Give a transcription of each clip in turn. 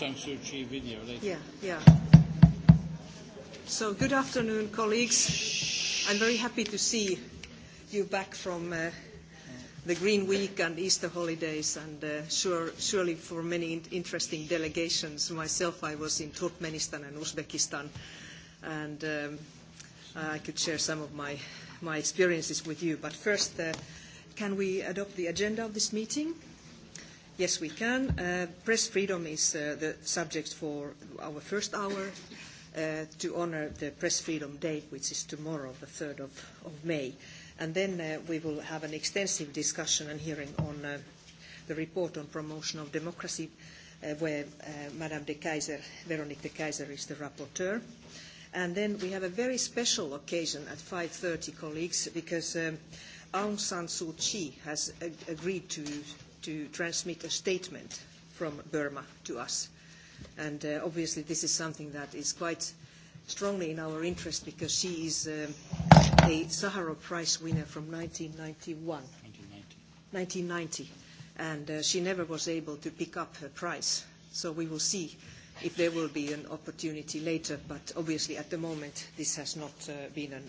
Aung San Suu Kyi video later. Yeah, yeah. So good afternoon, colleagues. I'm very happy to see you back from uh, the Green Week and Easter holidays, and uh, sure, surely for many in- interesting delegations. Myself, I was in Turkmenistan and Uzbekistan, and um, I could share some of my, my experiences with you. But first, uh, can we adopt the agenda of this meeting? Yes, we can. Uh, press freedom is uh, the subject for our first hour uh, to honor the Press Freedom Day, which is tomorrow, the 3rd of, of May. And then uh, we will have an extensive discussion and hearing on uh, the report on promotion of democracy, uh, where uh, Madame de Kaiser, Veronique de Kaiser, is the rapporteur. And then we have a very special occasion at 5.30, colleagues, because um, Aung San Suu Kyi has agreed to to transmit a statement from Burma to us. And uh, obviously this is something that is quite strongly in our interest because she is a Sahara Prize winner from 1991. 1990. And uh, she never was able to pick up her prize. So we will see if there will be an opportunity later, but obviously at the moment this has not uh, been an,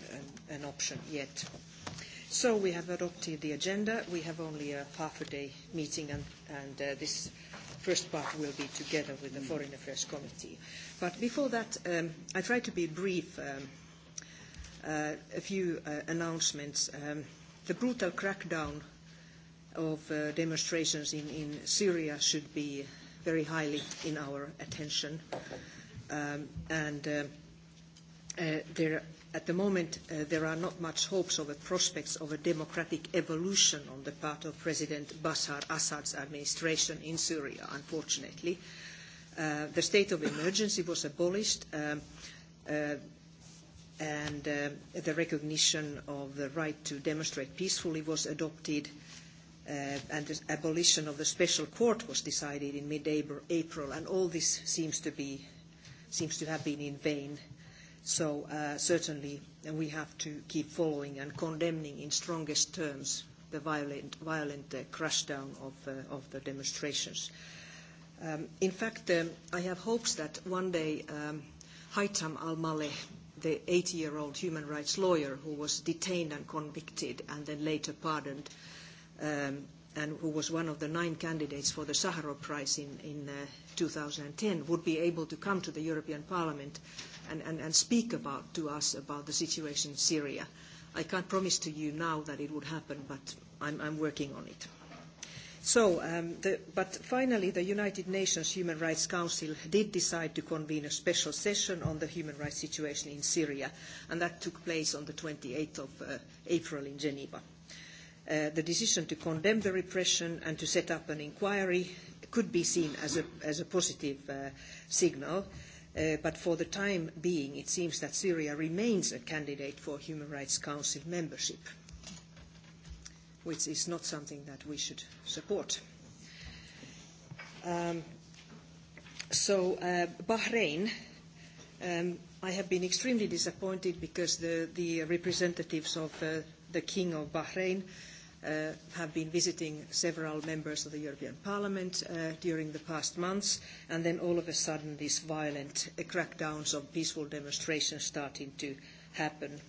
an, an option yet. So we have adopted the agenda. We have only a half a day meeting, and, and uh, this first part will be together with the Foreign Affairs Committee. But before that, um, I try to be brief. Um, uh, a few uh, announcements. Um, the brutal crackdown of uh, demonstrations in, in Syria should be very highly in our attention. Um, and uh, uh, there at the moment, there are not much hopes of a prospects of a democratic evolution on the part of President Bashar Assad's administration in Syria, unfortunately. the state of emergency was abolished, and the recognition of the right to demonstrate peacefully was adopted, and the abolition of the special court was decided in mid-April, and all this seems to, be, seems to have been in vain. Uh, So certainly we have to keep following and condemning in strongest terms the violent, violent crashdown of, the demonstrations. in fact, I have hopes that one day Haitham al-Maleh, the 80-year-old human rights lawyer who was detained and convicted and then later pardoned, and who was one of the nine candidates for the Sahara Prize in, in 2010 would be able to come to the European Parliament and, and, and speak about, to us about the situation in Syria. I can't promise to you now that it would happen, but I'm, I'm working on it. So, um, the, but finally, the United Nations Human Rights Council did decide to convene a special session on the human rights situation in Syria, and that took place on the 28th of uh, April in Geneva. Uh, the decision to condemn the repression and to set up an inquiry could be seen as a, as a positive uh, signal. Uh, but for the time being, it seems that Syria remains a candidate for Human Rights Council membership, which is not something that we should support. Um, so, uh, Bahrain, um, I have been extremely disappointed because the, the representatives of uh, the King of Bahrain uh, have been visiting several members of the European Parliament during the past months, and then all of a sudden these violent crackdowns on peaceful demonstrations starting to happen.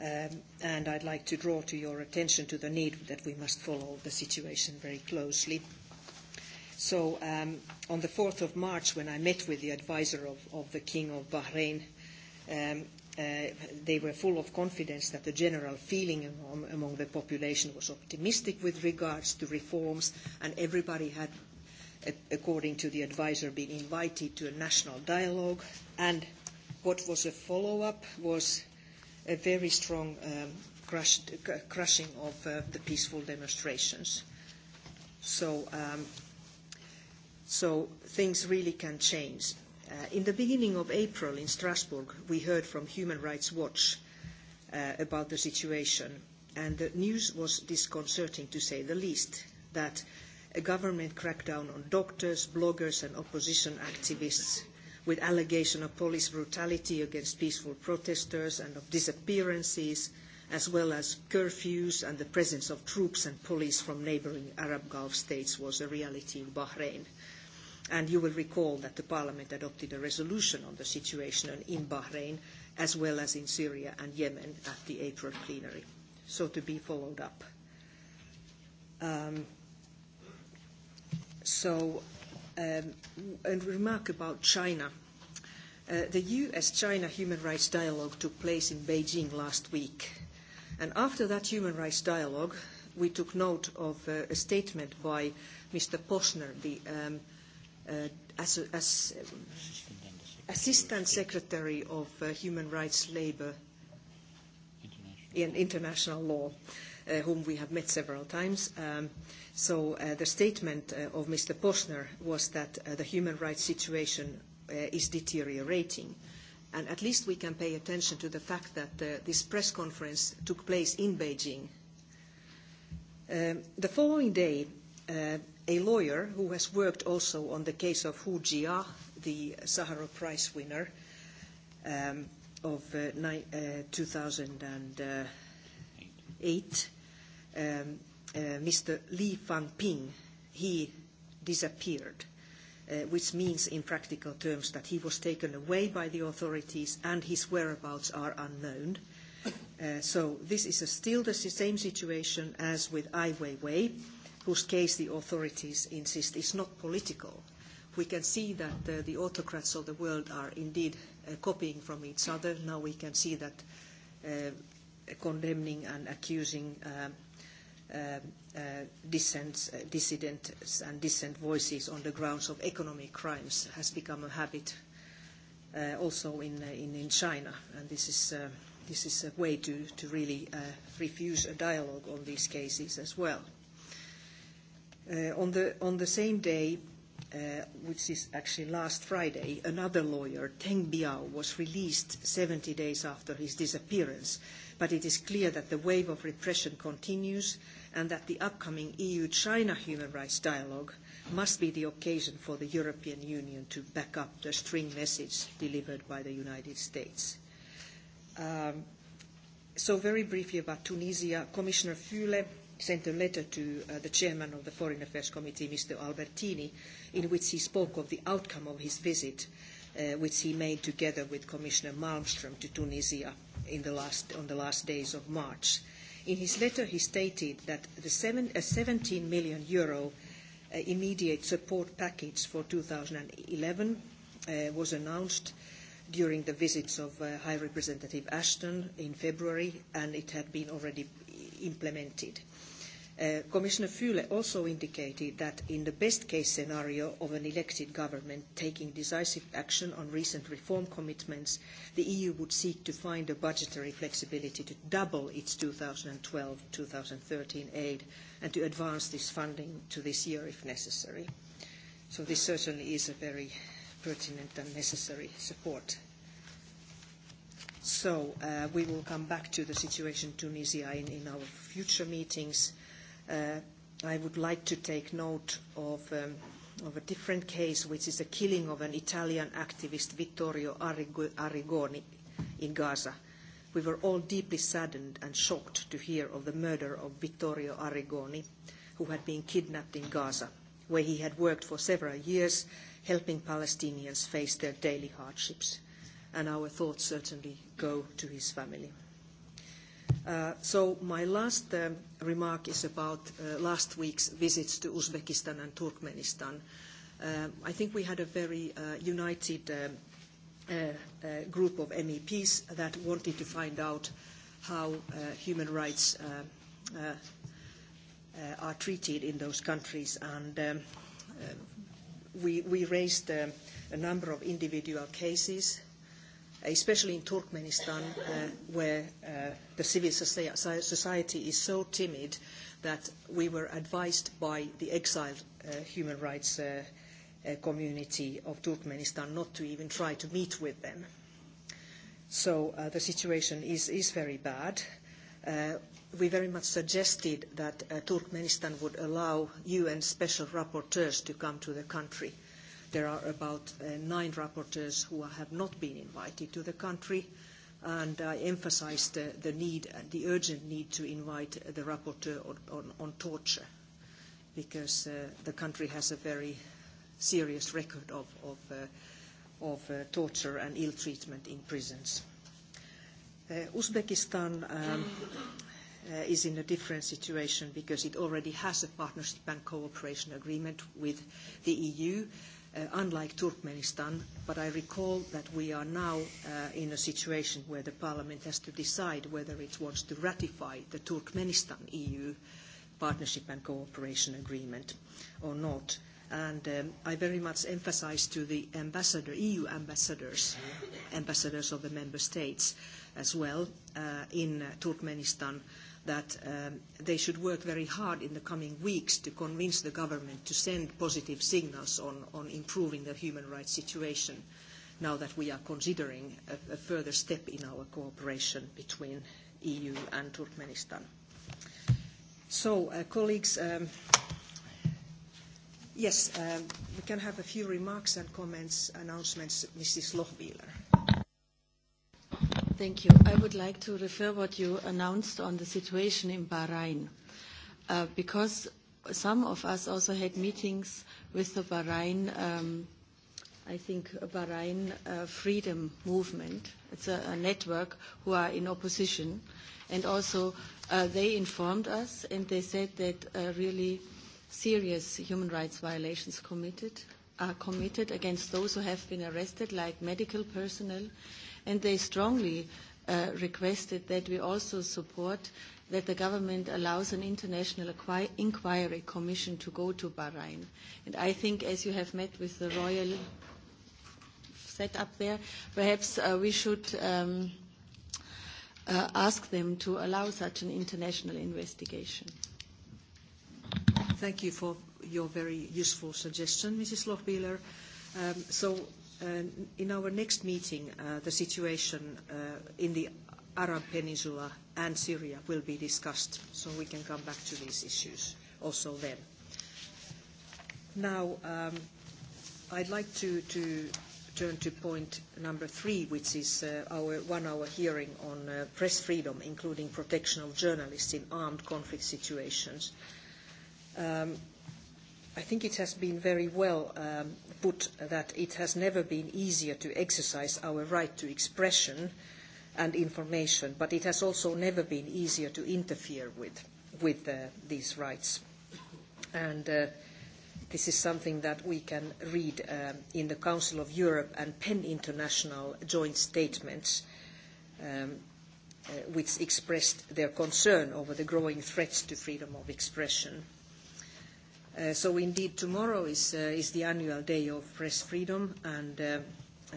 and I'd like to draw to your attention to the need that we must follow the situation very closely. So um, on the 4th of March, when I met with the advisor of, of the King of Bahrain, um, they were full of confidence that the general feeling among the population was optimistic with regards to reforms, and everybody had, according to the advisor, been invited to a national dialogue. And what was a follow-up was a very strong crushing of the peaceful demonstrations. So, um so things really can change in the beginning of April in Strasbourg, we heard from Human Rights Watch about the situation, and the news was disconcerting to say the least that a government crackdown on doctors, bloggers, and opposition activists with allegations of police brutality against peaceful protesters and of disappearances, as well as curfews and the presence of troops and police from neighbouring Arab Gulf states was a reality in Bahrain. And you will recall that the Parliament adopted a resolution on the situation in Bahrain as well as in Syria and Yemen at the April plenary. So to be followed up. Um, so um, a remark about China. Uh, the US-China human rights dialogue took place in Beijing last week. And after that human rights dialogue, we took note of uh, a statement by Mr. Posner, the um, as, as Assistant Secretary of Human Rights Labour in International Law, uh whom we have met several times. um so uh the statement of Mr. Posner was that the human rights situation uh is deteriorating. And at least we can pay attention to the fact that uh this press conference took place in Beijing. Um the following day, a lawyer who has worked also on the case of Hu Jia, the Sahara Prize winner um, of uh, ni- uh, 2008, um, uh, Mr. Li Fangping, he disappeared, uh, which means in practical terms that he was taken away by the authorities and his whereabouts are unknown. Uh, so this is a still the same situation as with Ai Weiwei whose case the authorities insist is not political. We can see that the autocrats of the world are indeed copying from each other. Now we can see that condemning and accusing dissidents and dissent voices on the grounds of economic crimes has become a habit also in in China. and This is a way to really refuse a dialogue on these cases as well on, the, on the same day, which is actually last Friday, another lawyer, Teng Biao, was released 70 days after his disappearance. But it is clear that the wave of repression continues and that the upcoming EU-China human rights dialogue must be the occasion for the European Union to back up the string message delivered by the United States. so very briefly about Tunisia, Commissioner Fule sent a letter to uh, the chairman of the Foreign Affairs Committee, Mr. Albertini, in which he spoke of the outcome of his visit, uh, which he made together with Commissioner Malmström to Tunisia in the last, on the last days of March. In his letter, he stated that the seven, uh, 17 million euro uh, immediate support package for 2011 uh, was announced during the visits of uh, High Representative Ashton in February, and it had been already implemented. Commissioner Füle also indicated that in the best-case scenario of an elected government taking decisive action on recent reform commitments, the EU would seek to find a budgetary flexibility to double its 2012-2013 aid and to advance this funding to this year if necessary. So this certainly is a very pertinent and necessary support. So we will come back to the situation in Tunisia in our future meetings. I would like to take note of, a different case, which is the killing of an Italian activist, Vittorio Arrigoni, in Gaza. We were all deeply saddened and shocked to hear of the murder of Vittorio Arrigoni, who had been kidnapped in Gaza, where he had worked for several years, helping Palestinians face their daily hardships. And our thoughts certainly go to his family. So my last remark is about last week's visits to Uzbekistan and Turkmenistan. I think we had a very united group of MEPs that wanted to find out how human rights are treated in those countries. And we raised a number of individual cases especially in Turkmenistan, where the civil society is so timid that we were advised by the exiled human rights community of Turkmenistan not to even try to meet with them. So the situation is, is very bad. we very much suggested that Turkmenistan would allow UN special rapporteurs to come to the country There are about uh, nine rapporteurs who have not been invited to the country, and I emphasized the, the need, the urgent need to invite the rapporteur on, on, on torture, because uh, the country has a very serious record of, of, uh, of uh, torture and ill treatment in prisons. Uh, Uzbekistan um, is in a different situation because it already has a partnership and cooperation agreement with the EU unlike Turkmenistan, but I recall that we are now in a situation where the parliament has to decide whether it wants to ratify the Turkmenistan-EU partnership and cooperation agreement or not. And I very much emphasise to the ambassador, EU ambassadors, ambassadors of the member states as well in Turkmenistan, uh, that they should work very hard in the coming weeks to convince the government to send positive signals on, improving the human rights situation now that we are considering a, further step in our cooperation between the EU and Turkmenistan. So, colleagues, yes, we can have a few remarks and comments, announcements, Mrs. Lochbieler. Thank you. I would like to refer what you announced on the situation in Bahrain, because some of us also had meetings with the Bahrain, I think Bahrain Freedom Movement. It's a network who are in opposition. And also, they informed us, and they said that really serious human rights violations are committed against those who have been arrested, like medical personnel, and they strongly uh, requested that we also support that the government allows an international inquiry commission to go to Bahrain. And I think, as you have met with the royal set up there, perhaps uh, we should um, uh, ask them to allow such an international investigation. Thank you for your very useful suggestion, Mrs. Lochbieler. Um, so in our next meeting, the situation in the Arab Peninsula and Syria will be discussed, so we can come back to these issues also then. Now, um, I'd like to, to turn to point number three, which is uh, our one-hour hearing on uh, press freedom, including protection of journalists in armed conflict situations. Um, I think it has been very well um, put that it has never been easier to exercise our right to expression and information, but it has also never been easier to interfere with, with these rights. And this is something that we can read in the Council of Europe and PEN International joint statements which expressed their concern over the growing threats to freedom of expression so indeed, tomorrow is, uh, is the annual day of press freedom, and uh, uh,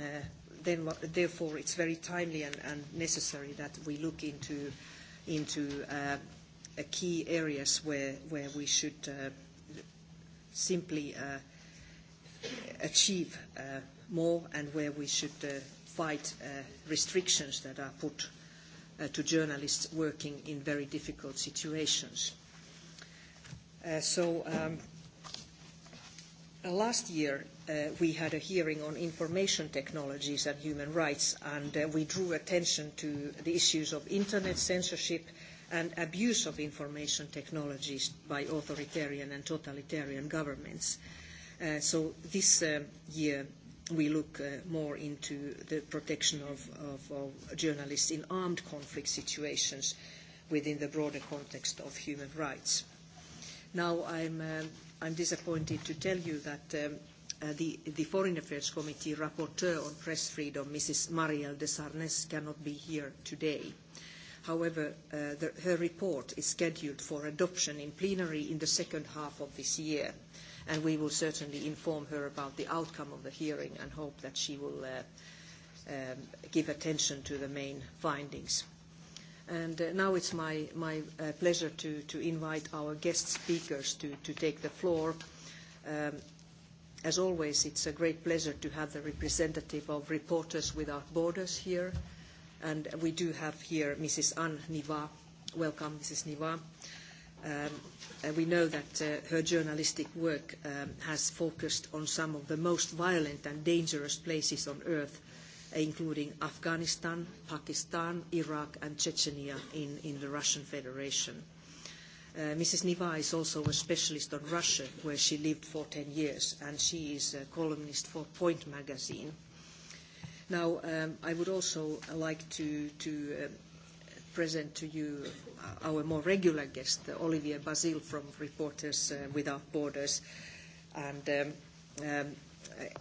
then, therefore it's very timely and, and necessary that we look into, into uh, key areas where, where we should uh, simply uh, achieve uh, more and where we should uh, fight uh, restrictions that are put uh, to journalists working in very difficult situations. Uh, so um, Last year, we had a hearing on information technologies and human rights, and we drew attention to the issues of internet censorship and abuse of information technologies by authoritarian and totalitarian governments. so this year, we look more into the protection of, journalists in armed conflict situations within the broader context of human rights. Now I'm, uh, I'm disappointed to tell you that um, uh, the, the Foreign Affairs Committee rapporteur on press freedom, Mrs. Marielle de Sarnes, cannot be here today. However, uh, the, her report is scheduled for adoption in plenary in the second half of this year, and we will certainly inform her about the outcome of the hearing and hope that she will uh, um, give attention to the main findings. And now it's my, my uh, pleasure to, to invite our guest speakers to, to take the floor. Um, as always, it's a great pleasure to have the representative of Reporters Without Borders here. And we do have here Mrs. Anne Niva. Welcome, Mrs. Niva. Um, we know that uh, her journalistic work um, has focused on some of the most violent and dangerous places on earth – including Afghanistan, Pakistan, Iraq, and Chechnya in, in the Russian Federation. Mrs. Niva is also a specialist on Russia, where she lived for ten years, and she is a columnist for Point magazine. Now, I would also like to, to present to you our more regular guest, Olivier Bazil from Reporters Without Borders. And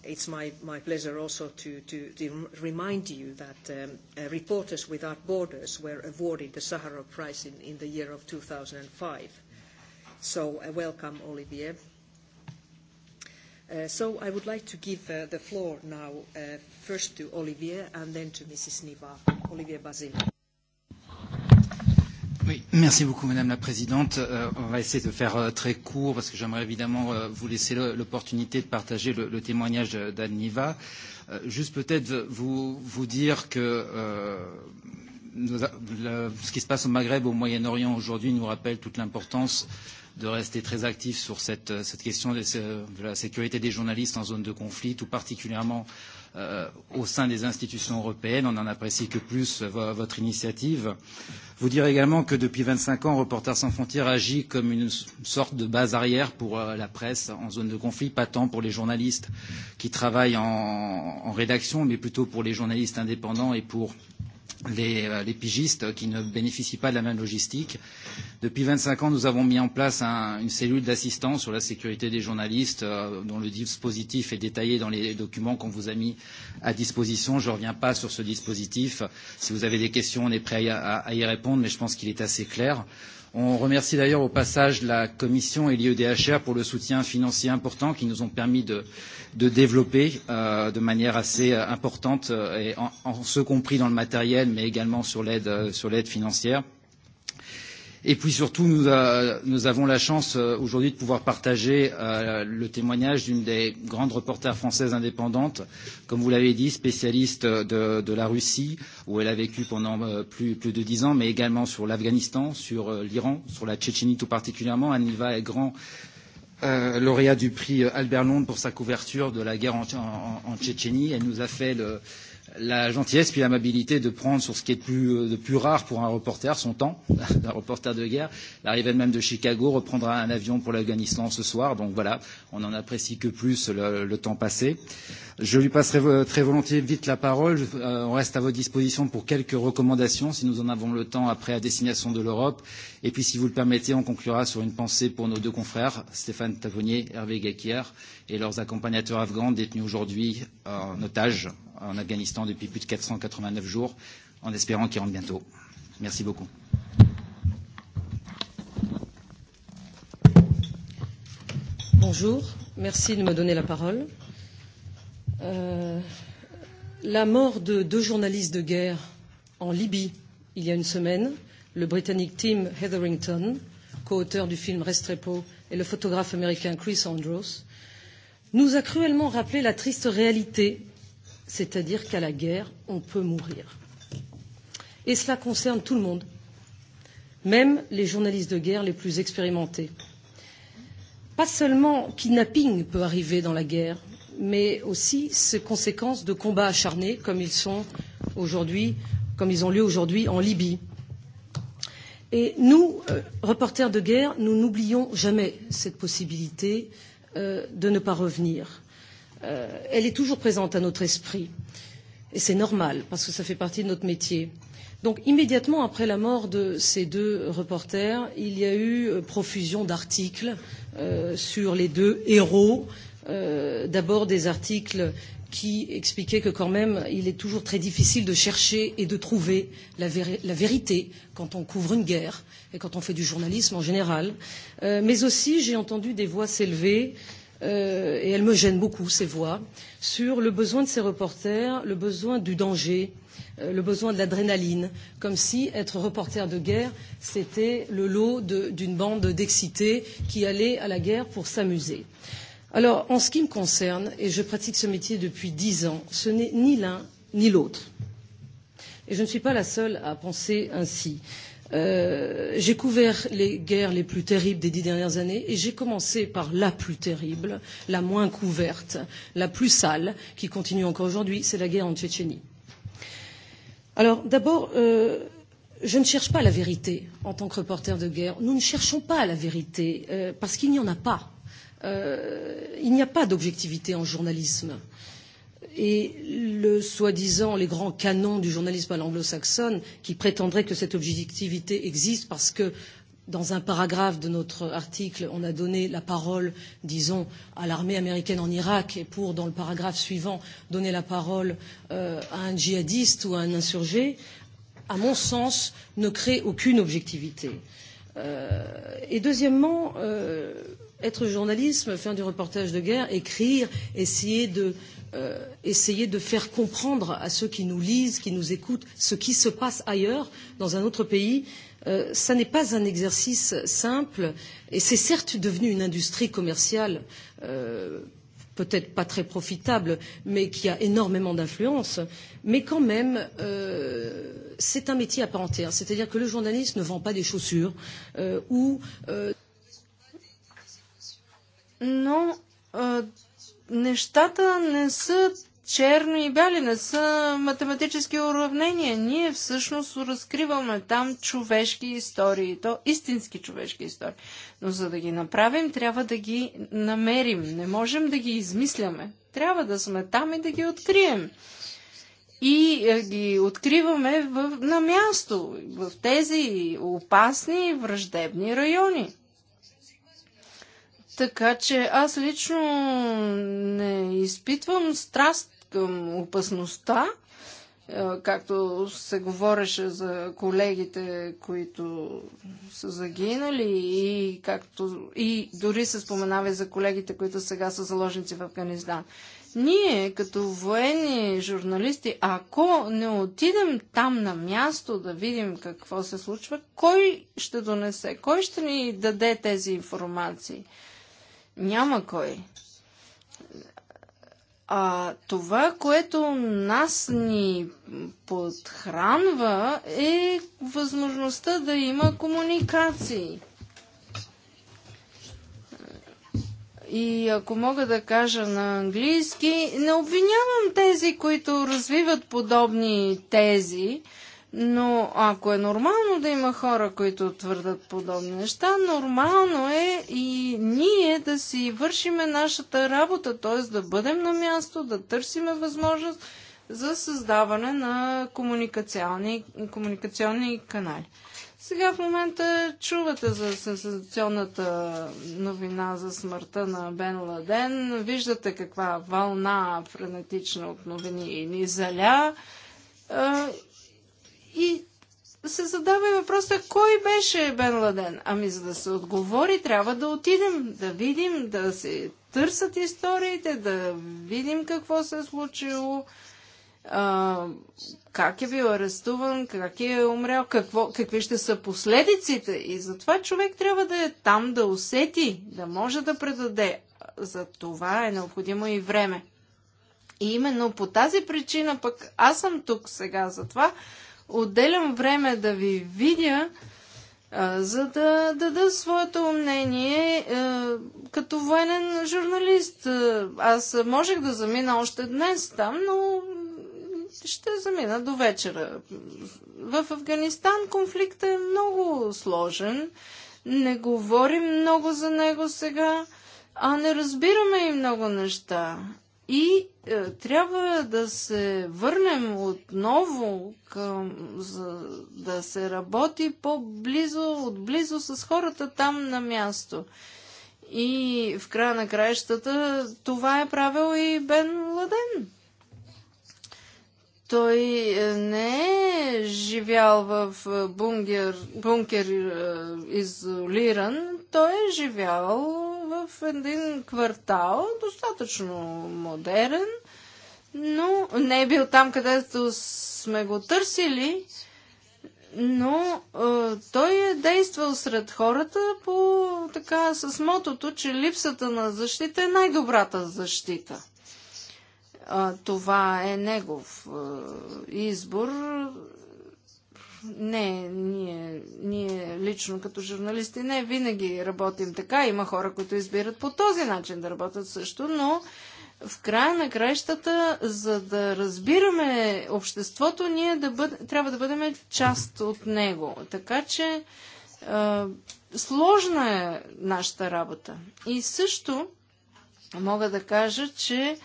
it's my, my pleasure also to, to, to remind you that um, uh, Reporters Without Borders were awarded the Sahara Prize in, in the year of 2005. So uh, welcome, Olivier. Uh, so I would like to give uh, the floor now uh, first to Olivier and then to Mrs. Niva. Olivier Basile. Oui, merci beaucoup Madame la Présidente. Euh, on va essayer de faire euh, très court parce que j'aimerais évidemment euh, vous laisser l'opportunité de partager le, le témoignage d'Anniva. Euh, juste peut-être vous, vous dire que euh, nous, le, ce qui se passe au Maghreb, au Moyen-Orient aujourd'hui nous rappelle toute l'importance euh, de rester très actif sur cette, cette question de, de la sécurité des journalistes en zone de conflit, tout particulièrement euh, au sein des institutions européennes. On en apprécie que plus votre initiative. Vous dire également que depuis 25 ans, Reporters sans frontières agit comme une sorte de base arrière pour la presse en zone de conflit, pas tant pour les journalistes qui travaillent en, en rédaction, mais plutôt pour les journalistes indépendants et pour les, les pigistes qui ne bénéficient pas de la même logistique. Depuis 25 ans, nous avons mis en place un, une cellule d'assistance sur la sécurité des journalistes, euh, dont le dispositif est détaillé dans les documents qu'on vous a mis à disposition. Je ne reviens pas sur ce dispositif. Si vous avez des questions, on est prêt à, à, à y répondre, mais je pense qu'il est assez clair. Euh, On remercie d'ailleurs au passage la Commission et l'IEDHR pour le soutien financier important qui nous ont permis de, développer de manière assez importante, et en, ce compris dans le matériel, mais également sur l'aide financière. Euh, Et puis surtout, nous, euh, nous avons la chance euh, aujourd'hui de pouvoir partager euh, le témoignage d'une des grandes reporters françaises indépendantes, comme vous l'avez dit, spécialiste de, de la Russie, où elle a vécu pendant euh, plus, plus de dix ans, mais également sur l'Afghanistan, sur euh, l'Iran, sur la Tchétchénie tout particulièrement. Aniva est grand euh, lauréat du prix Albert Londres pour sa couverture de la guerre en, en, en Tchétchénie. Elle nous a fait le, euh, la gentillesse puis l'amabilité de prendre sur ce qui est de plus, de plus rare pour un reporter, son temps, un reporter de guerre. L'arrivée même de Chicago reprendra un avion pour l'Afghanistan ce soir. Donc voilà, on n'en apprécie que plus le, le temps passé. Je lui passerai très volontiers vite la parole. Euh, on reste à votre disposition pour quelques recommandations, si nous en avons le temps, après à destination de l'Europe. Et puis, si vous le permettez, on conclura sur une pensée pour nos deux confrères, Stéphane Tavonnier, Hervé Gakier, et leurs accompagnateurs afghans détenus aujourd'hui en otage en Afghanistan depuis plus de 489 jours, en espérant qu'ils rentrent bientôt. Merci beaucoup. Bonjour, merci de me donner la parole. Euh, la mort de deux journalistes de guerre en Libye il y a une semaine, le Britannique Tim Hetherington, co-auteur du film Restrepo, et le photographe américain Chris Andros, nous a cruellement rappelé la triste réalité c'est-à-dire qu'à la guerre, on peut mourir. Et cela concerne tout le monde, même les journalistes de guerre les plus expérimentés. Pas seulement kidnapping peut arriver dans la guerre, mais aussi ses conséquences de combats acharnés comme ils sont aujourd'hui, comme ils ont lieu aujourd'hui en Libye. Et nous, reporters de guerre, nous n'oublions jamais cette possibilité de ne pas revenir elle est toujours présente à notre esprit. Et c'est normal, parce que ça fait partie de notre métier. Donc immédiatement après la mort de ces deux reporters, il y a eu profusion d'articles sur les deux héros. D'abord des articles qui expliquaient que quand même il est toujours très difficile de chercher et de trouver la, vérité quand on couvre une guerre et quand on fait du journalisme en général. mais aussi j'ai entendu des voix s'élever euh, et elle me gêne beaucoup, ces voix, sur le besoin de ces reporters, le besoin du danger, le besoin de l'adrénaline, comme si être reporter de guerre, c'était le lot d'une bande d'excités qui allaient à la guerre pour s'amuser. Alors, en ce qui me concerne, et je pratique ce métier depuis dix ans, ce n'est ni l'un ni l'autre. Et je ne suis pas la seule à penser ainsi. Euh, j'ai couvert les guerres les plus terribles des dix dernières années et j'ai commencé par la plus terrible, la moins couverte, la plus sale, qui continue encore aujourd'hui, c'est la guerre en Tchétchénie. Alors d'abord, euh, je ne cherche pas la vérité en tant que reporter de guerre. Nous ne cherchons pas la vérité euh, parce qu'il n'y en a pas. Euh, il n'y a pas d'objectivité en journalisme. Euh, et le soi-disant les grands canons du journalisme à l'anglo-saxonne qui prétendraient que cette objectivité existe parce que dans un paragraphe de notre article, on a donné la parole, disons, à l'armée américaine en Irak et pour, dans le paragraphe suivant, donner la parole euh, à un djihadiste ou à un insurgé, à mon sens, ne crée aucune objectivité. Euh, et deuxièmement, euh, être journaliste, faire du reportage de guerre, écrire, essayer de, euh, essayer de faire comprendre à ceux qui nous lisent, qui nous écoutent, ce qui se passe ailleurs, dans un autre pays, euh, ça n'est pas un exercice simple, et c'est certes devenu une industrie commerciale. Euh, peut-être pas très profitable, mais qui a énormément d'influence. Mais quand même, euh, c'est un métier à part entière. C'est-à-dire que le journaliste ne vend pas des chaussures euh, ou euh, но а, нещата не са черно и бяли, не са математически уравнения. Ние всъщност разкриваме там човешки истории, то истински човешки истории. Но за да ги направим, трябва да ги намерим. Не можем да ги измисляме. Трябва да сме там и да ги открием. И е, ги откриваме в, на място, в тези опасни враждебни райони. Така че аз лично не изпитвам страст към опасността, е, както се говореше за колегите, които са загинали и, както, и дори се споменава и за колегите, които сега са заложници в Афганистан. Ние, като военни журналисти, ако не отидем там на място да видим какво се случва, кой ще донесе, кой ще ни даде тези информации? Няма кой. А това, което нас ни подхранва, е възможността да има комуникации. И ако мога да кажа на английски, не обвинявам тези, които развиват подобни тези, но ако е нормално да има хора, които твърдат подобни неща, нормално е и ние да си вършиме нашата работа, т.е. да бъдем на място, да търсиме възможност за създаване на комуникационни, комуникационни канали. Сега в момента чувате за сенсационната новина за смъртта на Бен Ладен. Виждате каква вълна френетична от новини ни заля. И се задава и въпроса, кой беше Бен Ладен? Ами за да се отговори, трябва да отидем, да видим, да се търсят историите, да видим какво се е случило, а, как е бил арестуван, как е умрял, какво, какви ще са последиците. И затова човек трябва да е там, да усети, да може да предаде. За това е необходимо и време. И именно по тази причина пък аз съм тук сега за това, отделям време да ви видя, а, за да дада своето мнение а, като военен журналист. Аз можех да замина още днес там, но ще замина до вечера. В Афганистан конфликтът е много сложен. Не говорим много за него сега, а не разбираме и много неща. И е, трябва да се върнем отново към, за да се работи по-близо, отблизо с хората там на място. И в края на краищата това е правил и Бен Ладен. Той е, не е живял в е, бункер, бункер изолиран, той е живял в един квартал, достатъчно модерен, но не е бил там, където сме го търсили, но е, той е действал сред хората по така с мотото, че липсата на защита е най-добрата защита това е негов избор. Не, ние, ние лично като журналисти не винаги работим така. Има хора, които избират по този начин да работят също, но в края на краищата, за да разбираме обществото, ние да бъд... трябва да бъдем част от него. Така че е, сложна е нашата работа. И също мога да кажа, че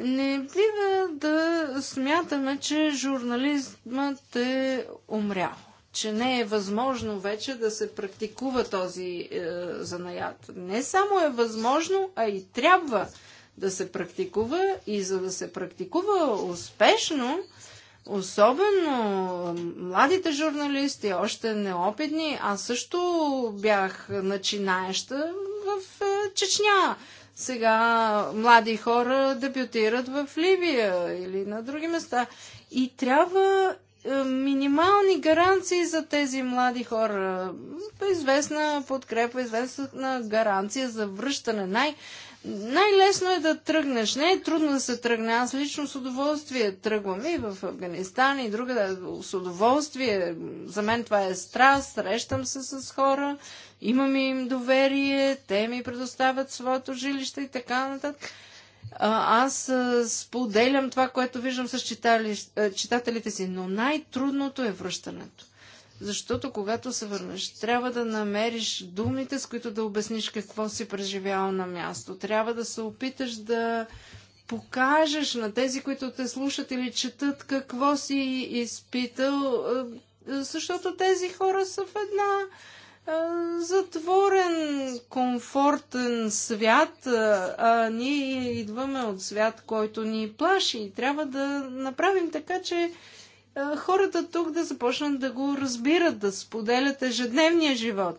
не бива да смятаме, че журнализмът е умрял, че не е възможно вече да се практикува този е, занаят. Не само е възможно, а и трябва да се практикува и за да се практикува успешно, особено младите журналисти, още неопитни, аз също бях начинаеща в е, Чечня сега млади хора дебютират в Ливия или на други места. И трябва е, минимални гаранции за тези млади хора. Известна подкрепа, известна гаранция за връщане. Най- най-лесно е да тръгнеш. Не е трудно да се тръгне. Аз лично с удоволствие тръгвам и в Афганистан и друга. Да, с удоволствие. За мен това е страст. Срещам се с хора имаме им доверие, те ми предоставят своето жилище и така нататък. Аз споделям това, което виждам с читателите си, но най-трудното е връщането. Защото когато се върнеш, трябва да намериш думите, с които да обясниш какво си преживял на място. Трябва да се опиташ да покажеш на тези, които те слушат или четат, какво си изпитал, защото тези хора са в една е, затворен, комфортен свят, е, а ние идваме от свят, който ни плаши и трябва да направим така, че е, хората тук да започнат да го разбират, да споделят ежедневния живот.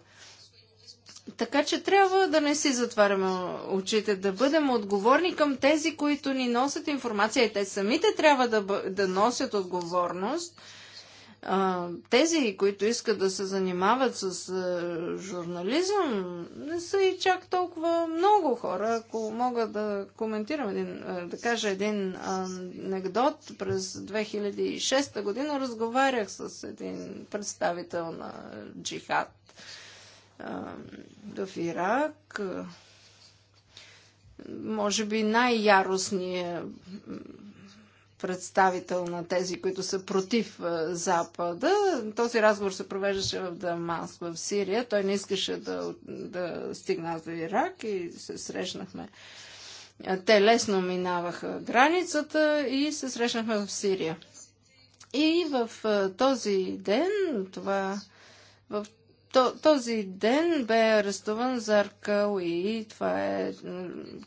Така че трябва да не си затваряме очите, да бъдем отговорни към тези, които ни носят информация и те самите трябва да, да носят отговорност тези, които искат да се занимават с журнализъм, не са и чак толкова много хора. Ако мога да коментирам един, да кажа един анекдот, през 2006 година разговарях с един представител на джихад в Ирак. Може би най-яростният представител на тези, които са против е, Запада. Този разговор се провеждаше в Дамас, в Сирия. Той не искаше да, да стигна за до Ирак и се срещнахме. Е, те лесно минаваха границата и се срещнахме в Сирия. И в е, този ден, това, в този ден бе арестуван Заркал и това е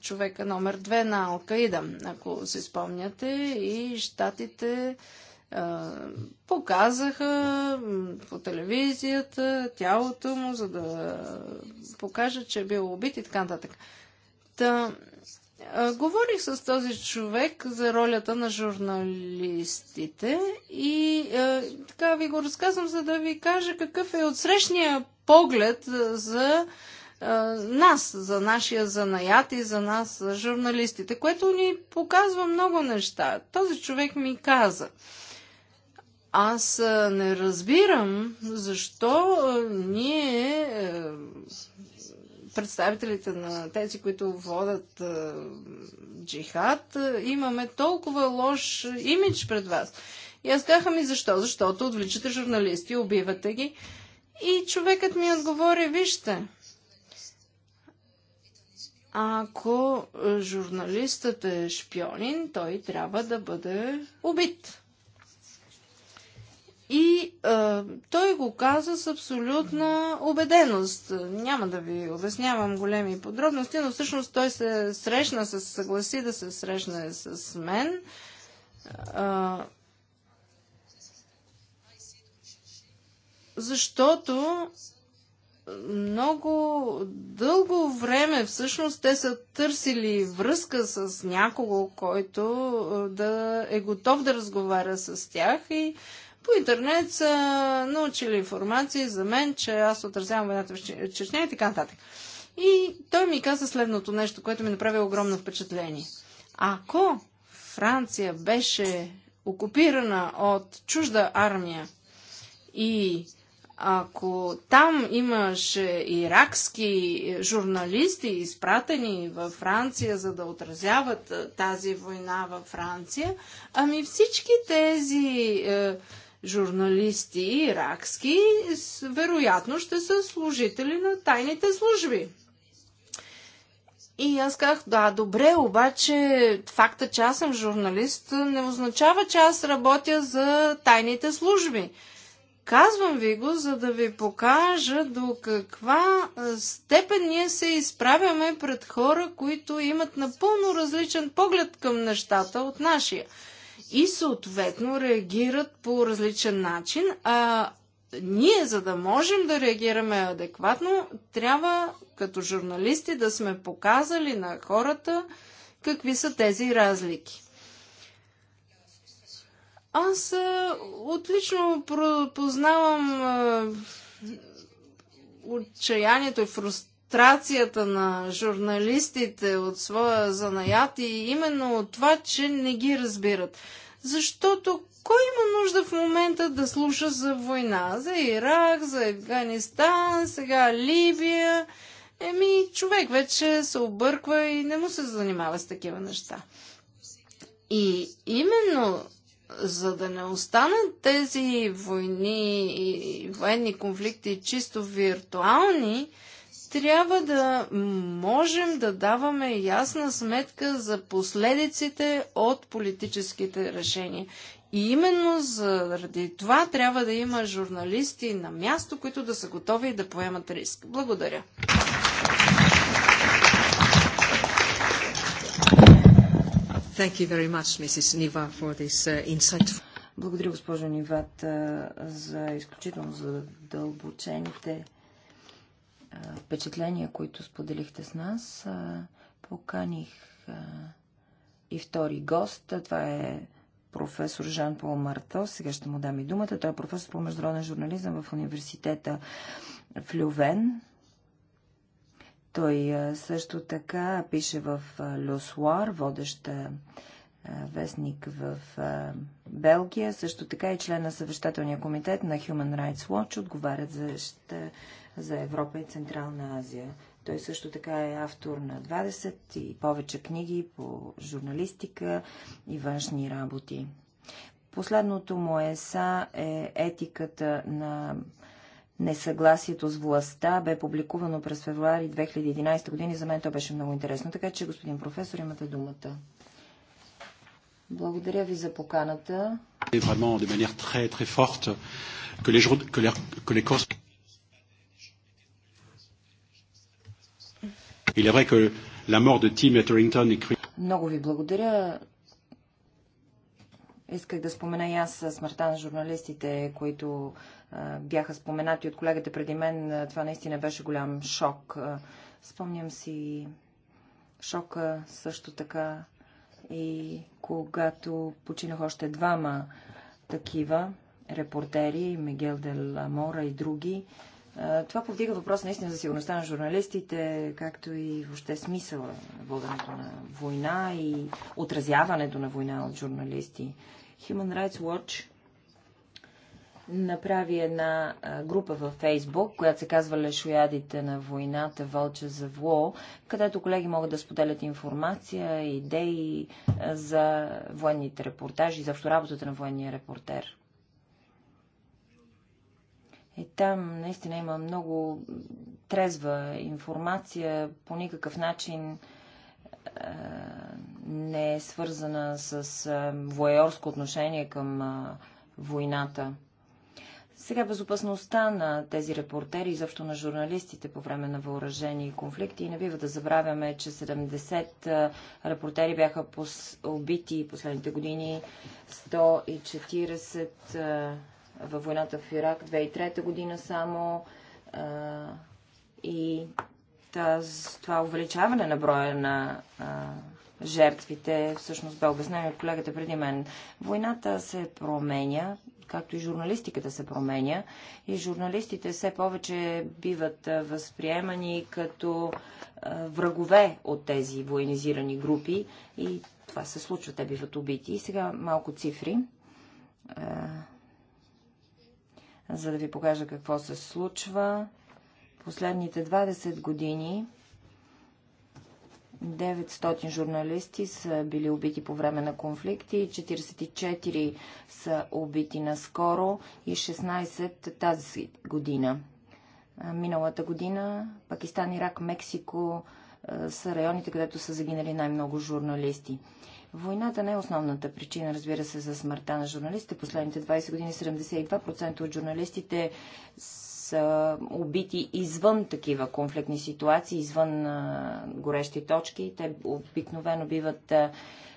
човека номер две на Алкаида, ако си спомняте. И щатите а, показаха по телевизията тялото му, за да покажат, че е бил убит и така нататък. Та, Говорих с този човек за ролята на журналистите и е, така ви го разказвам, за да ви кажа какъв е отсрещния поглед за е, нас, за нашия занаят и за нас, за журналистите, което ни показва много неща. Този човек ми каза, аз не разбирам защо ние представителите на тези, които водят джихад, имаме толкова лош имидж пред вас. И аз казаха ми защо? Защото отвличате журналисти, убивате ги. И човекът ми отговори, вижте, ако журналистът е шпионин, той трябва да бъде убит. И а, е, той го каза с абсолютна убеденост. Няма да ви обяснявам големи подробности, но всъщност той се срещна, се съгласи да се срещне с мен. А, е, защото много дълго време всъщност те са търсили връзка с някого, който е, да е готов да разговаря с тях и по интернет са научили информации за мен, че аз отразявам войната в Чечня и така нататък. И той ми каза следното нещо, което ми направи огромно впечатление. Ако Франция беше окупирана от чужда армия и ако там имаше иракски журналисти, изпратени във Франция, за да отразяват тази война във Франция, ами всички тези е, журналисти иракски, вероятно ще са служители на тайните служби. И аз казах, да, добре, обаче факта, че аз съм журналист, не означава, че аз работя за тайните служби. Казвам ви го, за да ви покажа до каква степен ние се изправяме пред хора, които имат напълно различен поглед към нещата от нашия и съответно реагират по различен начин, а ние, за да можем да реагираме адекватно, трябва като журналисти да сме показали на хората какви са тези разлики. Аз отлично познавам отчаянието и фрустрацията фрустрацията на журналистите от своя занаят и именно от това, че не ги разбират. Защото кой има нужда в момента да слуша за война? За Ирак, за Афганистан, сега Либия. Еми, човек вече се обърква и не му се занимава с такива неща. И именно за да не останат тези войни и военни конфликти чисто виртуални, трябва да можем да даваме ясна сметка за последиците от политическите решения. И именно заради това трябва да има журналисти на място, които да са готови да поемат риск. Благодаря. Thank you very much, Mrs. Niva, for this uh, Благодаря, госпожо Нивата, uh, за изключително задълбочените впечатления, които споделихте с нас. Поканих и втори гост. Това е професор Жан Пол Марто. Сега ще му дам и думата. Той е професор по международен журнализъм в университета в Лювен. Той също така пише в Люсуар, водеща вестник в Белгия, също така и член на съвещателния комитет на Human Rights Watch, отговарят за за Европа и Централна Азия. Той също така е автор на 20 и повече книги по журналистика и външни работи. Последното му еса е етиката на несъгласието с властта. Бе публикувано през февруари 2011 година и за мен то беше много интересно. Така че, господин професор, имате думата. Благодаря ви за поканата. Il est vrai que la mort de Tim Etherington Много ви благодаря. Исках да спомена и аз смъртта на журналистите, които а, бяха споменати от колегата преди мен. Това наистина беше голям шок. Спомням си шока също така и когато починах още двама такива репортери, Мигел Дел Мора и други, това повдига въпрос наистина за сигурността на журналистите, както и въобще смисъла на воденето на война и отразяването на война от журналисти. Human Rights Watch направи една група във Фейсбук, която се казва Лешоядите на войната, вълча за Вло, където колеги могат да споделят информация, идеи за военните репортажи, за работата на военния репортер. И е, там наистина има много трезва информация, по никакъв начин е, не е свързана с е, воеорско отношение към войната. Сега безопасността на тези репортери, изобщо на журналистите по време на въоръжени и конфликти. И не бива да забравяме, че 70 репортери бяха пос... убити последните години, 140 във войната в Ирак 2003 година само а, и таз, това увеличаване на броя на а, жертвите всъщност бе обяснено от колегата преди мен. Войната се променя, както и журналистиката се променя и журналистите все повече биват възприемани като врагове от тези военизирани групи и това се случва, те биват убити. И сега малко цифри за да ви покажа какво се случва. Последните 20 години 900 журналисти са били убити по време на конфликти, 44 са убити наскоро и 16 тази година. Миналата година Пакистан, Ирак, Мексико са районите, където са загинали най-много журналисти. Войната не е основната причина, разбира се, за смъртта на журналистите. Последните 20 години 72% от журналистите са убити извън такива конфликтни ситуации, извън а, горещи точки. Те обикновено биват а,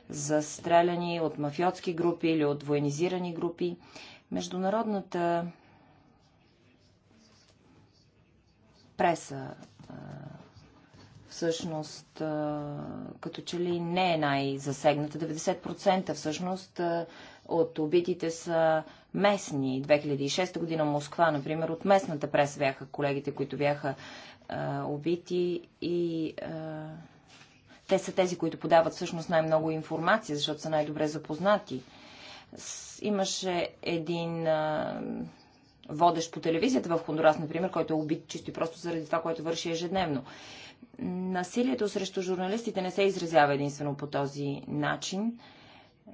застреляни от мафиотски групи или от военизирани групи. Международната преса а, всъщност като че ли не е най-засегната. 90% всъщност от убитите са местни. 2006 година Москва, например, от местната преса бяха колегите, които бяха а, убити и а, те са тези, които подават всъщност най-много информация, защото са най-добре запознати. имаше един а, водещ по телевизията в Хондурас, например, който е убит чисто и просто заради това, което върши ежедневно. Насилието срещу журналистите не се изразява единствено по този начин. Е,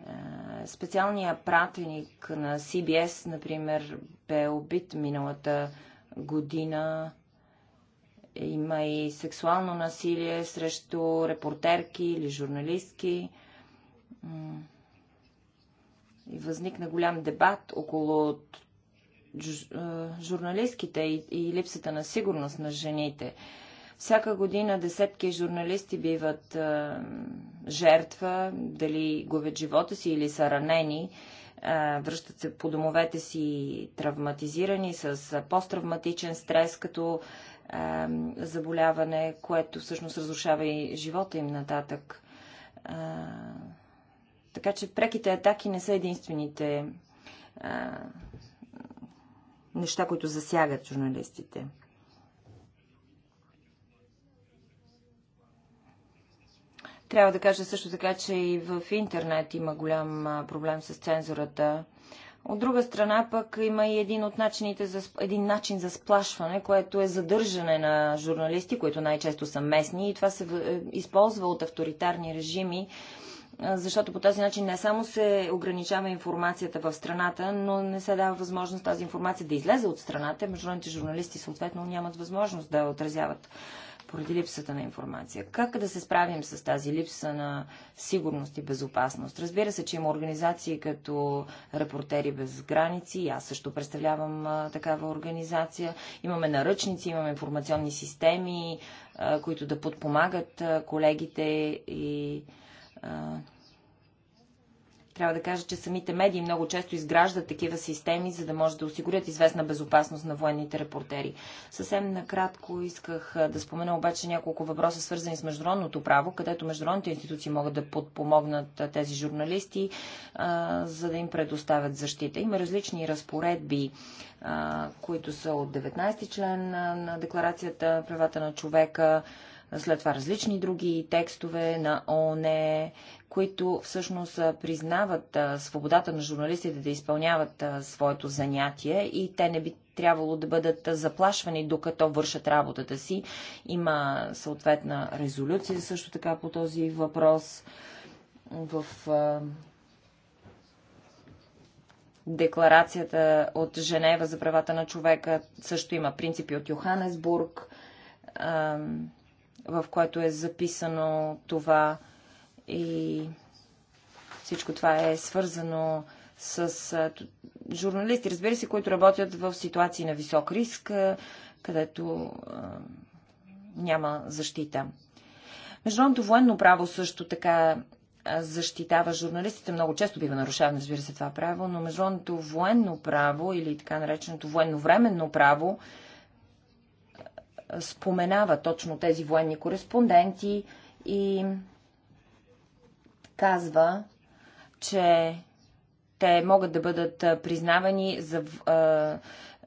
специалният пратеник на CBS, например, бе убит миналата година. Е, има и сексуално насилие срещу репортерки или журналистки. И възникна голям дебат около е, журналистките и, и липсата на сигурност на жените. Всяка година десетки журналисти биват а, жертва, дали губят живота си или са ранени, а, връщат се по домовете си травматизирани с посттравматичен стрес като а, заболяване, което всъщност разрушава и живота им нататък. А, така че преките атаки не са единствените а, неща, които засягат журналистите. Трябва да кажа също така, че и в интернет има голям проблем с цензурата. От друга страна пък има и един, от начините за, един начин за сплашване, което е задържане на журналисти, които най-често са местни и това се е, използва от авторитарни режими, защото по този начин не само се ограничава информацията в страната, но не се дава възможност тази информация да излезе от страната. Международните журналисти съответно нямат възможност да отразяват поради липсата на информация. Как да се справим с тази липса на сигурност и безопасност? Разбира се, че има организации като Репортери без граници, аз също представлявам а, такава организация. Имаме наръчници, имаме информационни системи, а, които да подпомагат а, колегите и трябва да кажа, че самите медии много често изграждат такива системи, за да може да осигурят известна безопасност на военните репортери. Съвсем накратко исках да спомена обаче няколко въпроса, свързани с международното право, където международните институции могат да подпомогнат тези журналисти, а, за да им предоставят защита. Има различни разпоредби, а, които са от 19 ти член на, на Декларацията правата на човека, след това различни други текстове на ООН, които всъщност признават свободата на журналистите да изпълняват своето занятие и те не би трябвало да бъдат заплашвани, докато вършат работата си. Има съответна резолюция също така по този въпрос в декларацията от Женева за правата на човека. Също има принципи от Йоханесбург в което е записано това и всичко това е свързано с журналисти, разбира се, които работят в ситуации на висок риск, където няма защита. Международното военно право също така защитава журналистите. Много често бива нарушавано, разбира се, това право, но международното военно право или така нареченото военновременно право споменава точно тези военни кореспонденти и казва, че те могат да бъдат признавани за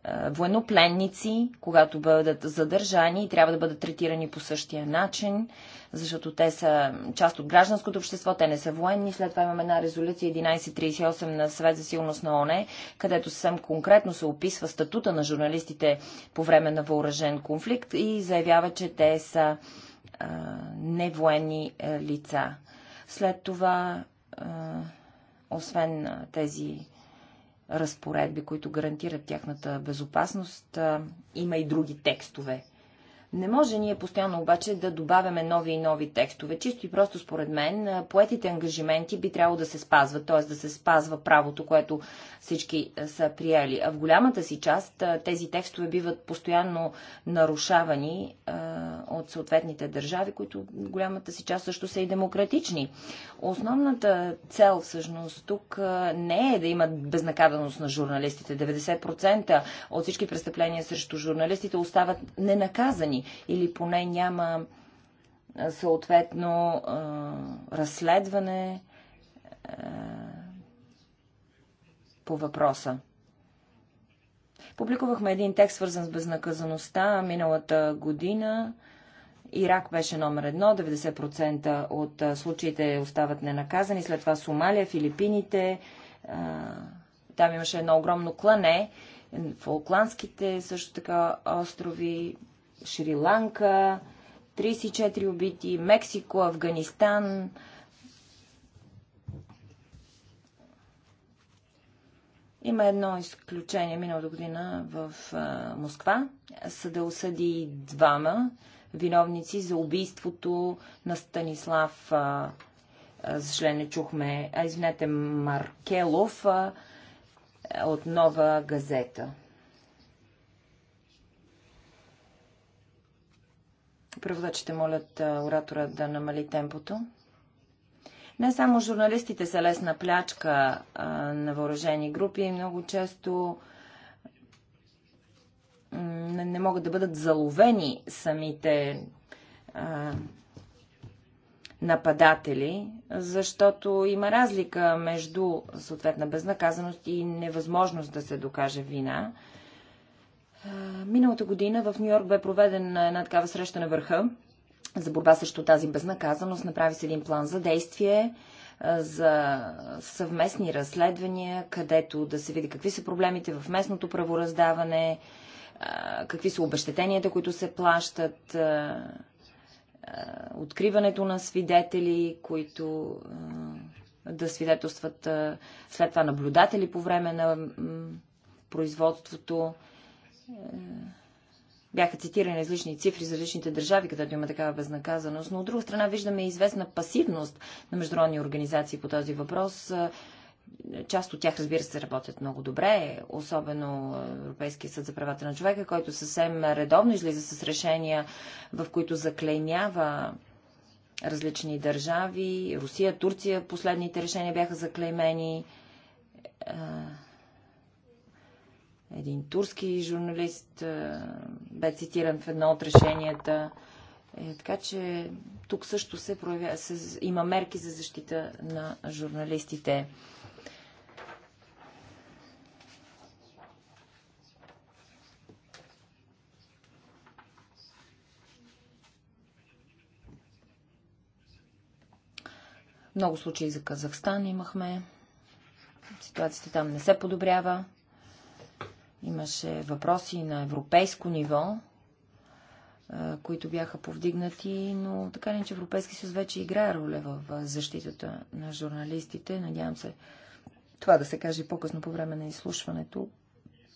е, военнопленници, когато бъдат задържани и трябва да бъдат третирани по същия начин, защото те са част от гражданското общество, те не са военни. След това имаме една резолюция 1138 на Съвет за сигурност на ОНЕ, където съвсем конкретно се описва статута на журналистите по време на въоръжен конфликт и заявява, че те са а, е, невоенни е, лица. След това, а, освен тези разпоредби, които гарантират тяхната безопасност. Има и други текстове. Не може ние постоянно обаче да добавяме нови и нови текстове. Чисто и просто според мен поетите ангажименти би трябвало да се спазват, т.е. да се спазва правото, което всички са приели. А в голямата си част тези текстове биват постоянно нарушавани от съответните държави, които в голямата си част също са и демократични. Основната цел всъщност тук не е да имат безнаказаност на журналистите. 90% от всички престъпления срещу журналистите остават ненаказани или поне няма съответно разследване по въпроса. Публикувахме един текст, свързан с безнаказаността миналата година. Ирак беше номер едно, 90% от случаите остават ненаказани, след това Сомалия, Филипините, там имаше едно огромно клане, Фолкландските също така острови, Шри-Ланка, 34 убити, Мексико, Афганистан. Има едно изключение миналата година в Москва. Съда осъди двама виновници за убийството на Станислав, Защо не чухме, а извинете, Маркелов от нова газета. Преводачите молят оратора да намали темпото. Не само журналистите са лесна плячка на въоръжени групи, много често не, могат да бъдат заловени самите нападатели, защото има разлика между съответна безнаказаност и невъзможност да се докаже вина. Миналата година в Нью Йорк бе проведена една такава среща на върха за борба срещу тази безнаказаност. Направи се един план за действие, за съвместни разследвания, където да се види какви са проблемите в местното правораздаване, какви са обещетенията, които се плащат, откриването на свидетели, които да свидетелстват след това наблюдатели по време на производството. Е, бяха цитирани различни цифри за различните държави, където има такава безнаказаност, но от друга страна виждаме известна пасивност на международни организации по този въпрос. Е, част от тях, разбира се, работят много добре, особено Европейския съд за правата на човека, който съвсем редовно излиза с решения, в които заклеймява различни държави. Русия, Турция, последните решения бяха заклеймени е, един турски журналист бе цитиран в едно от решенията. Е, така че тук също се проявя, се, има мерки за защита на журналистите. Много случаи за Казахстан имахме. Ситуацията там не се подобрява. Имаше въпроси на европейско ниво, които бяха повдигнати, но така не, че Европейски съюз вече играе роля в защитата на журналистите. Надявам се това да се каже по-късно по време на изслушването,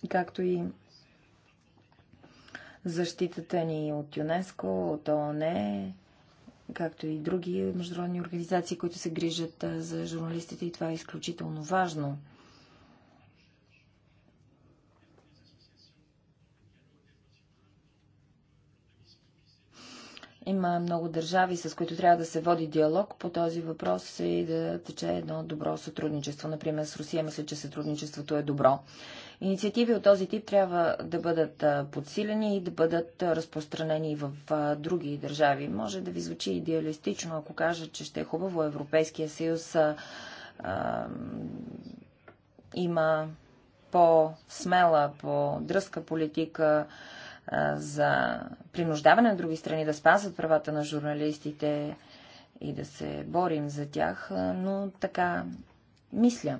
както и защитата ни от ЮНЕСКО, от ООН, както и други международни организации, които се грижат за журналистите и това е изключително важно. Има много държави, с които трябва да се води диалог по този въпрос и да тече едно добро сътрудничество. Например, с Русия мисля, че сътрудничеството е добро. Инициативи от този тип трябва да бъдат подсилени и да бъдат разпространени в други държави. Може да ви звучи идеалистично, ако кажа, че ще е хубаво Европейския съюз а, а, има по-смела, по-дръзка политика, за принуждаване на други страни да спазват правата на журналистите и да се борим за тях, но така мисля.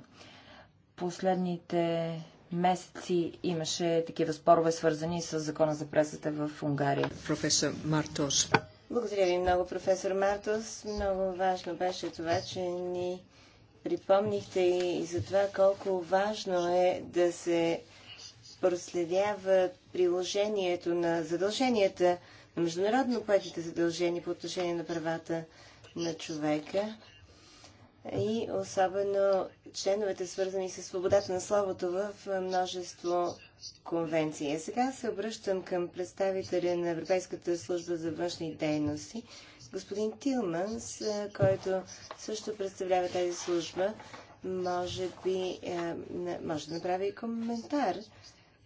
Последните месеци имаше такива спорове, свързани с закона за пресата в Унгария. Професор Мартош. Благодаря ви много, професор Мартос. Много важно беше това, че ни припомнихте и за това колко важно е да се проследява приложението на задълженията, на международно поетите задължения по отношение на правата на човека и особено членовете свързани с свободата на словото в множество конвенции. сега се обръщам към представителя на Европейската служба за външни дейности, господин Тилманс, който също представлява тази служба, може би може да направи и коментар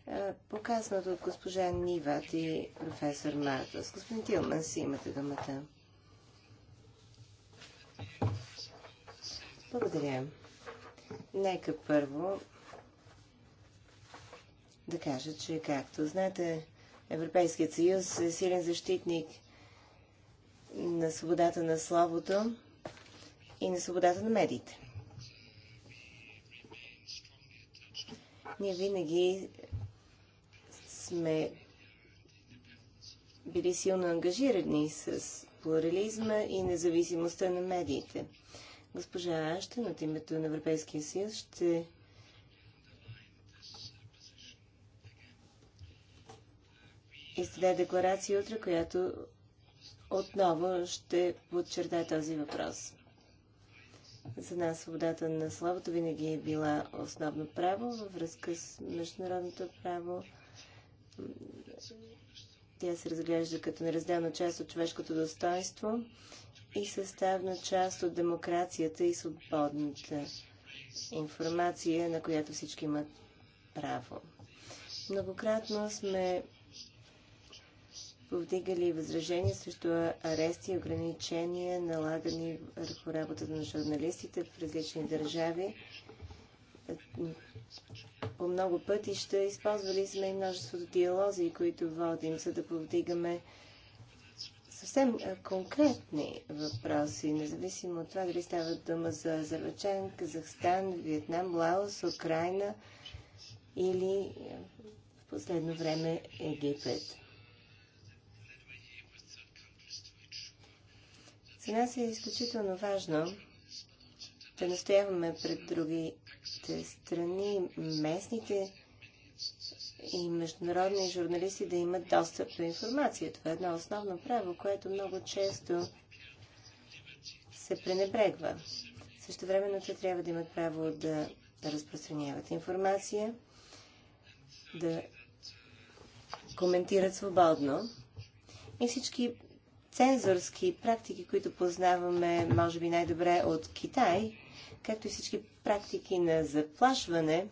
е, показаното от госпожа Ниват и професор Мартас. Господин Тилман, си имате думата. Благодаря. Нека първо да кажа, че както знаете, Европейският съюз е силен защитник на свободата на словото и на свободата на медиите. Ние винаги сме били силно ангажирани с плурализма и независимостта на медиите. Госпожа Аштен от името на Европейския съюз ще издаде декларация утре, която отново ще подчерта този въпрос. За нас свободата на словото винаги е била основно право във връзка с международното право тя се разглежда като неразделна част от човешкото достоинство и съставна част от демокрацията и свободната информация, на която всички имат право. Многократно сме повдигали възражения срещу арести и ограничения, налагани върху работата на журналистите в различни държави по много пътища. Използвали сме и множеството диалози, които водим, за да повдигаме съвсем конкретни въпроси, независимо от това дали става дума за Азербайджан, Казахстан, Виетнам, Лаос, Украина или в последно време Египет. За нас е изключително важно да настояваме пред други страни местните и международни журналисти да имат достъп до информация. Това е едно основно право, което много често се пренебрегва. Също времено те трябва да имат право да, да разпространяват информация, да коментират свободно и всички цензорски практики, които познаваме, може би най-добре от Китай, както и всички практики на заплашване,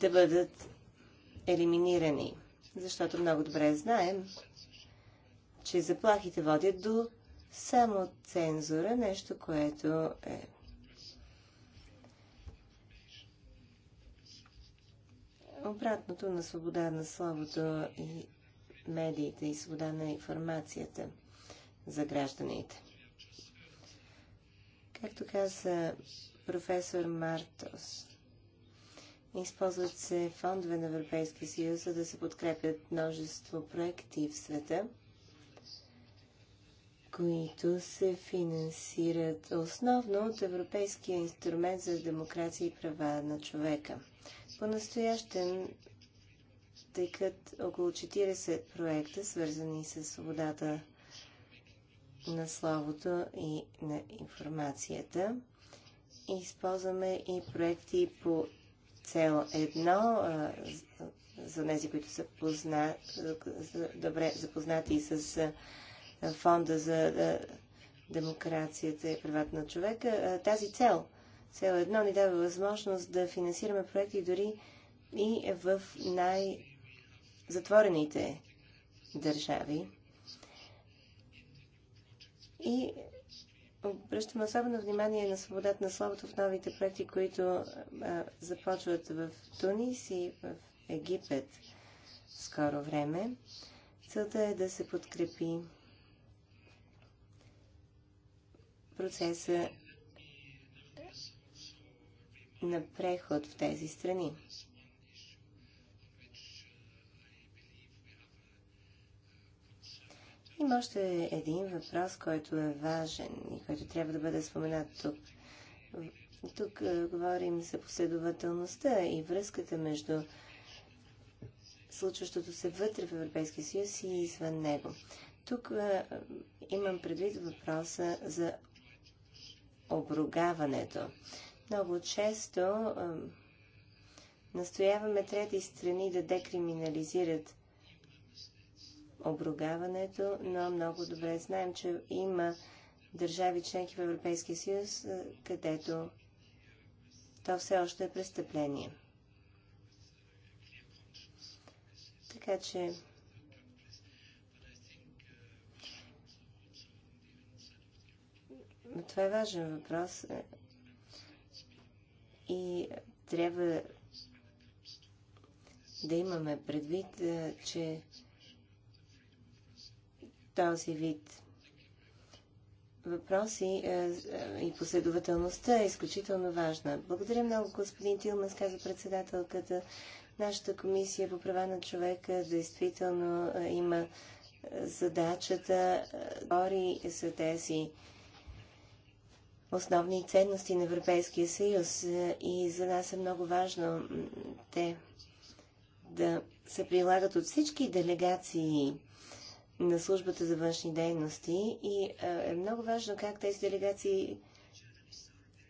да бъдат елиминирани. Защото много добре знаем, че заплахите водят до само цензура, нещо, което е обратното на свобода на словото и медиите и свобода на информацията за гражданите. Както каза професор Мартос, използват се фондове на Европейския съюз, за да се подкрепят множество проекти в света, които се финансират основно от Европейския инструмент за демокрация и права на човека. По-настоящен тъй като около 40 проекта, свързани с свободата на словото и на информацията. Използваме и проекти по цел едно, за тези, които са позна... добре запознати с Фонда за демокрацията и правата на човека. Тази цел, цел едно, ни дава възможност да финансираме проекти дори и в най-затворените държави. И обръщаме особено внимание на свободата на словото в новите проекти, които а, започват в Тунис и в Египет в скоро време. Целта е да се подкрепи процеса на преход в тези страни. Има още един въпрос, който е важен и който трябва да бъде споменат тук. Тук е, говорим за последователността и връзката между случващото се вътре в Европейския съюз и извън него. Тук е, имам предвид въпроса за обругаването. Много често е, настояваме трети страни да декриминализират обругаването, но много добре знаем, че има държави членки в Европейския съюз, е, където то все още е престъпление. Така че това е важен въпрос е, и трябва да имаме предвид, е, че този вид въпроси е, е, и последователността е изключително важна. Благодаря много, господин Тилманс, каза председателката. Нашата комисия по права на човека действително е, има задачата бори за тези основни ценности на Европейския съюз и за нас е много важно те да се прилагат от всички делегации на службата за външни дейности и е много важно как тези делегации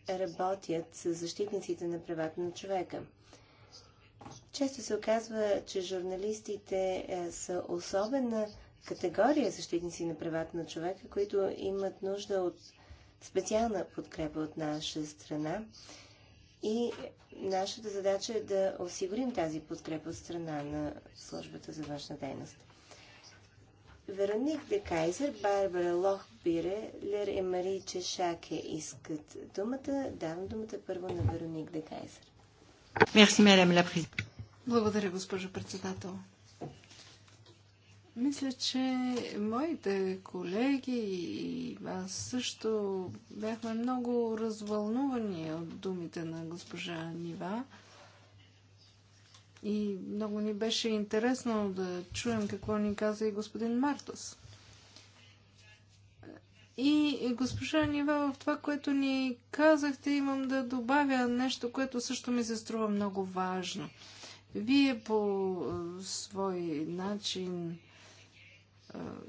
работят с защитниците на правата на човека. Често се оказва, че журналистите е, са особена категория защитници на правата на човека, които имат нужда от специална подкрепа от наша страна. И нашата задача е да осигурим тази подкрепа от страна на службата за външна дейност. Вероник де Кайзер, Барбара Лохбире, Лер и Мари Чешаке искат думата. Давам думата първо на Вероник де Кайзер. Мерси, мерем, Благодаря, госпожо председател. Мисля, че моите колеги и аз също бяхме много развълнувани от думите на госпожа Нива. И много ни беше интересно да чуем какво ни каза и господин Мартос. И госпожа Нива, в това, което ни казахте, имам да добавя нещо, което също ми се струва много важно. Вие по свой начин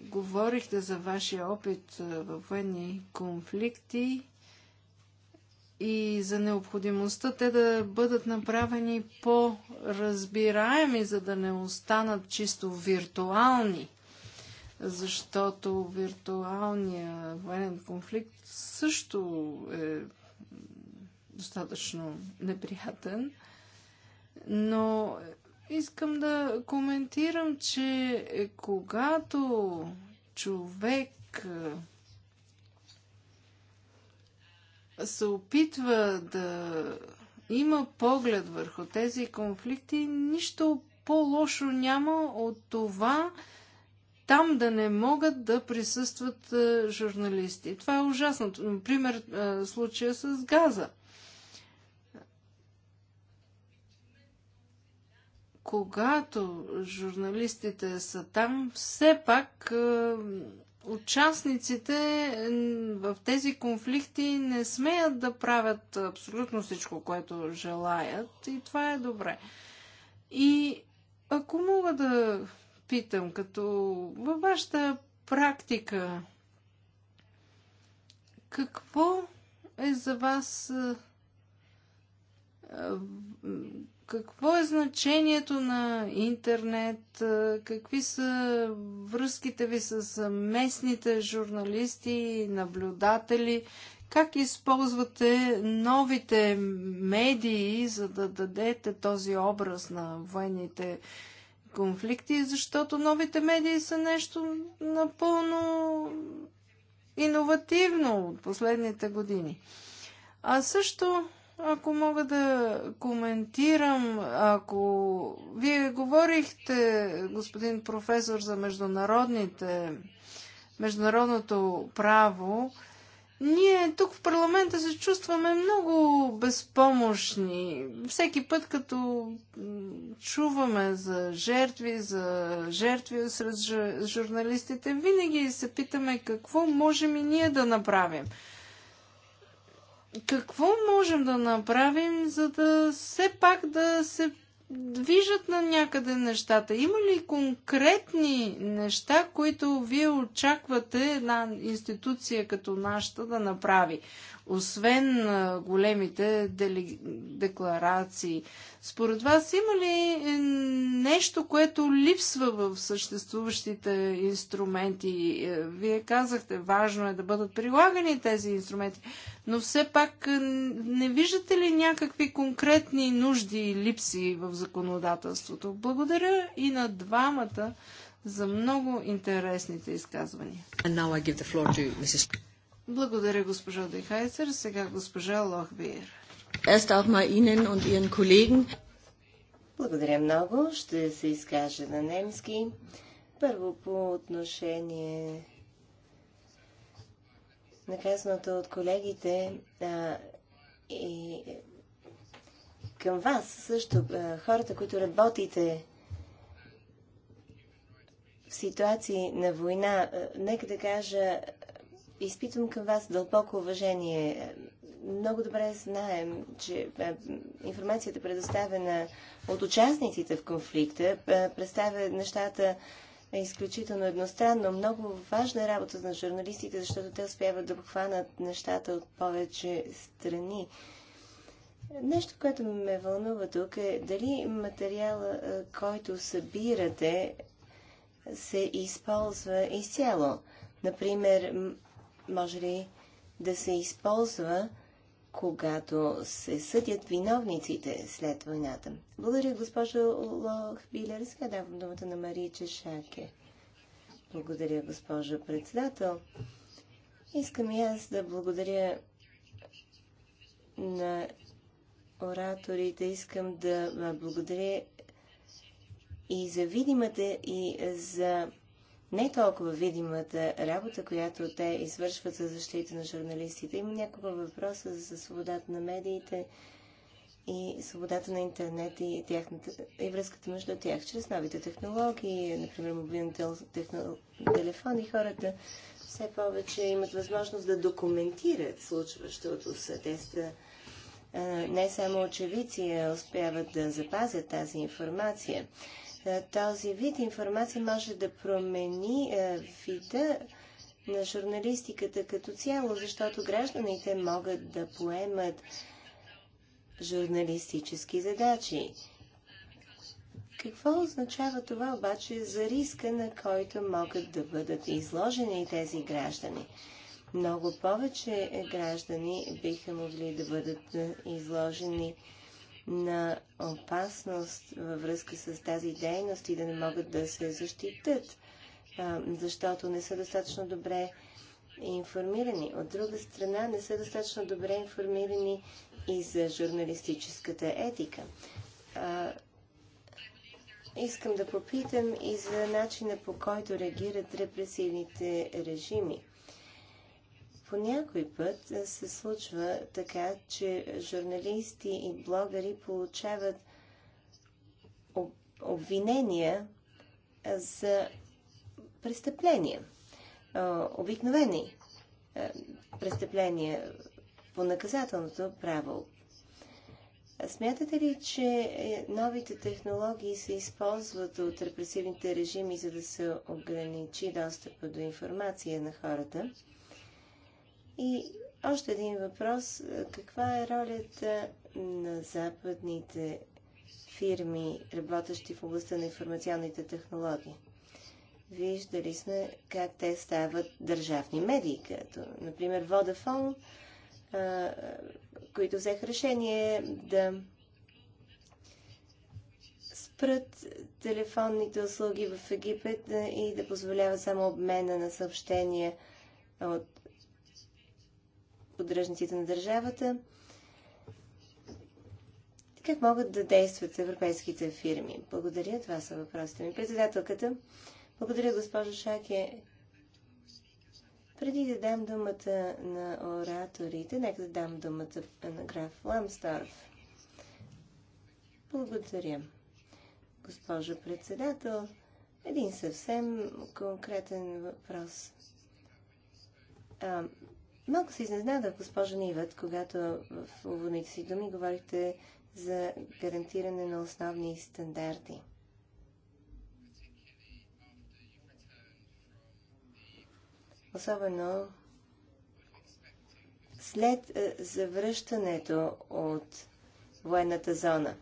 говорихте за вашия опит в военни конфликти и за необходимостта те да бъдат направени по-разбираеми, за да не останат чисто виртуални, защото виртуалния военен конфликт също е достатъчно неприятен, но искам да коментирам, че е, когато човек е, се опитва да има поглед върху тези конфликти, нищо по-лошо няма от това там да не могат да присъстват е, журналисти. Това е ужасно. Например, е, случая с газа. Когато журналистите са там, все пак е, участниците в тези конфликти не смеят да правят абсолютно всичко, което желаят и това е добре. И ако мога да питам, като във вашата практика, какво е за вас какво е значението на интернет, какви са връзките ви с местните журналисти, наблюдатели, как използвате новите медии, за да дадете този образ на военните конфликти, защото новите медии са нещо напълно иновативно от последните години. А също ако мога да коментирам, ако вие говорихте, господин професор, за международните, международното право, ние тук в парламента се чувстваме много безпомощни. Всеки път, като чуваме за жертви, за жертви сред журналистите, винаги се питаме какво можем и ние да направим какво можем да направим, за да все пак да се движат на някъде нещата? Има ли конкретни неща, които вие очаквате една институция като нашата да направи? освен големите декларации. Според вас има ли е, нещо, което липсва в съществуващите инструменти? Е, вие казахте, важно е да бъдат прилагани тези инструменти, но все пак е, не виждате ли някакви конкретни нужди и липси в законодателството? Благодаря и на двамата за много интересните изказвания. And now I give the floor to Mrs. Благодаря, госпожо Дехайцер. Сега госпожа Лохбиер. Ест ахма инен Ihnen иен Ihren Благодаря много. Ще се изкажа на немски. Първо по отношение на казаното от колегите а, и към вас също, а, хората, които работите в ситуации на война, а, нека да кажа, изпитвам към вас дълбоко уважение. Много добре знаем, че е, информацията, предоставена от участниците в конфликта, е, представя нещата изключително едностранно. Много важна е работа на журналистите, защото те успяват да обхванат нещата от повече страни. Нещо, което ме вълнува тук е дали материала, е, който събирате, се използва изцяло. Например, може ли да се използва, когато се съдят виновниците след войната? Благодаря, госпожо Лохбилер. Сега давам думата на Мария Чешаке. Благодаря, госпожо председател. Искам и аз да благодаря на ораторите. Искам да благодаря и за видимата, и за не е толкова видимата работа, която те извършват за защита на журналистите. Има няколко въпроса за свободата на медиите и свободата на интернет и, тяхната, и връзката между тях чрез новите технологии, например мобилни техно, телефони. Хората все повече имат възможност да документират случващото се. Те са не само очевидци, а успяват да запазят тази информация. Е, този вид информация може да промени е, вида на журналистиката като цяло, защото гражданите могат да поемат журналистически задачи. Какво означава това обаче за риска, на който могат да бъдат изложени тези граждани? Много повече граждани биха могли да бъдат е, изложени на опасност във връзка с тази дейност и да не могат да се защитят, защото не са достатъчно добре информирани. От друга страна, не са достатъчно добре информирани и за журналистическата етика. искам да попитам и за начина по който реагират репресивните режими. По някой път се случва така, че журналисти и блогъри получават обвинения за престъпления. Обикновени престъпления по наказателното право. Смятате ли, че е, новите технологии се използват от репресивните режими, за да се ограничи достъпа до информация на хората? И още един въпрос. Каква е ролята на западните фирми, работещи в областта на информационните технологии? Виждали сме как те стават държавни медии, като, например, Vodafone, които взеха решение да спрат телефонните услуги в Египет и да позволяват само обмена на съобщения от поддръжниците на държавата, как могат да действат европейските фирми? Благодаря, това са въпросите ми. Председателката, благодаря госпожа Шаке. Преди да дам думата на ораторите, нека да дам думата на граф Ламсторф. Благодаря. Госпожо председател, един съвсем конкретен въпрос. Малко се изненадах, госпожа Нивът, когато в уводните си думи говорихте за гарантиране на основни стандарти. Особено след е, завръщането от военната зона.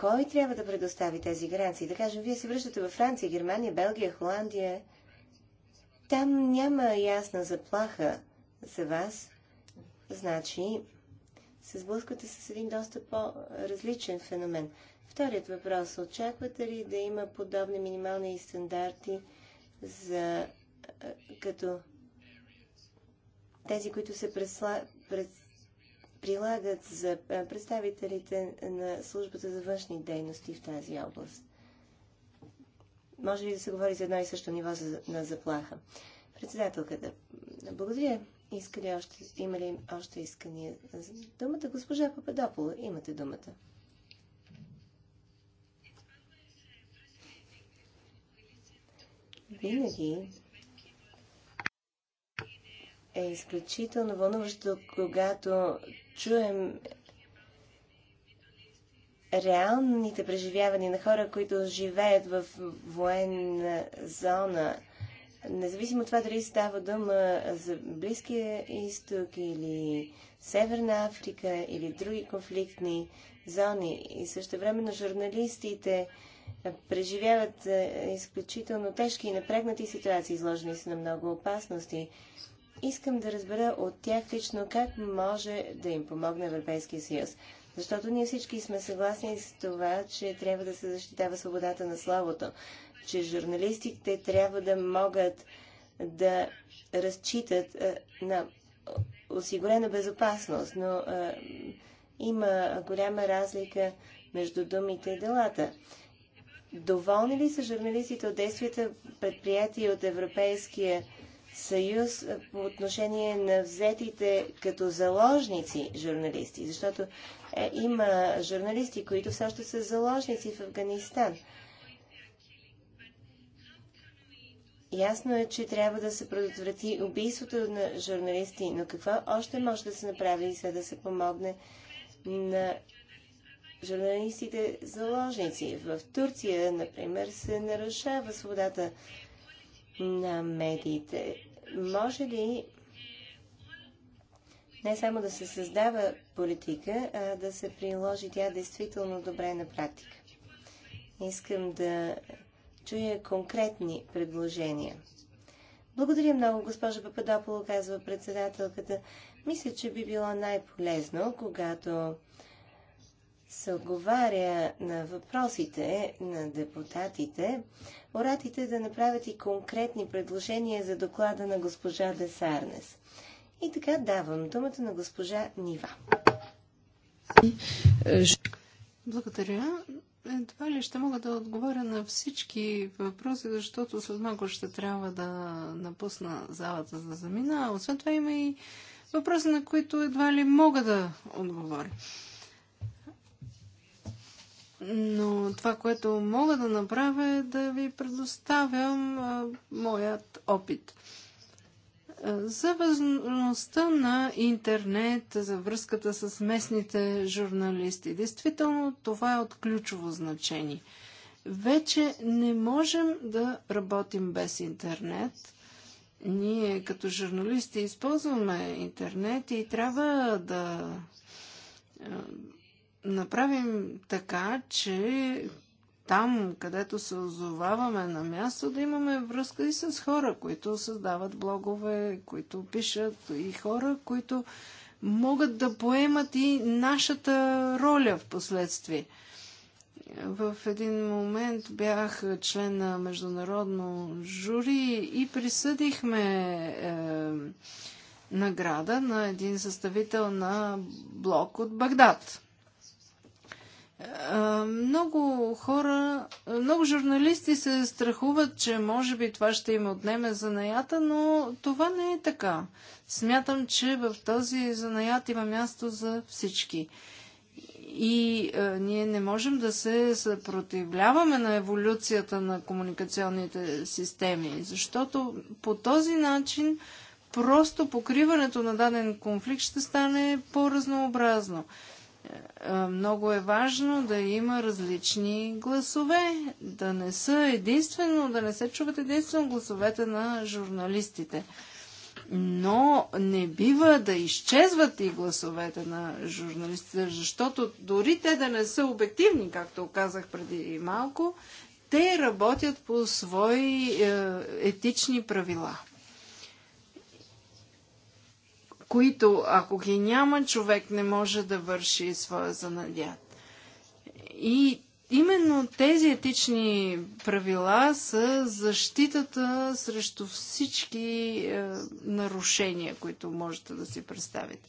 Кой трябва да предостави тези гаранции? Да кажем, вие се връщате във Франция, Германия, Белгия, Холандия. Там няма ясна заплаха за вас, значи се сблъсквате с един доста по-различен феномен. Вторият въпрос. Очаквате ли да има подобни минимални стандарти за като тези, които се пресла, пред, прилагат за представителите на службата за външни дейности в тази област? Може ли да се говори за едно и също ниво за, на заплаха? Председателката, благодаря иска ли още, има ли още искания? Думата госпожа Пападопола, имате думата. Винаги е изключително вълнуващо, когато чуем реалните преживявания на хора, които живеят в военна зона Независимо от това дали става дума за Близкия изток или Северна Африка или други конфликтни зони и също времено журналистите преживяват е, изключително тежки и напрегнати ситуации, изложени са на много опасности. Искам да разбера от тях лично как може да им помогне Европейския съюз. Защото ние всички сме съгласни с това, че трябва да се защитава свободата на словото че журналистите трябва да могат да разчитат на осигурена безопасност, но има голяма разлика между думите и делата. Доволни ли са журналистите от действията предприятия от Европейския съюз по отношение на взетите като заложници журналисти? Защото е, има журналисти, които също са заложници в Афганистан. Ясно е, че трябва да се предотврати убийството на журналисти, но какво още може да се направи, за да се помогне на журналистите заложници? В Турция, например, се нарушава свободата на медиите. Може ли не само да се създава политика, а да се приложи тя действително добре на практика? Искам да чуя конкретни предложения. Благодаря много, госпожа Пападополо, казва председателката. Мисля, че би било най-полезно, когато се отговаря на въпросите на депутатите, оратите да направят и конкретни предложения за доклада на госпожа Десарнес. И така давам думата на госпожа Нива. Благодаря. Едва ли ще мога да отговоря на всички въпроси, защото след малко ще трябва да напусна залата за замина. Освен това има и въпроси, на които едва ли мога да отговоря. Но това, което мога да направя е да ви предоставям а, моят опит за възможността на интернет, за връзката с местните журналисти. Действително това е от ключово значение. Вече не можем да работим без интернет. Ние като журналисти използваме интернет и трябва да направим така, че там, където се озоваваме на място, да имаме връзка и с хора, които създават блогове, които пишат и хора, които могат да поемат и нашата роля в последствие. В един момент бях член на международно жури и присъдихме е, награда на един съставител на блок от Багдад много хора, много журналисти се страхуват, че може би това ще им отнеме занаята, но това не е така. Смятам, че в този занаят има място за всички. И а, ние не можем да се съпротивляваме на еволюцията на комуникационните системи, защото по този начин просто покриването на даден конфликт ще стане по-разнообразно. Е, е, много е важно да има различни гласове, да не са единствено, да не се чуват единствено гласовете на журналистите. Но не бива да изчезват и гласовете на журналистите, защото дори те да не са обективни, както казах преди малко, те работят по свои е, етични правила които, ако ги няма, човек не може да върши своя занадят. И именно тези етични правила са защитата срещу всички е, нарушения, които можете да си представите.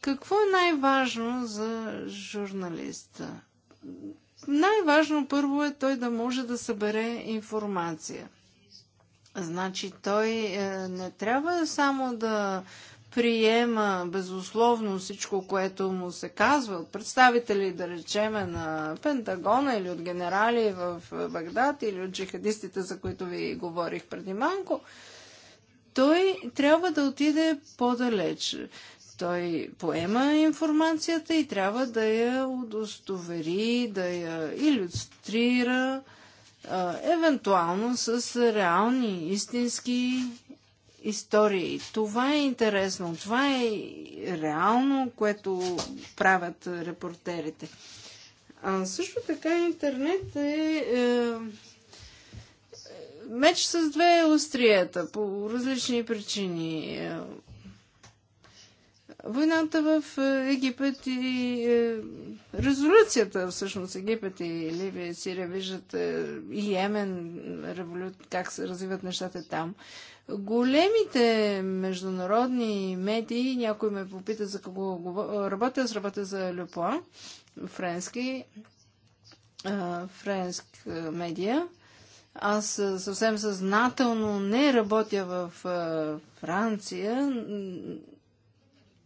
Какво е най-важно за журналиста? Най-важно първо е той да може да събере информация. Значи той е, не трябва само да приема безусловно всичко, което му се казва от представители, да речеме, на Пентагона или от генерали в Багдад или от джихадистите, за които ви говорих преди малко, той трябва да отиде по-далеч. Той поема информацията и трябва да я удостовери, да я иллюстрира, евентуално с реални, истински истории. Това е интересно, това е реално, което правят репортерите. А също така интернет е, е меч с две острията по различни причини. Е, войната в е, Египет и е, резолюцията всъщност Египет и Ливия и Сирия, виждате и Йемен, револю... как се развиват нещата там. Големите международни медии, някой ме попита за какво работя, аз работя за Люпла, френски, френск медия. Аз съвсем съзнателно не работя в Франция.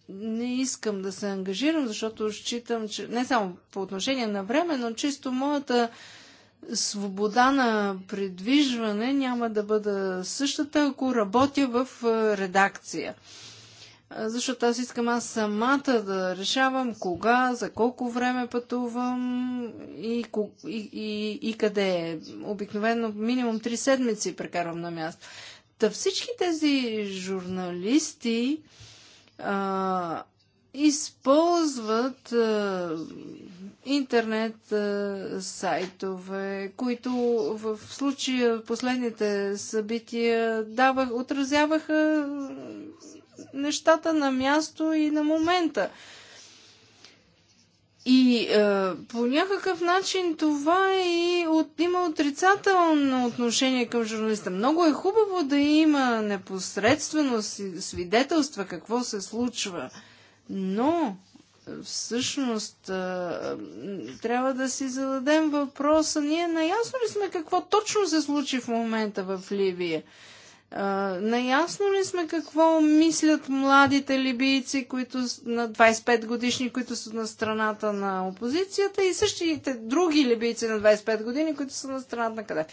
Не искам да се ангажирам, защото считам, че не само по отношение на време, но чисто моята свобода на предвижване няма да бъда същата, ако работя в редакция. Защото аз искам аз самата да решавам кога, за колко време пътувам и, и, и, и къде. Е. Обикновено минимум три седмици прекарвам на място. Та всички тези журналисти а, използват а, интернет сайтове, които в случая последните събития давах, отразяваха нещата на място и на момента. И е, по някакъв начин това е и от, има отрицателно отношение към журналиста. Много е хубаво да има непосредствено свидетелства какво се случва, но всъщност трябва да си зададем въпроса. Ние наясно ли сме какво точно се случи в момента в Ливия? Наясно ли сме какво мислят младите либийци, които на 25 годишни, които са на страната на опозицията и същите други либийци на 25 години, които са на страната на къде?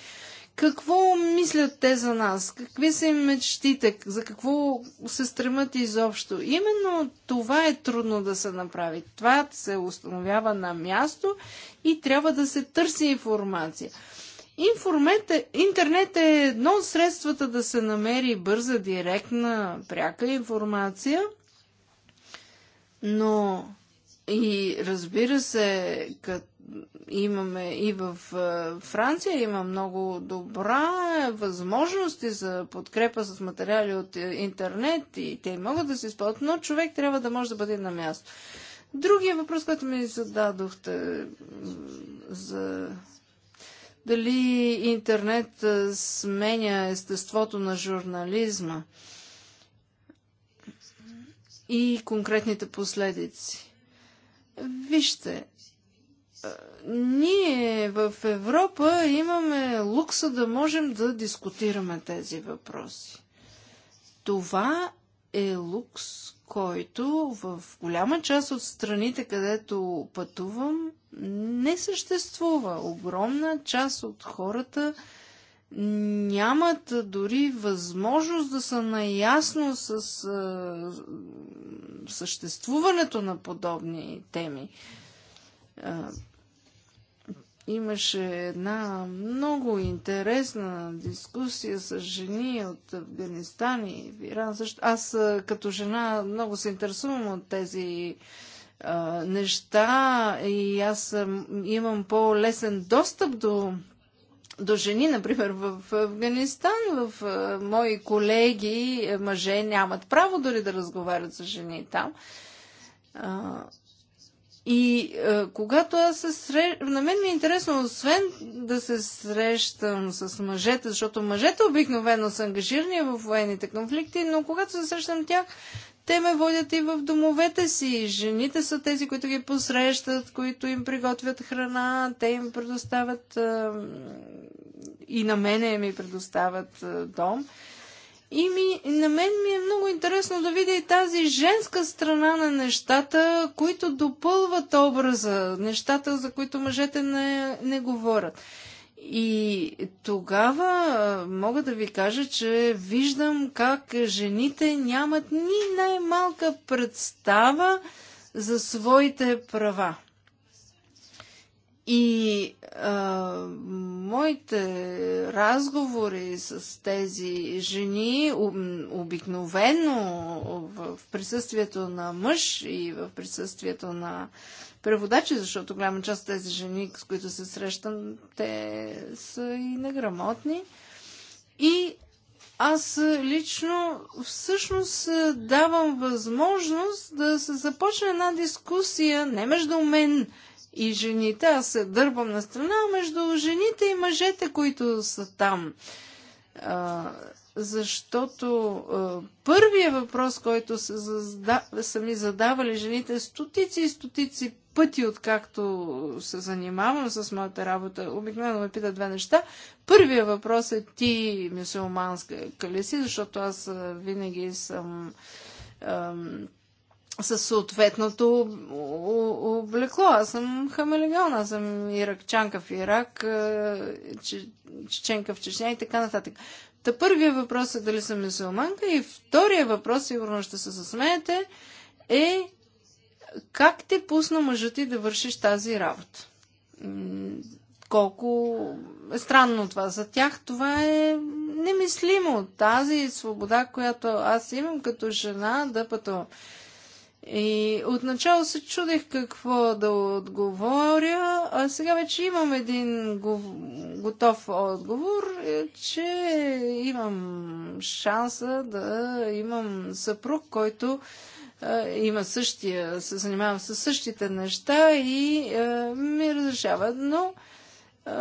Какво мислят те за нас? Какви са им мечтите? За какво се стремат изобщо? Именно това е трудно да се направи. Това се установява на място и трябва да се търси информация. Информете, интернет е едно от средствата да се намери бърза, директна, пряка информация, но и разбира се, като имаме и в Франция, има много добра е, възможности за подкрепа с материали от е, интернет и те могат да се използват, но човек трябва да може да бъде на място. Другия въпрос, който ми зададохте за дали интернет сменя естеството на журнализма и конкретните последици. Вижте, ние в Европа имаме лукса да можем да дискутираме тези въпроси. Това е лукс, който в голяма част от страните, където пътувам, не съществува. Огромна част от хората нямат дори възможност да са наясно с а, съществуването на подобни теми имаше една много интересна дискусия с жени от Афганистан и Иран. Аз като жена много се интересувам от тези а, неща и аз имам по-лесен достъп до, до жени, например в Афганистан. В а, мои колеги е, мъже нямат право дори да разговарят с жени там. А, и е, когато аз се срещам, на мен ми е интересно, освен да се срещам с мъжете, защото мъжете обикновено са ангажирани в военните конфликти, но когато се срещам тях, те ме водят и в домовете си. Жените са тези, които ги посрещат, които им приготвят храна, те им предоставят е, и на мене ми предоставят е, дом. И ми, на мен ми е много интересно да видя и тази женска страна на нещата, които допълват образа, нещата, за които мъжете не, не говорят. И тогава мога да ви кажа, че виждам как жените нямат ни най-малка представа за своите права. И а, моите разговори с тези жени обикновено в присъствието на мъж и в присъствието на преводачи, защото голяма част от тези жени, с които се срещам, те са и неграмотни. И аз лично всъщност давам възможност да се започне една дискусия не между мен, и жените. Аз се дърбам на страна между жените и мъжете, които са там. А, защото а, първият въпрос, който са, зада, са ми задавали жените стотици и стотици пъти, откакто се занимавам с моята работа, обикновено ме питат две неща. Първият въпрос е ти мюсюлманска калеси, защото аз винаги съм със съответното облекло. Аз съм хамелеон, аз съм иракчанка в Ирак, чеченка в Чечня и така нататък. Та първият въпрос е дали съм мисулманка и втория въпрос, сигурно ще се засмеете, е как те пусна мъжът ти да вършиш тази работа? Колко е странно това за тях, това е немислимо. Тази свобода, която аз имам като жена да пътувам. И отначало се чудех какво да отговоря, а сега вече имам един готов отговор, е, че имам шанса да имам съпруг, който е, има същия, се занимавам с същите неща и е, ми разрешава. Но е,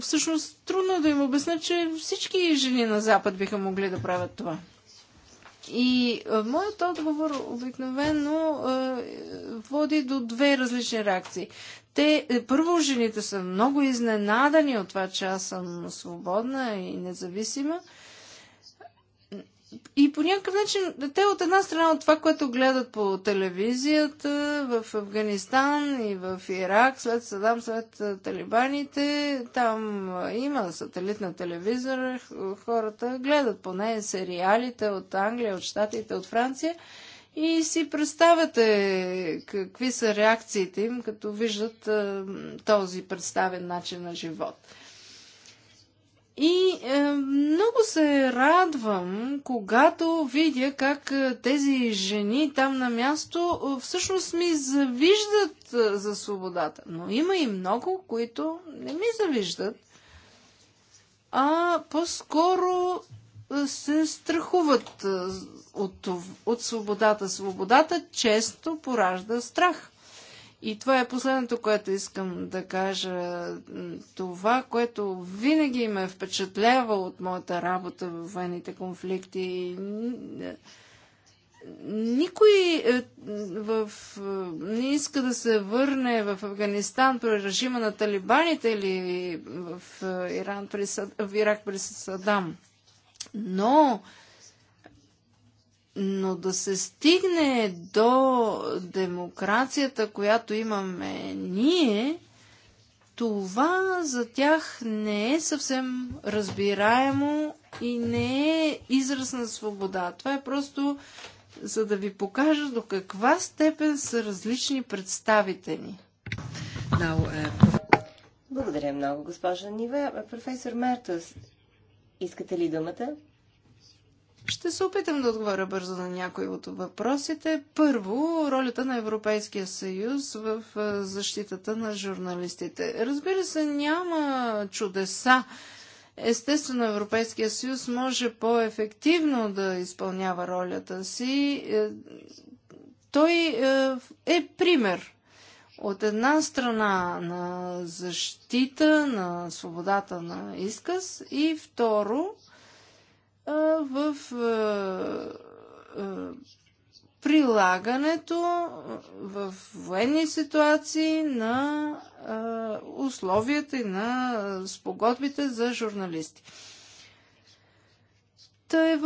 всъщност трудно да им обясня, че всички жени на Запад биха могли да правят това. И моят отговор обикновено води до две различни реакции. Те, е, първо, жените са много изненадани от това, че аз съм свободна и независима и по някакъв начин те от една страна от това, което гледат по телевизията в Афганистан и в Ирак, след Садам, след талибаните, там има сателитна телевизор, хората гледат по нея сериалите от Англия, от Штатите, от Франция и си представяте какви са реакциите им, като виждат този представен начин на живот. И е, много се радвам, когато видя как е, тези жени там на място е, всъщност ми завиждат е, за свободата. Но има и много, които не ми завиждат, а по-скоро се страхуват от, от свободата. Свободата често поражда страх. И това е последното, което искам да кажа. Това, което винаги ме впечатлява от моята работа в военните конфликти, никой е, в... Е, не иска да се върне в Афганистан при режима на талибаните или в, е, Иран в Ирак при Садам. Но но да се стигне до демокрацията, която имаме ние, това за тях не е съвсем разбираемо и не е израз на свобода. Това е просто за да ви покажа до каква степен са различни представите ни. Uh, Благодаря много, госпожа Нива. Професор Мартас, искате ли думата? Ще се опитам да отговоря бързо на някои от въпросите. Първо, ролята на Европейския съюз в защитата на журналистите. Разбира се, няма чудеса. Естествено, Европейския съюз може по-ефективно да изпълнява ролята си. Е, той е, е пример от една страна на защита на свободата на изказ и второ в прилагането в военни ситуации на условията и на спогодбите за журналисти. Та е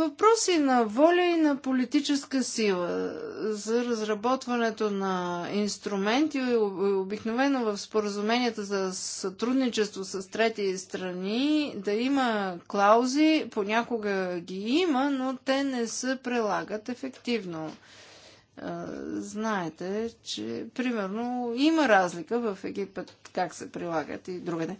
и на воля и на политическа сила за разработването на инструменти. Обикновено в споразуменията за сътрудничество с трети страни да има клаузи, понякога ги има, но те не се прилагат ефективно. Знаете, че примерно има разлика в Египет как се прилагат и другаде. Да.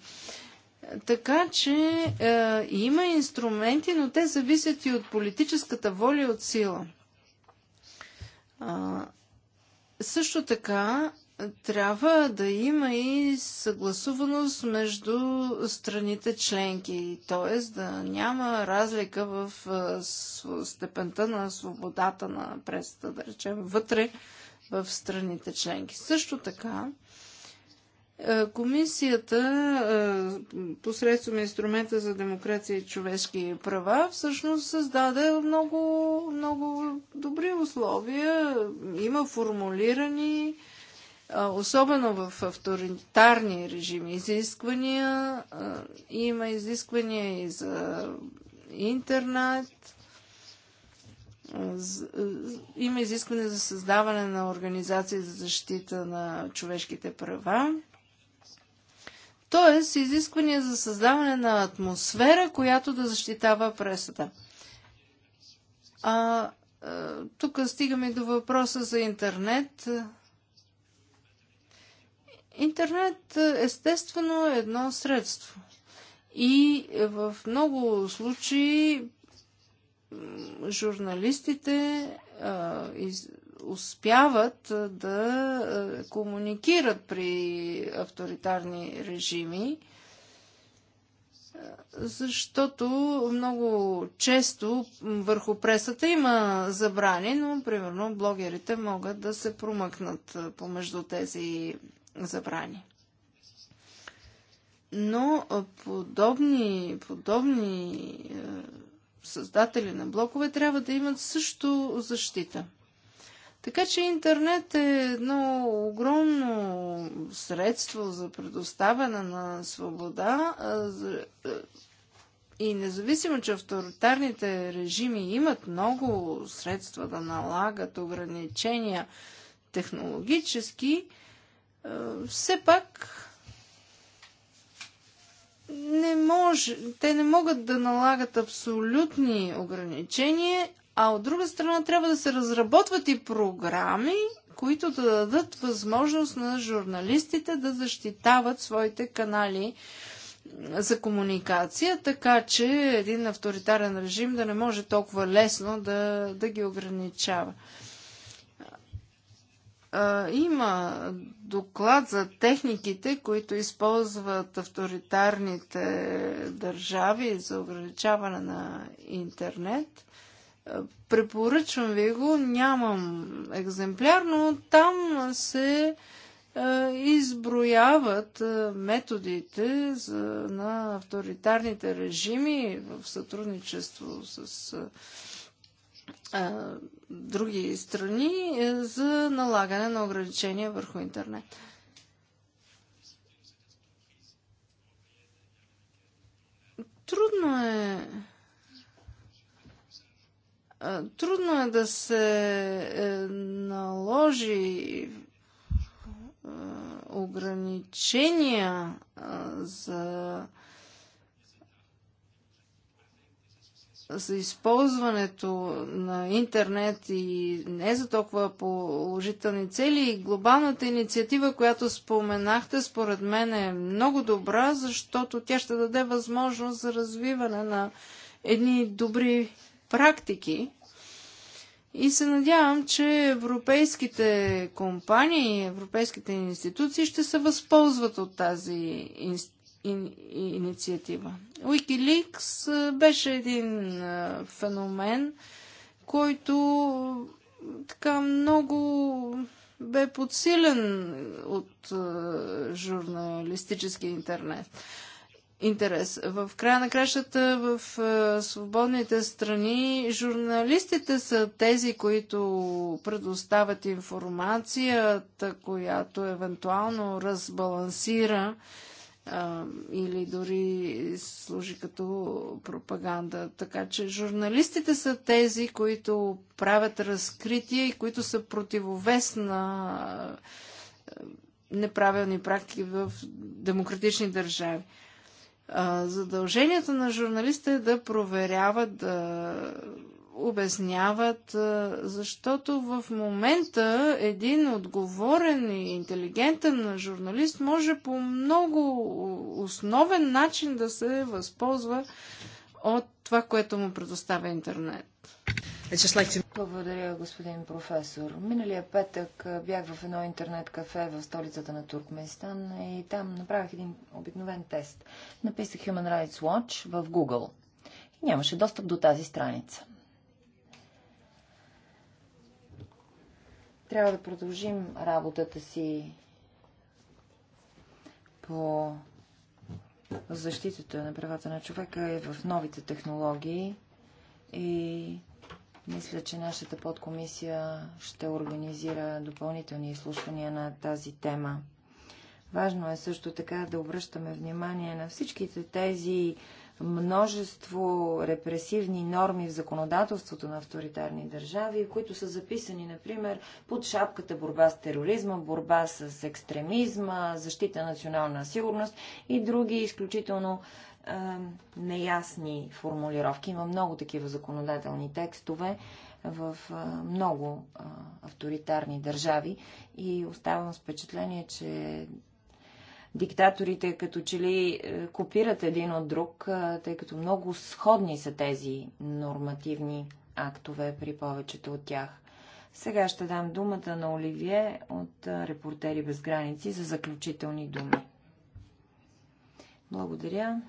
Така че е, има инструменти, но те зависят и от политическата воля и от сила. Е, също така трябва да има и съгласуваност между страните членки, т.е. да няма разлика в е, степента на свободата на пресата, да речем, вътре в страните членки. Също така, е, комисията е, посредством инструмента за демокрация и човешки права всъщност създаде много, много добри условия. Има формулирани, е, особено в авторитарни режими, изисквания. Има изисквания и за интернет, има изискване за създаване на организации за защита на човешките права. Тоест, изисквания за създаване на атмосфера, която да защитава пресата. А, а тук стигаме до въпроса за интернет. Интернет естествено е едно средство. И в много случаи журналистите, а, из, успяват да комуникират при авторитарни режими, защото много често върху пресата има забрани, но примерно блогерите могат да се промъкнат помежду тези забрани. Но подобни, подобни създатели на блокове трябва да имат също защита – така че интернет е едно огромно средство за предоставяне на свобода и независимо, че авторитарните режими имат много средства да налагат ограничения технологически, все пак не може, те не могат да налагат абсолютни ограничения а от друга страна трябва да се разработват и програми, които да дадат възможност на журналистите да защитават своите канали за комуникация, така че един авторитарен режим да не може толкова лесно да, да ги ограничава. Има доклад за техниките, които използват авторитарните държави за ограничаване на интернет – Препоръчвам ви го, нямам екземпляр, но там се е, изброяват е, методите за, на авторитарните режими в сътрудничество с а, е, други страни за налагане на ограничения върху интернет. Трудно е Трудно е да се е, наложи е, ограничения за, за използването на интернет и не за толкова положителни цели. И глобалната инициатива, която споменахте, според мен е много добра, защото тя ще даде възможност за развиване на едни добри практики. И се надявам, че европейските компании, европейските институции ще се възползват от тази ин, ин... инициатива. Wikileaks беше един феномен, който така много бе подсилен от журналистическия интернет интерес. В края на кращата в а, е, свободните страни журналистите са тези, които предоставят информацията, която евентуално разбалансира а, е, или дори служи като пропаганда. Така че журналистите са тези, които правят разкрития и които са противовес на а, е, неправилни практики в демократични държави. Задължението на журналиста е да проверяват, да обясняват, защото в момента един отговорен и интелигентен журналист може по много основен начин да се възползва от това, което му предоставя интернет. Благодаря, господин професор. Миналия петък бях в едно интернет кафе в столицата на Туркменистан и там направих един обикновен тест. Написах Human Rights Watch в Google и нямаше достъп до тази страница. Трябва да продължим работата си по защитата на правата на човека и в новите технологии и мисля, че нашата подкомисия ще организира допълнителни изслушвания на тази тема. Важно е също така да обръщаме внимание на всичките тези множество репресивни норми в законодателството на авторитарни държави, които са записани, например, под шапката борба с тероризма, борба с екстремизма, защита на национална сигурност и други изключително е, неясни формулировки. Има много такива законодателни текстове в е, много е, авторитарни държави и оставам с впечатление, че диктаторите като че ли копират един от друг, тъй като много сходни са тези нормативни актове при повечето от тях. Сега ще дам думата на Оливие от Репортери без граници за заключителни думи. Благодаря.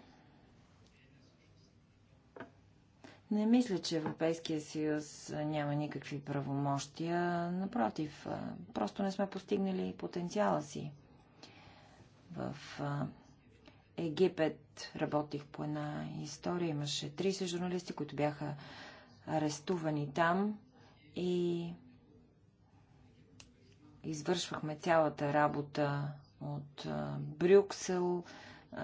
Не мисля, че Европейския съюз няма никакви правомощия. Напротив, просто не сме постигнали потенциала си. В Египет работих по една история. Имаше 30 журналисти, които бяха арестувани там и извършвахме цялата работа от Брюксел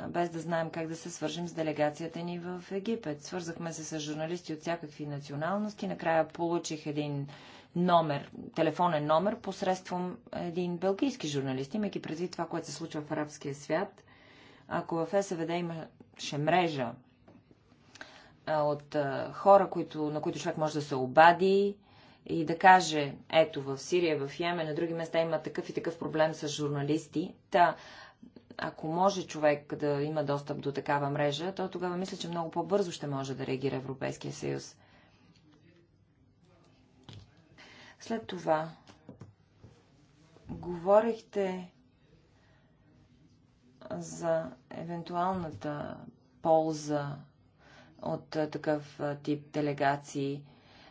без да знаем как да се свържим с делегацията ни в Египет. Свързахме се с журналисти от всякакви националности. Накрая получих един номер, телефонен номер, посредством един белгийски журналист, имайки преди това, което се случва в арабския свят. Ако в СВД имаше мрежа от хора, които, на които човек може да се обади и да каже, ето в Сирия, в Йемен, на други места има такъв и такъв проблем с журналисти. Та, ако може човек да има достъп до такава мрежа, то тогава мисля, че много по-бързо ще може да реагира Европейския съюз. След това говорихте за евентуалната полза от такъв тип делегации.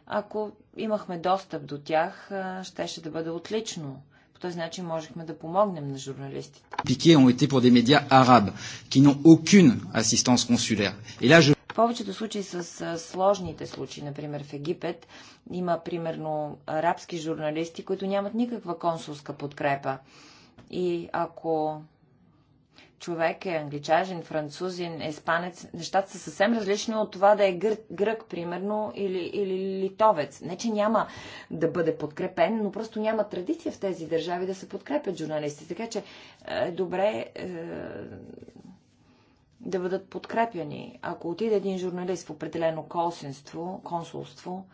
Ако имахме достъп до тях, щеше да бъде отлично. По този начин можехме да помогнем на журналистите. Пике ont été pour des médias arabes qui n'ont aucune assistance consulaire. Et là je повечето случаи с сложните случаи, например в Египет, има примерно арабски журналисти, които нямат никаква консулска подкрепа. И ако човек е англичажен, французин, еспанец, нещата са съвсем различни от това да е гр... грък, примерно, или, или литовец. Не, че няма да бъде подкрепен, но просто няма традиция в тези държави да се подкрепят журналисти. Така че е добре е, да бъдат подкрепяни. Ако отиде един журналист в определено консенство, консулство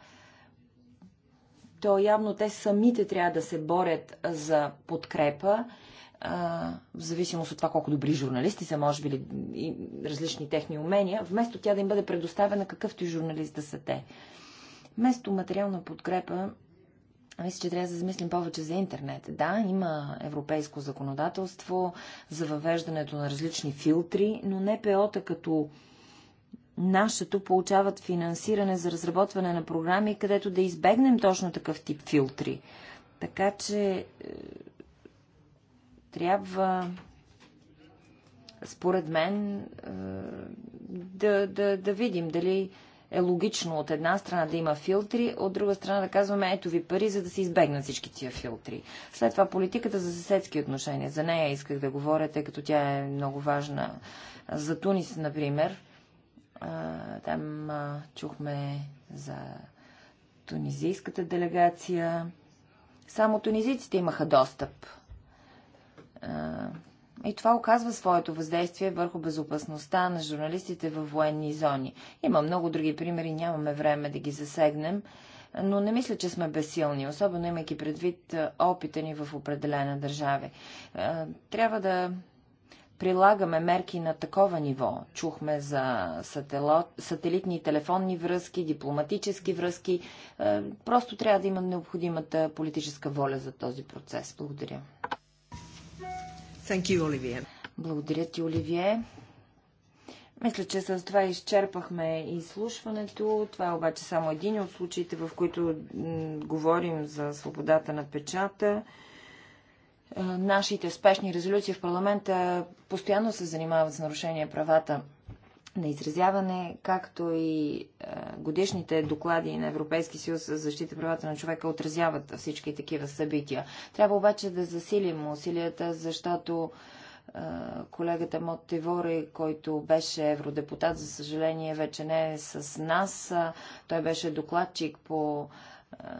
то явно те самите трябва да се борят за подкрепа в зависимост от това колко добри журналисти са, може би, и различни техни умения, вместо тя да им бъде предоставена какъвто и журналист да са те. Вместо материална подкрепа, мисля, че трябва да замислим повече за интернет. Да, има европейско законодателство за въвеждането на различни филтри, но НПО-та като нашето получават финансиране за разработване на програми, където да избегнем точно такъв тип филтри. Така че е, трябва, според мен, е, да, да, да видим дали е логично от една страна да има филтри, от друга страна да казваме ето ви пари, за да се избегнат всички тия филтри. След това политиката за съседски отношения. За нея исках да говоря, тъй като тя е много важна. За Тунис, например, е, там е, чухме за тунизийската делегация. Само тунизиците имаха достъп и това оказва своето въздействие върху безопасността на журналистите във военни зони. Има много други примери, нямаме време да ги засегнем, но не мисля, че сме безсилни, особено имайки предвид опита ни в определена държава. Трябва да прилагаме мерки на такова ниво. Чухме за сателитни сателитни телефонни връзки, дипломатически връзки. Просто трябва да има необходимата политическа воля за този процес. Благодаря. You, Благодаря ти, Оливие. Мисля, че с това изчерпахме изслушването. Това е обаче само един от случаите, в които говорим за свободата на печата. Е, нашите спешни резолюции в парламента постоянно се занимават с нарушение правата на изразяване, както и е, годишните доклади на Европейски съюз за защита правата на човека отразяват всички такива събития. Трябва обаче да засилим усилията, защото е, колегата Мот Тевори, който беше евродепутат, за съжаление вече не е с нас. Той беше докладчик по е,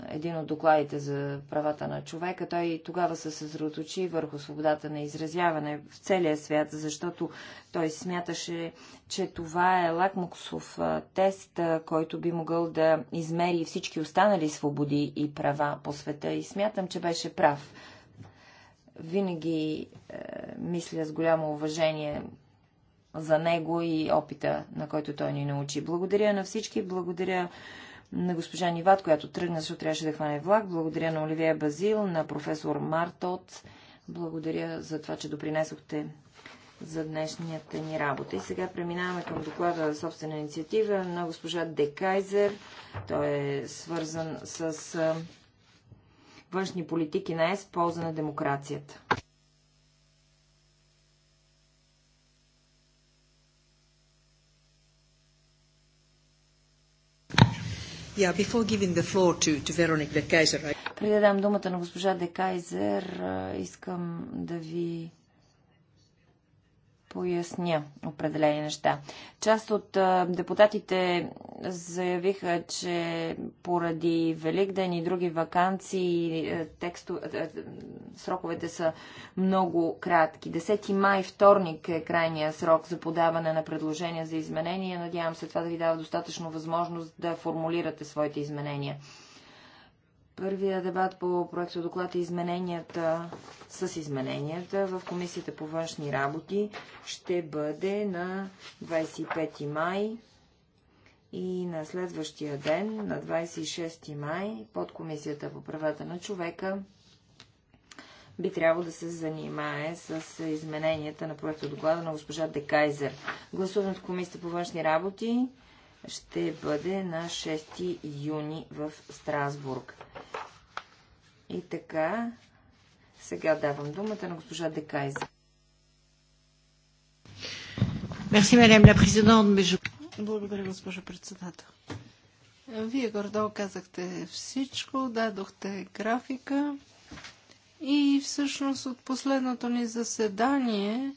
един от докладите за правата на човека. Той тогава се съсредоточи върху свободата на изразяване в целия свят, защото той смяташе, че това е лакмуксов тест, който би могъл да измери всички останали свободи и права по света. И смятам, че беше прав. Винаги е, мисля с голямо уважение за него и опита, на който той ни научи. Благодаря на всички, благодаря на госпожа Ниват, която тръгна, защото трябваше да хване влак. Благодаря на Оливия Базил, на професор Мартот. Благодаря за това, че допринесохте за днешнията ни работа. И сега преминаваме към доклада за собствена инициатива на госпожа Декайзер. Той е свързан с външни политики на ЕС в полза на демокрацията. Yeah, before giving the floor to, to Veronique de Kaiser, I... Преди да дам думата на госпожа Де Кайзер, искам да ви поясня определени неща. Част от депутатите заявиха, че поради Великден и други вакансии тексто, сроковете са много кратки. 10 май, вторник е крайния срок за подаване на предложения за изменения. Надявам се това да ви дава достатъчно възможност да формулирате своите изменения. Първия дебат по проекта доклад и е измененията с измененията в Комисията по външни работи ще бъде на 25 май и на следващия ден, на 26 май, под Комисията по правата на човека би трябвало да се занимае с измененията на проекта доклада на госпожа Декайзер. Гласуването в Комисията по външни работи ще бъде на 6 юни в Страсбург. И така, сега давам думата на госпожа Декайзе. Благодаря, госпожо председател. Вие гордо казахте всичко, дадохте графика и всъщност от последното ни заседание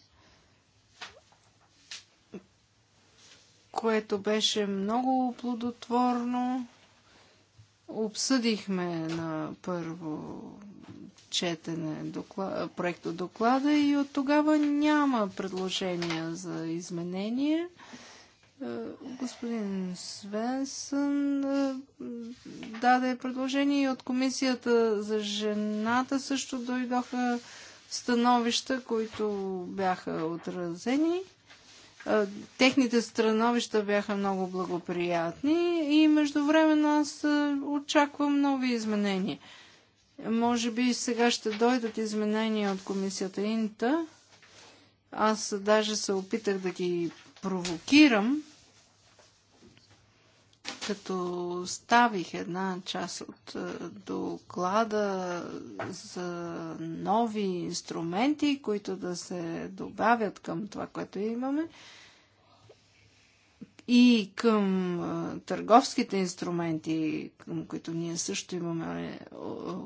което беше много плодотворно. Обсъдихме на първо четене доклад, проекто доклада и от тогава няма предложения за изменение. Е, господин Свенсън е, даде предложение и от комисията за жената също дойдоха становища, които бяха отразени. Техните страновища бяха много благоприятни и междувременно аз очаквам нови изменения. Може би сега ще дойдат изменения от комисията Инта. Аз даже се опитах да ги провокирам, като оставих една част от е, доклада за нови инструменти, които да се добавят към това, което имаме, и към е, търговските инструменти, към които ние също имаме е,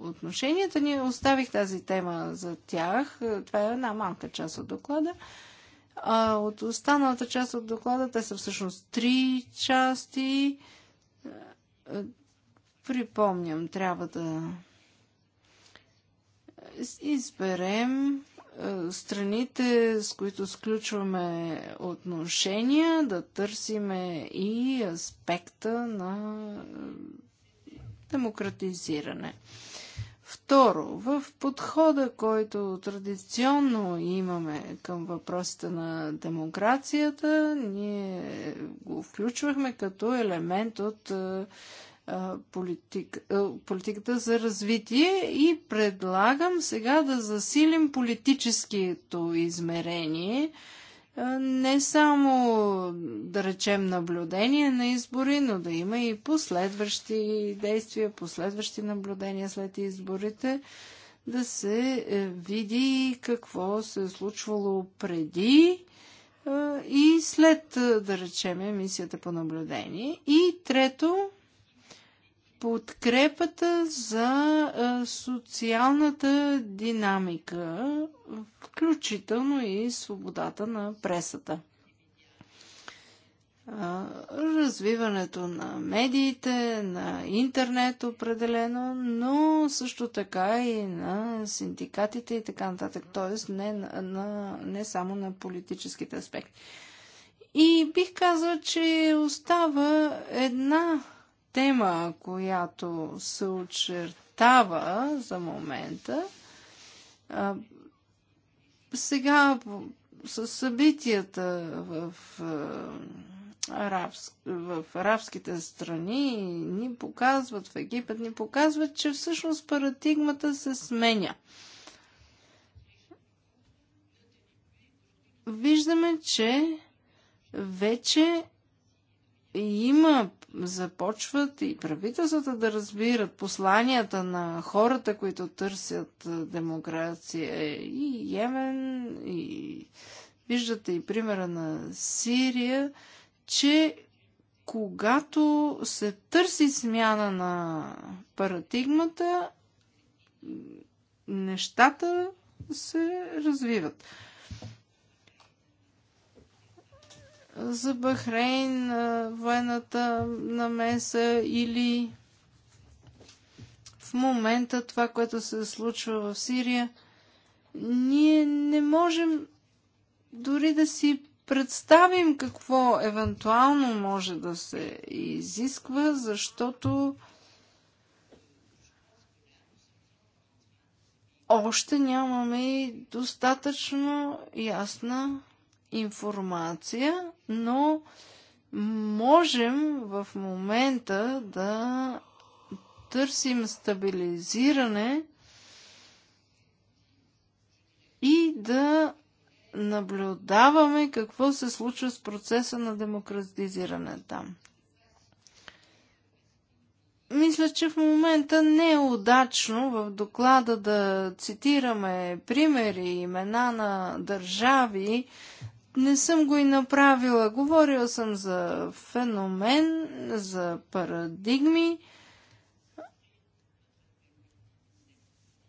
отношенията, ние оставих тази тема за тях. Това е една малка част от доклада. А от останалата част от доклада те са всъщност три части. Е, припомням, трябва да изберем е, страните, с които сключваме отношения, да търсиме и аспекта на е, демократизиране. Второ, в подхода, който традиционно имаме към въпросите на демокрацията, ние го включвахме като елемент от политик, политиката за развитие и предлагам сега да засилим политическото измерение, не само, да речем, наблюдение на избори, но да има и последващи действия, последващи наблюдения след изборите, да се е, види какво се е случвало преди и след, е, да речем, мисията по наблюдение. И трето, подкрепата за социалната динамика, включително и свободата на пресата. Развиването на медиите, на интернет определено, но също така и на синдикатите и така нататък, т.е. Не, на, не само на политическите аспекти. И бих казал, че остава една тема, която се очертава за момента. Сега с събитията в, арабск, в арабските страни ни показват, в Египет ни показват, че всъщност парадигмата се сменя. Виждаме, че вече има, започват и правителствата да разбират посланията на хората, които търсят демокрация и Йемен, и виждате и примера на Сирия, че когато се търси смяна на парадигмата, нещата се развиват. за Бахрейн, военната намеса или в момента това, което се случва в Сирия, ние не можем дори да си представим какво евентуално може да се изисква, защото още нямаме и достатъчно ясна информация, но можем в момента да търсим стабилизиране и да наблюдаваме какво се случва с процеса на демократизиране там. Мисля, че в момента не е удачно в доклада да цитираме примери, имена на държави, не съм го и направила. Говорила съм за феномен, за парадигми.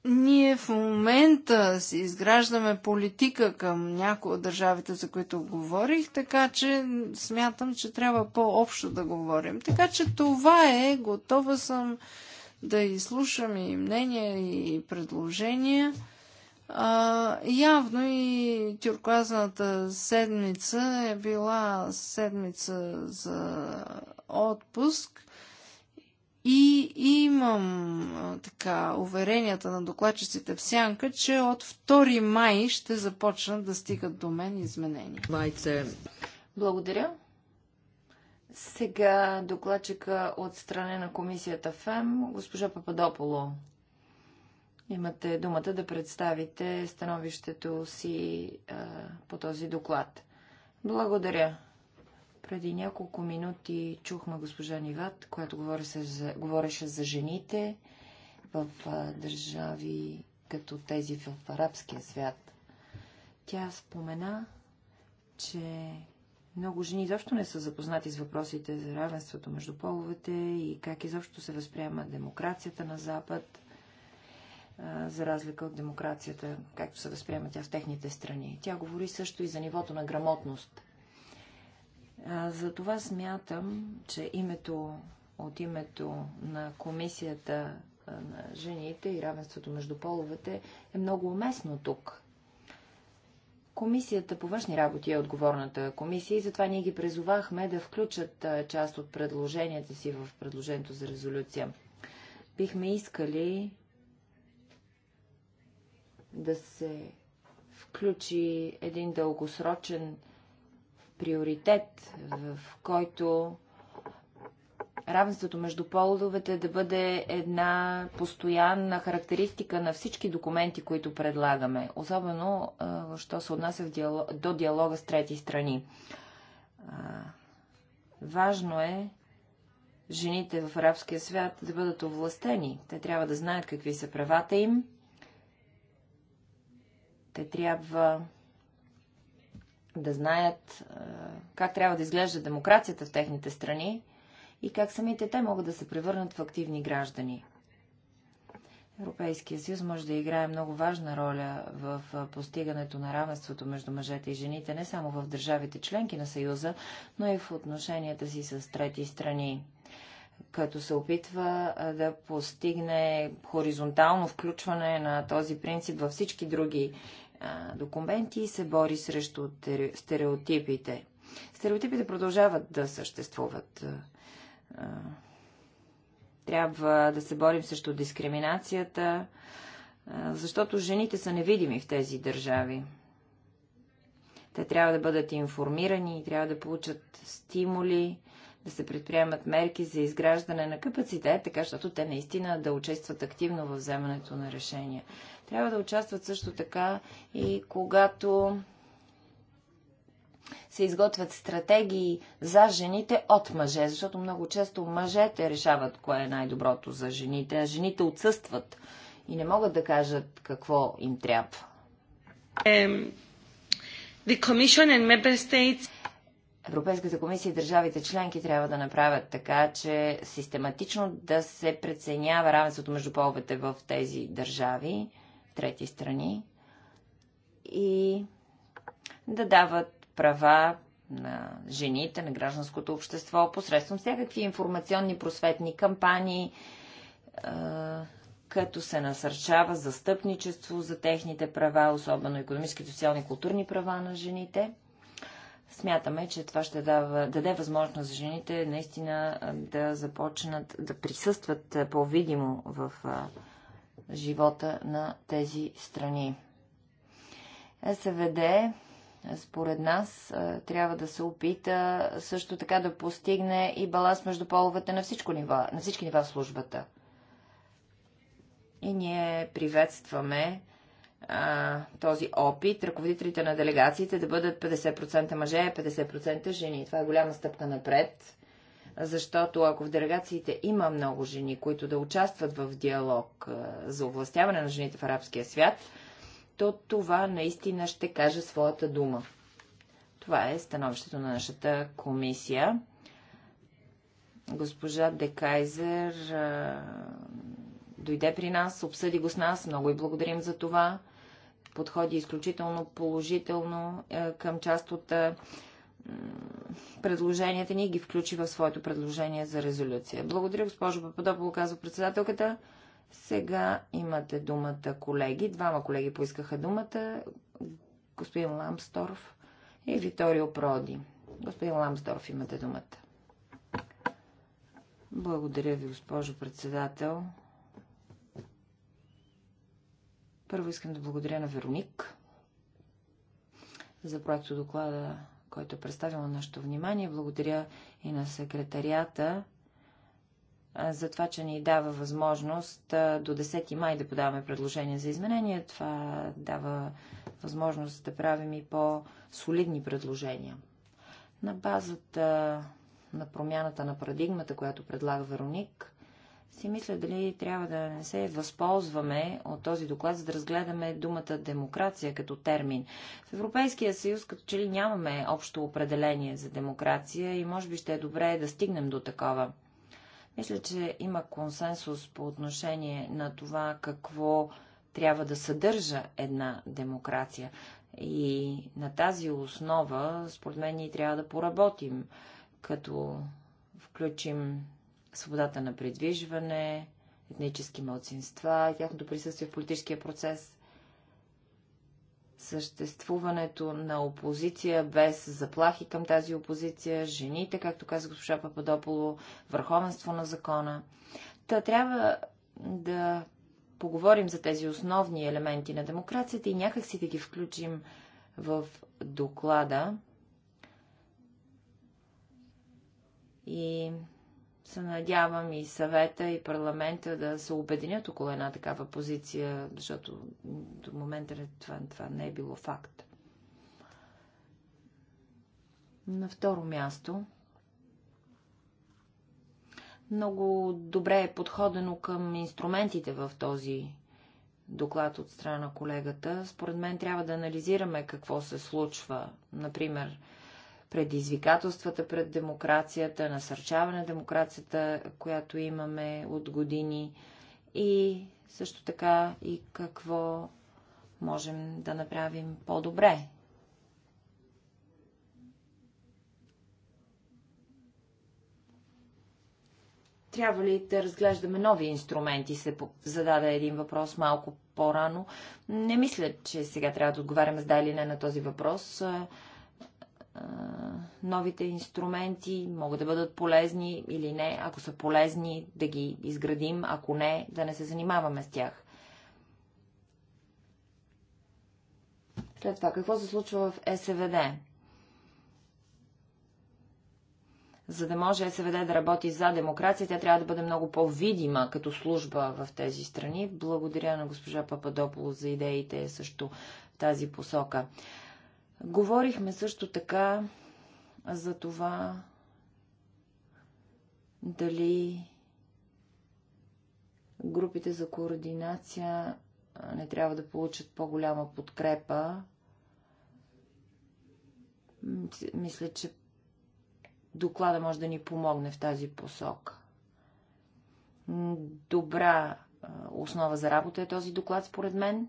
Ние в момента си изграждаме политика към някои от държавите, за които говорих, така че смятам, че трябва по-общо да говорим. Така че това е, готова съм да изслушам и мнения и предложения. А, явно и тюркуазната седмица е била седмица за отпуск и имам така уверенията на докладчиците в сянка, че от 2 май ще започнат да стигат до мен изменения. Майце. Благодаря. Сега докладчика от страна на комисията ФЕМ, госпожа Пападополо. Имате думата да представите становището си а, по този доклад. Благодаря. Преди няколко минути чухме госпожа Ниват, която говореше за, говореше за жените в а, държави като тези в арабския свят. Тя спомена, че много жени изобщо не са запознати с въпросите за равенството между половете и как изобщо се възприема демокрацията на Запад за разлика от демокрацията, както се възприема тя в техните страни. Тя говори също и за нивото на грамотност. За това смятам, че името от името на комисията на жените и равенството между половете е много уместно тук. Комисията по външни работи е отговорната комисия и затова ние ги призовахме да включат част от предложенията си в предложението за резолюция. Бихме искали да се включи един дългосрочен приоритет, в който равенството между полудовете да бъде една постоянна характеристика на всички документи, които предлагаме, особено що се отнася в диалог, до диалога с трети страни. важно е жените в арабския свят да бъдат овластени. Те трябва да знаят какви са правата им, те трябва да знаят как трябва да изглежда демокрацията в техните страни и как самите те могат да се превърнат в активни граждани. Европейския съюз може да играе много важна роля в постигането на равенството между мъжете и жените не само в държавите членки на Съюза, но и в отношенията си с трети страни като се опитва да постигне хоризонтално включване на този принцип във всички други документи и се бори срещу стереотипите. Стереотипите продължават да съществуват. Трябва да се борим срещу дискриминацията, защото жените са невидими в тези държави. Те трябва да бъдат информирани, трябва да получат стимули, да се предприемат мерки за изграждане на капацитет, така защото те наистина да участват активно в вземането на решения. Трябва да участват също така и когато се изготвят стратегии за жените от мъже, защото много често мъжете решават кое е най-доброто за жените, а жените отсъстват и не могат да кажат какво им трябва. Um, the Commission and Member States Европейската комисия и държавите членки трябва да направят така, че систематично да се преценява равенството между половете в тези държави, трети страни и да дават права на жените, на гражданското общество, посредством всякакви информационни просветни кампании, като се насърчава застъпничество за техните права, особено економически, социални и културни права на жените – Смятаме, че това ще дава, даде възможност за жените наистина да започнат да присъстват по-видимо в живота на тези страни. СВД, е според нас, трябва да се опита също така да постигне и баланс между половете на, всичко нива, на всички нива в службата. И ние приветстваме този опит, ръководителите на делегациите да бъдат 50% мъже, 50% жени. Това е голяма стъпка напред, защото ако в делегациите има много жени, които да участват в диалог за овластяване на жените в арабския свят, то това наистина ще каже своята дума. Това е становището на нашата комисия. Госпожа Декайзер дойде при нас, обсъди го с нас, много и благодарим за това подходи изключително положително е, към част от е, предложенията ни и ги включи в своето предложение за резолюция. Благодаря, госпожо Пападопол, казва председателката. Сега имате думата колеги. Двама колеги поискаха думата. Господин Ламсторф и Виторио Проди. Господин Ламсторф, имате думата. Благодаря ви, госпожо председател. Първо искам да благодаря на Вероник за проекто доклада, който е представил на нашето внимание. Благодаря и на секретарията за това, че ни дава възможност до 10 май да подаваме предложения за изменения. Това дава възможност да правим и по-солидни предложения. На базата на промяната на парадигмата, която предлага Вероник, си мисля дали трябва да не се възползваме от този доклад, за да разгледаме думата демокрация като термин. В Европейския съюз като че ли нямаме общо определение за демокрация и може би ще е добре да стигнем до такова. Мисля, че има консенсус по отношение на това какво трябва да съдържа една демокрация. И на тази основа, според мен, ние трябва да поработим, като включим свободата на придвижване, етнически младсинства и тяхното присъствие в политическия процес. Съществуването на опозиция без заплахи към тази опозиция, жените, както каза госпожа Пападополо, върховенство на закона. Та трябва да поговорим за тези основни елементи на демокрацията и някакси да ги включим в доклада. И се надявам и съвета, и парламента да се обединят около една такава позиция, защото до момента това, това не е било факт. На второ място много добре е подходено към инструментите в този доклад от страна на колегата. Според мен трябва да анализираме какво се случва. Например, предизвикателствата пред демокрацията, насърчаване на демокрацията, която имаме от години и също така и какво можем да направим по-добре. Трябва ли да разглеждаме нови инструменти, се зададе един въпрос малко по-рано. Не мисля, че сега трябва да отговаряме с да или не на този въпрос новите инструменти могат да бъдат полезни или не. Ако са полезни, да ги изградим, ако не, да не се занимаваме с тях. След това, какво се случва в СВД? За да може СВД да работи за демокрация, тя трябва да бъде много по-видима като служба в тези страни. Благодаря на госпожа Пападополо за идеите също в тази посока. Говорихме също така за това дали групите за координация не трябва да получат по-голяма подкрепа. Мисля, че доклада може да ни помогне в тази посока. Добра основа за работа е този доклад, според мен.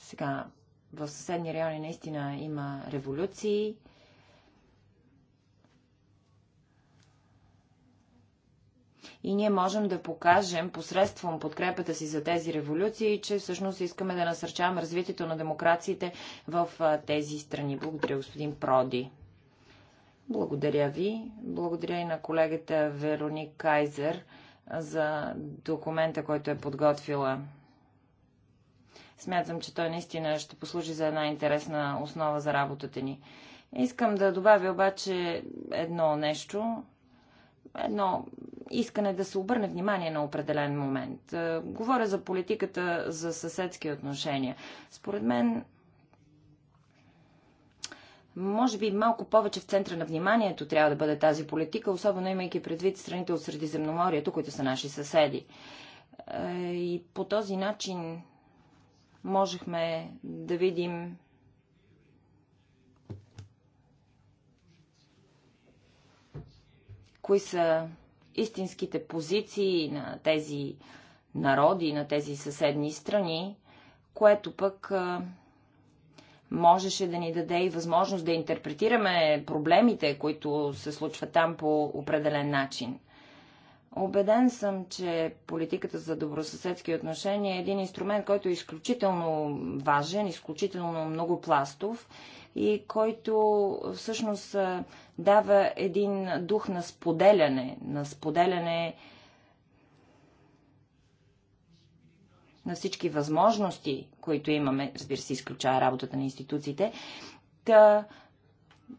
Сега, в съседни райони наистина има революции. И ние можем да покажем посредством подкрепата си за тези революции, че всъщност искаме да насърчаваме развитието на демокрациите в тези страни. Благодаря, господин Проди. Благодаря ви. Благодаря и на колегата Вероник Кайзер за документа, който е подготвила. Смятам, че той наистина ще послужи за една интересна основа за работата ни. Искам да добавя обаче едно нещо, едно искане да се обърне внимание на определен момент. Е, говоря за политиката за съседски отношения. Според мен, може би малко повече в центъра на вниманието трябва да бъде тази политика, особено имайки предвид страните от Средиземноморието, които са наши съседи. Е, и по този начин можехме да видим кои са истинските позиции на тези народи, на тези съседни страни, което пък можеше да ни даде и възможност да интерпретираме проблемите, които се случват там по определен начин. Обеден съм, че политиката за добросъседски отношения е един инструмент, който е изключително важен, изключително многопластов и който всъщност дава един дух на споделяне, на споделяне на всички възможности, които имаме, разбира се, изключая работата на институциите. Та,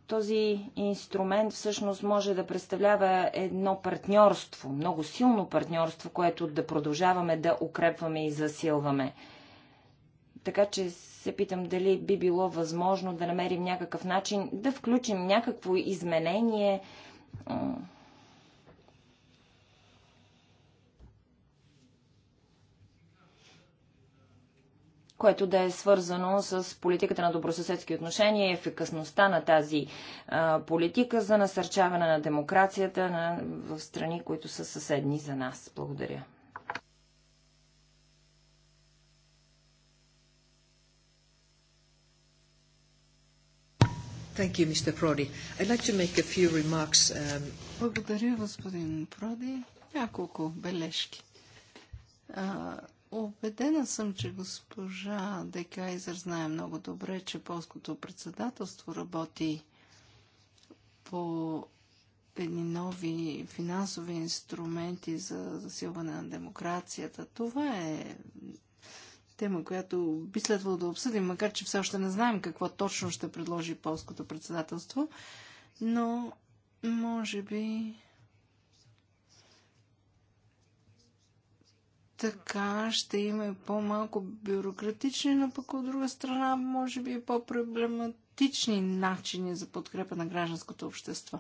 този инструмент всъщност може да представлява едно партньорство, много силно партньорство, което да продължаваме да укрепваме и засилваме. Така че се питам дали би било възможно да намерим някакъв начин да включим някакво изменение което да е свързано с политиката на добросъседски отношения и ефикасността на тази а, политика за насърчаване на демокрацията на, в страни, които са съседни за нас. Благодаря. Thank you, Mr. Prodi. I'd like to make a few remarks. Um... Благодаря, господин Проди. Няколко бележки. Uh Обедена съм, че госпожа Декайзер знае много добре, че полското председателство работи по едни нови финансови инструменти за засилване на демокрацията. Това е тема, която би следвало да обсъдим, макар че все още не знаем какво точно ще предложи полското председателство, но може би така ще има и по-малко бюрократични, но пък от друга страна може би и по-проблематични начини за подкрепа на гражданското общество.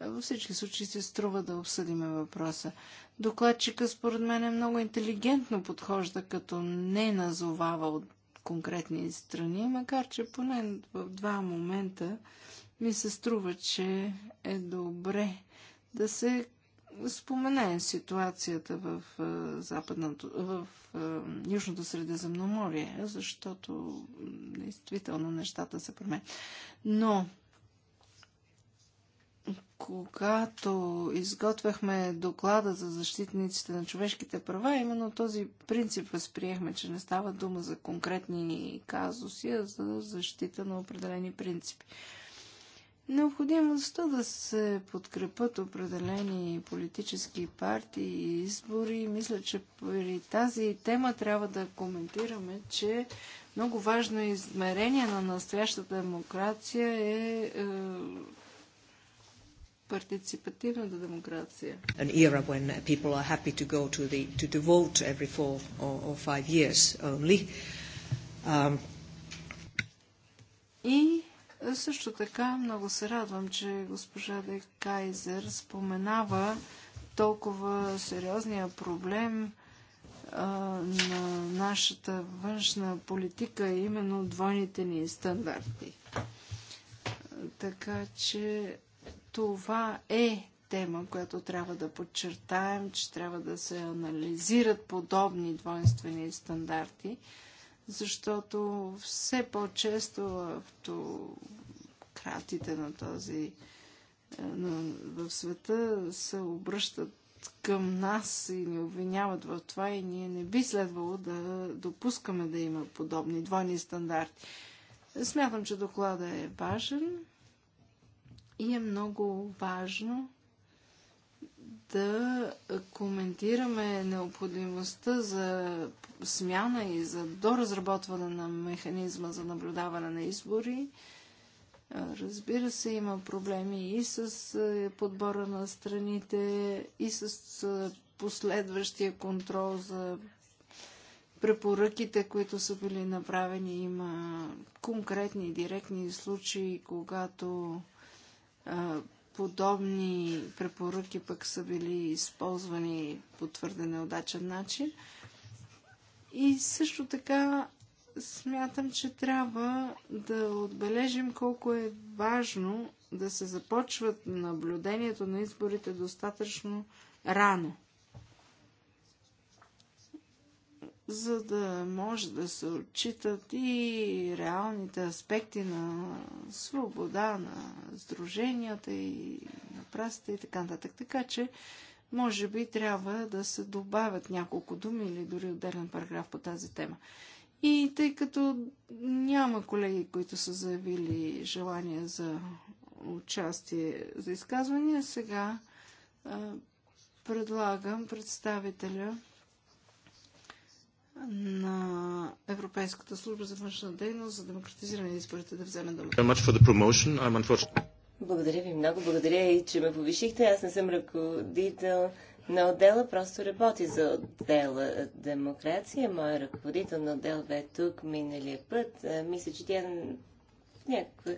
Във всички случаи се струва да обсъдиме въпроса. Докладчика според мен е много интелигентно подхожда, като не назовава от конкретни страни, макар че поне в два момента ми се струва, че е добре да се спомене ситуацията в, западното, в Южното Средиземноморие, защото действително нещата се променят. Но когато изготвяхме доклада за защитниците на човешките права, именно този принцип възприехме, че не става дума за конкретни казуси, а за защита на определени принципи. Необходимостта да се подкрепят определени политически партии и избори, мисля, че при тази тема трябва да коментираме, че много важно измерение на настоящата демокрация е, е партиципативната демокрация. An era when people are happy to go to the to vote every four or, or five years only. Um... И също така много се радвам, че госпожа Де Кайзер споменава толкова сериозния проблем на нашата външна политика, именно двойните ни стандарти. Така че това е тема, която трябва да подчертаем, че трябва да се анализират подобни двойствени стандарти защото все по-често автократите на този е, на, в света се обръщат към нас и ни обвиняват в това и ние не би следвало да допускаме да има подобни двойни стандарти. Смятам, че доклада е важен и е много важно да коментираме необходимостта за смяна и за доразработване на механизма за наблюдаване на избори. Разбира се, има проблеми и с е, подбора на страните, и с е, последващия контрол за препоръките, които са били направени. Има конкретни, директни случаи, когато подобни препоръки пък са били използвани по твърде неудачен начин. И също така смятам, че трябва да отбележим колко е важно да се започват наблюдението на изборите достатъчно рано. за да може да се отчитат и реалните аспекти на свобода, на сдруженията и на прасата и така нататък. Така че, може би трябва да се добавят няколко думи или дори отделен параграф по тази тема. И тъй като няма колеги, които са заявили желание за участие за изказвания, сега а, предлагам представителя на Европейската служба за външна дейност за демократизиране и изборите да вземе дума. Благодаря ви много. Благодаря и, че ме повишихте. Аз не съм ръководител на отдела, просто работи за отдела демокрация. Моя ръководител на отдел бе тук миналия път. Мисля, че тя в някаква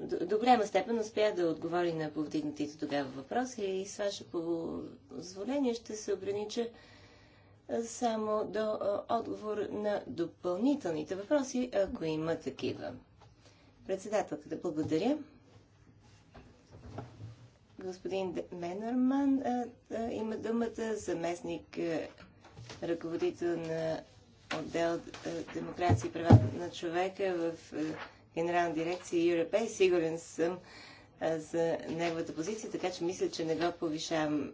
до, до голяма степен успя да отговори на повдигнатите тогава въпроси и с ваше позволение ще се огранича само до отговор на допълнителните въпроси, ако има такива. Председателката, благодаря. Господин Менерман има думата, заместник ръководител на отдел Демокрация и права на човека в Генерална дирекция Европей. Сигурен съм за неговата позиция, така че мисля, че не го повишавам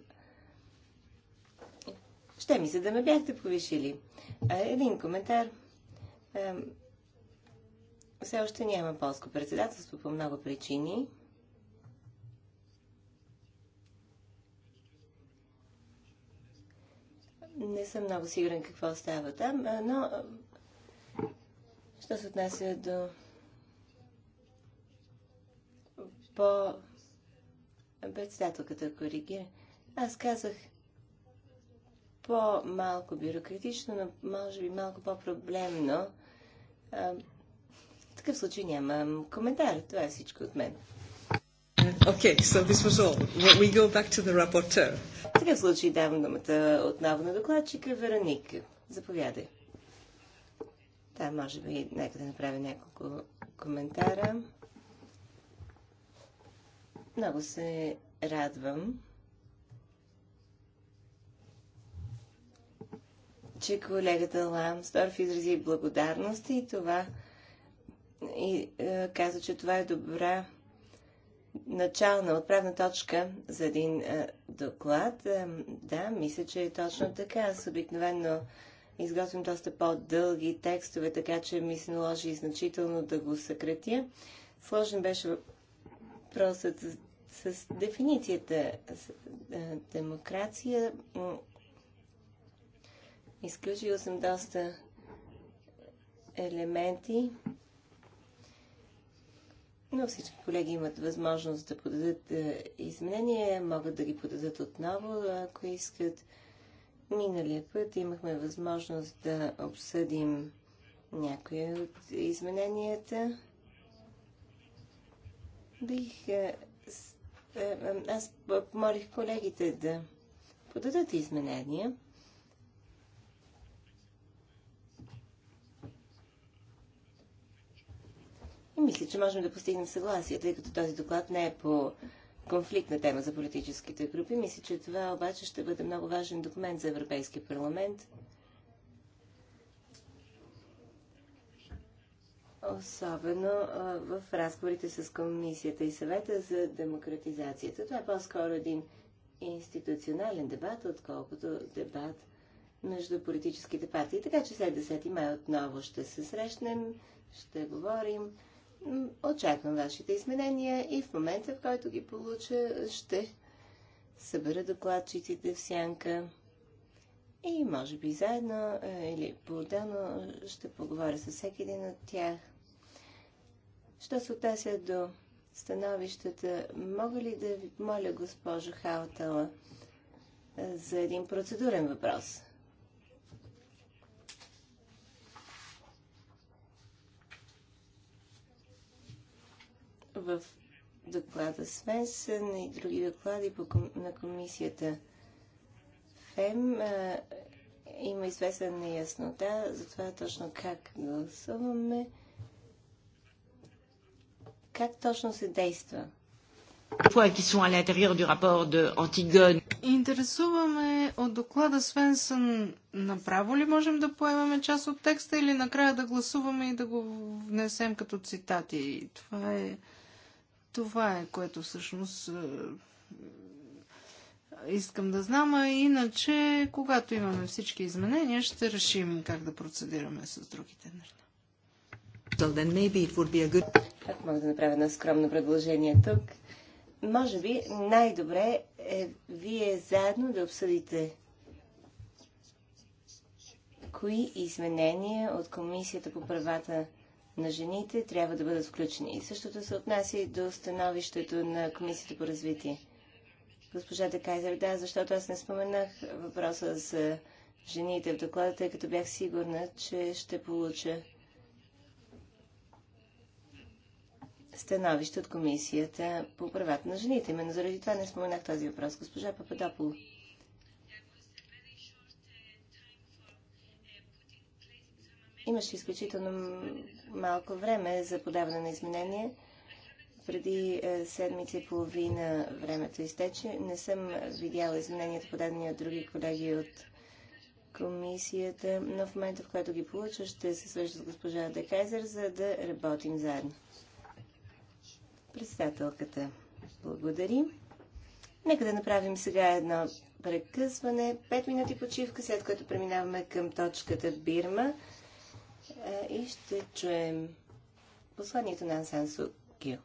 ще ми се да ме бяхте повишили. Един коментар. Все още няма полско председателство по много причини. Не съм много сигурен какво става там, но що се отнася до по председателката коригира. Аз казах по-малко бюрократично, но може би малко по-проблемно. В такъв случай нямам коментар. Това е всичко от мен. Okay, so this was all. We go back to the rapporteur. В такъв случай давам думата отново на докладчика Вероник. Заповядай. Да, може би нека да направя няколко коментара. Много се радвам, че колегата Ламсдорф изрази благодарност и това и е, каза, че това е добра начална отправна точка за един е, доклад. Е, да, мисля, че е точно така. Аз обикновено изготвям доста по-дълги текстове, така че ми се наложи значително да го съкратя. Сложен беше въпросът с, с дефиницията с, е, демокрация. Изключила съм доста елементи, но всички колеги имат възможност да подадат е, изменения, могат да ги подадат отново, ако искат. Миналия път имахме възможност да обсъдим някои от измененията. Бих. Е, е, аз помолих колегите да подадат изменения. И мисля, че можем да постигнем съгласие, тъй като този доклад не е по конфликтна тема за политическите групи. Мисля, че това обаче ще бъде много важен документ за Европейския парламент. Особено а, в разговорите с Комисията и съвета за демократизацията. Това е по-скоро един институционален дебат, отколкото дебат между политическите партии. Така че след 10 май отново ще се срещнем, ще говорим. Очаквам вашите изменения и в момента, в който ги получа, ще събера докладчиците в сянка и може би заедно е, или по-отделно ще поговоря с всеки един от тях. Що се отнася до становищата, мога ли да ви моля, госпожо Хаутала, за един процедурен въпрос? в доклада Свенсън и други доклади на комисията ФЕМ а, има известна неяснота за това точно как гласуваме, как точно се действа. Интересуваме от доклада Свенсън, направо ли можем да поемаме част от текста или накрая да гласуваме и да го внесем като цитати? Това е това е, което всъщност е, е, искам да знам, а иначе, когато имаме всички изменения, ще решим как да процедираме с другите неща. Good... Как мога да направя едно скромно предложение тук? Може би най-добре е вие заедно да обсъдите кои изменения от Комисията по правата на жените трябва да бъдат включени. И същото се отнася и до становището на Комисията по развитие. Госпожа Декайзер, да, защото аз не споменах въпроса за жените в доклада, тъй като бях сигурна, че ще получа становище от Комисията по правата на жените. Именно заради това не споменах този въпрос. Госпожа Пападопол. Имаше изключително малко време за подаване на изменения. Преди е, седмица и половина времето изтече. Не съм видяла измененията, подадени от други колеги от комисията, но в момента, в който ги получа, ще се свържа с госпожа Декайзер, за да работим заедно. Председателката благодари. Нека да направим сега едно прекъсване. Пет минути почивка, след което преминаваме към точката Бирма. Е, и ще чуем посланието на Сансу Су Кио.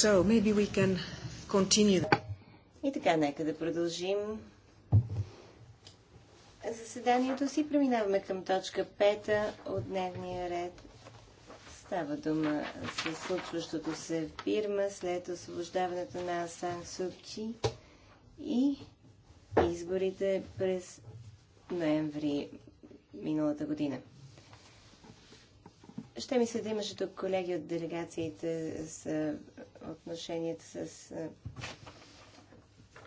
So, maybe we can continue. И така, нека да продължим заседанието си. Преминаваме към точка 5 от дневния ред. Става дума за случващото се в Бирма след освобождаването на Асан Сукчи и изборите през ноември миналата година. Ще ми се да имаше тук колеги от делегациите за отношенията с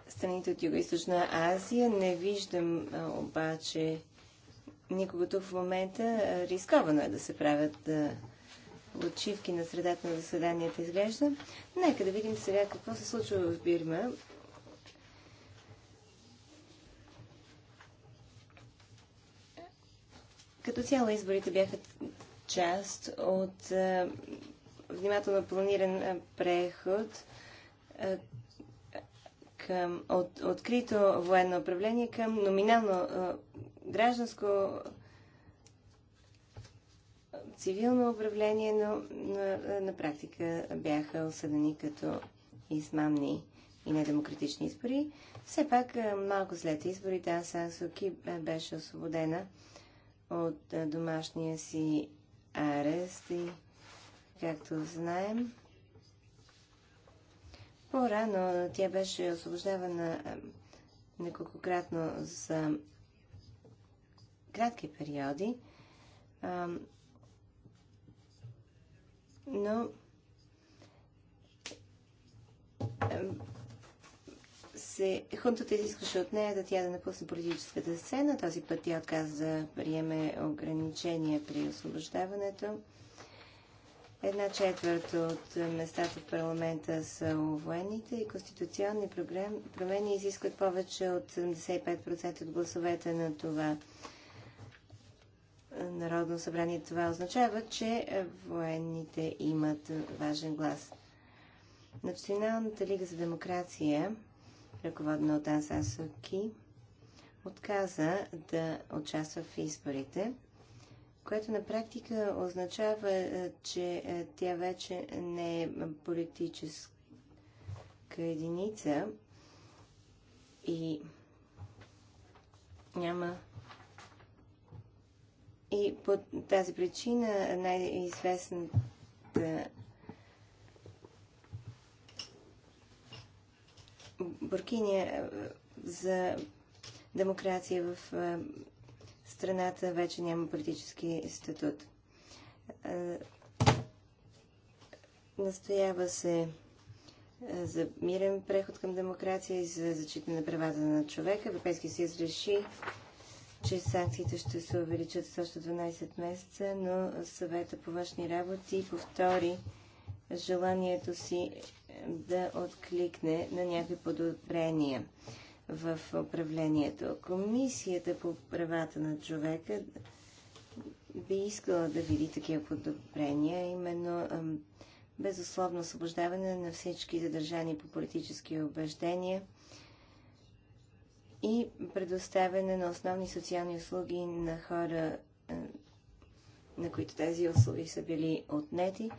страните от Юго-Источна Азия. Не виждам обаче обаче никогато в момента. Рисковано е да се правят отчивки на средата на заседанията, изглежда. Нека да видим сега какво се случва в Бирма. Като цяло изборите бяха част от внимателно планиран преход към, от открито военно управление към номинално гражданско цивилно управление, но на, на практика бяха осъдени като измамни и недемократични избори. Все пак, малко след изборите, Асан Суки беше освободена от домашния си арест и както знаем. По-рано тя беше освобождавана неколкократно за кратки периоди, но се, хунтата изискваше от нея да тя да напусне политическата сцена. Този път тя отказа да приеме ограничения при освобождаването. Една четвърт от местата в парламента са военните и конституционни промени изискват повече от 75% от гласовете на това Народно събрание. Това означава, че военните имат важен глас. Националната лига за демокрация, ръководна от Асан Суки, отказа да участва в изборите – което на практика означава, е, че е, тя вече не е политическа единица и няма. И по тази причина най-известната Буркиния е, за демокрация в страната вече няма политически статут. Настоява се за мирен преход към демокрация и за защита на правата на човека. Европейския съюз реши, че санкциите ще се увеличат с още 12 месеца, но съвета по външни работи повтори желанието си е, да откликне на някакви подобрения в управлението. Комисията по правата на човека би искала да види такива подобрения, именно безусловно освобождаване на всички задържани по политически убеждения и предоставяне на основни социални услуги на хора, на които тези услуги са били отнети,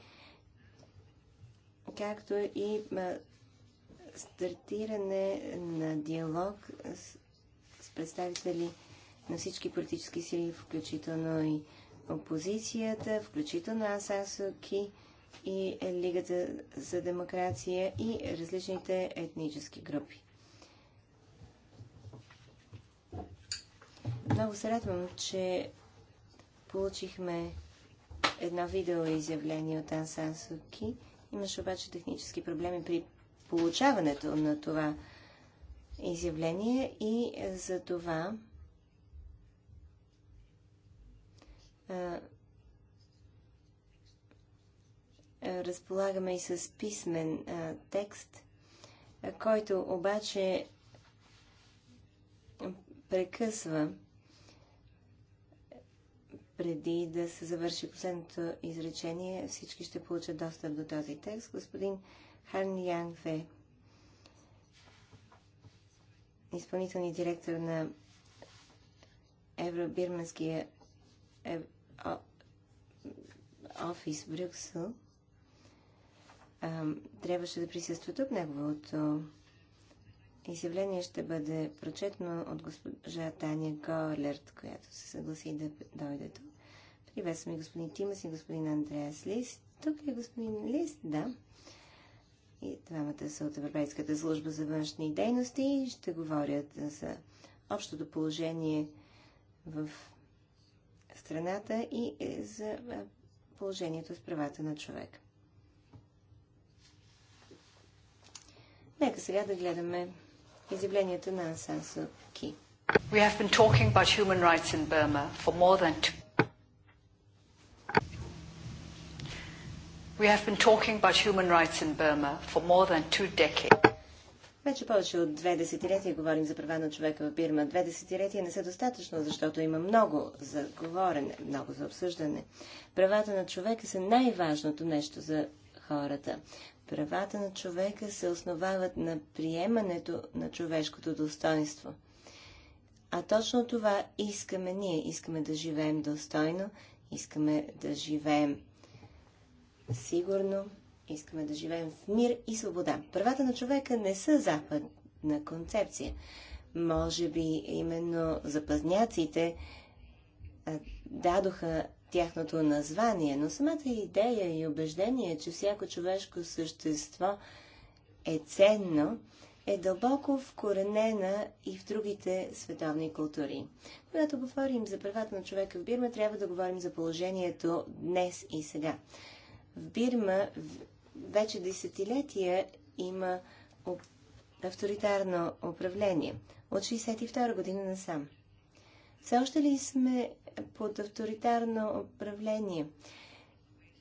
както и стартиране на диалог с, с представители на всички политически сили, включително и опозицията, включително Асасоки и Лигата за демокрация и различните етнически групи. Много се радвам, че получихме едно видео изявление от Ансансоки. Имаше обаче технически проблеми при получаването на това изявление и за това разполагаме и с писмен а, текст, а, който обаче прекъсва преди да се завърши последното изречение. Всички ще получат достъп до този текст. Господин Хан Янгве, изпълнителният директор на Евробирманския ев... о... офис в Брюксел, трябваше да присъства тук неговото изявление ще бъде прочетно от госпожа Таня Голерт, която се съгласи да дойде тук. Приветствам и господин Тимас и господин Андреас Лис. Тук е господин Лис, да. И двамата са от Европейската служба за външни дейности и ще говорят за общото положение в страната и е, за положението с правата на човек. Нека сега да гледаме изявлението на Ансансо Ки. We have been talking about human rights in Burma for more than two We have been talking about human rights in Burma for more than two decades. Вече повече от две десетилетия говорим за права на човека в Бирма. Две десетилетия не са достатъчно, защото има много за говорене, много за обсъждане. Правата на човека са най-важното нещо за хората. Правата на човека се основават на приемането на човешкото достоинство. А точно това искаме ние. Искаме да живеем достойно, искаме да живеем сигурно, искаме да живеем в мир и свобода. Правата на човека не са западна концепция. Може би именно запазняците дадоха тяхното название, но самата идея и убеждение, че всяко човешко същество е ценно, е дълбоко вкоренена и в другите световни култури. Когато говорим за правата на човека в Бирма, трябва да говорим за положението днес и сега. Бирма вече десетилетия има авторитарно управление от 62 година насам. Все още ли сме под авторитарно управление?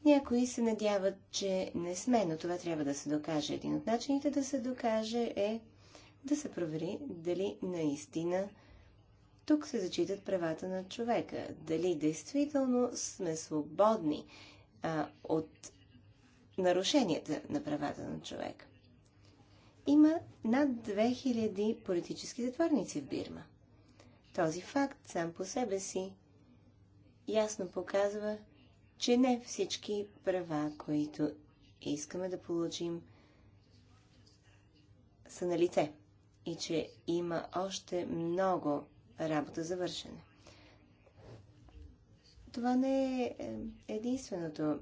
Някои се надяват, че не сме, но това трябва да се докаже. Един от начините да се докаже е да се провери дали наистина тук се зачитат правата на човека, дали действително сме свободни а, от нарушенията на правата на човек. Има над 2000 политически затворници в Бирма. Този факт сам по себе си ясно показва, че не всички права, които искаме да получим, са на лице и че има още много работа за вършене това не е, е единственото. В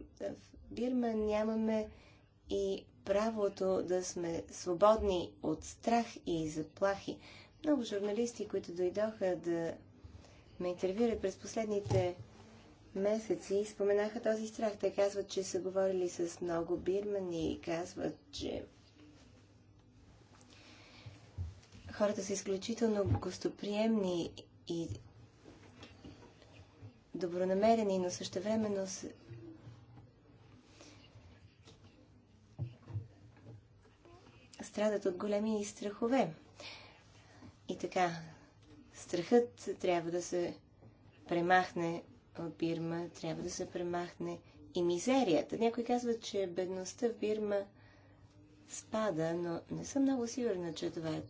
Бирма нямаме и правото да сме свободни от страх и заплахи. Много журналисти, които дойдоха да ме интервюрат през последните месеци, споменаха този страх. Те казват, че са говорили с много бирмани и казват, че хората са изключително гостоприемни и добронамерени, но същевременно с... страдат от големи страхове. И така, страхът трябва да се премахне от Бирма, трябва да се премахне и мизерията. Някой казва, че бедността в Бирма спада, но не съм много сигурна, че това е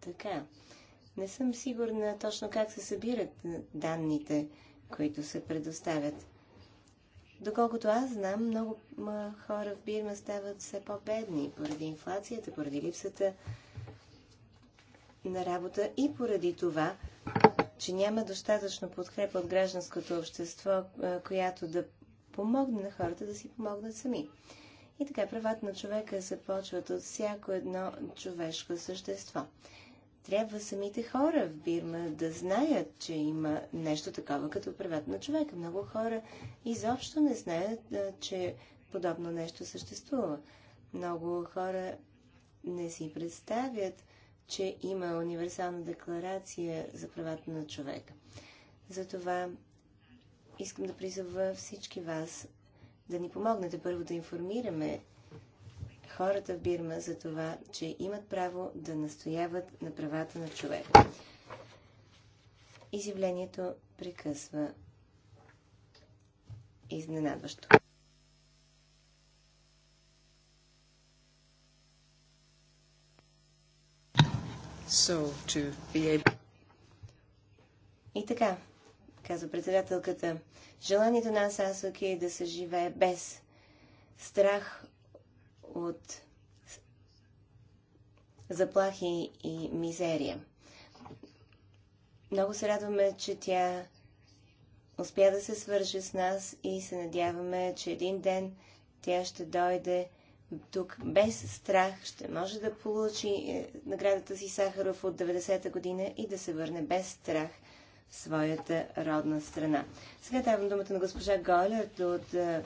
така. Не съм сигурна точно как се събират данните които се предоставят. Доколкото аз знам, много хора в Бирма стават все по-бедни поради инфлацията, поради липсата на работа и поради това, че няма достатъчно подкрепа от гражданското общество, е, която да помогне на хората да си помогнат сами. И така правата на човека започват от всяко едно човешко същество. Трябва самите хора в Бирма да знаят, че има нещо такова като правата на човека. Много хора изобщо не знаят, че подобно нещо съществува. Много хора не си представят, че има универсална декларация за правата на човека. Затова искам да призова всички вас да ни помогнете първо да информираме хората в Бирма за това, че имат право да настояват на правата на човека. Изявлението прекъсва изненадващо. So, to be able... И така, казва председателката, желанието на Асасоки е да се живее без страх от заплахи и мизерия. Много се радваме, че тя успя да се свърже с нас и се надяваме, че един ден тя ще дойде тук без страх, ще може да получи е, наградата си Сахаров от 90-та година и да се върне без страх в своята родна страна. Сега давам думата на госпожа Гойлерт от е,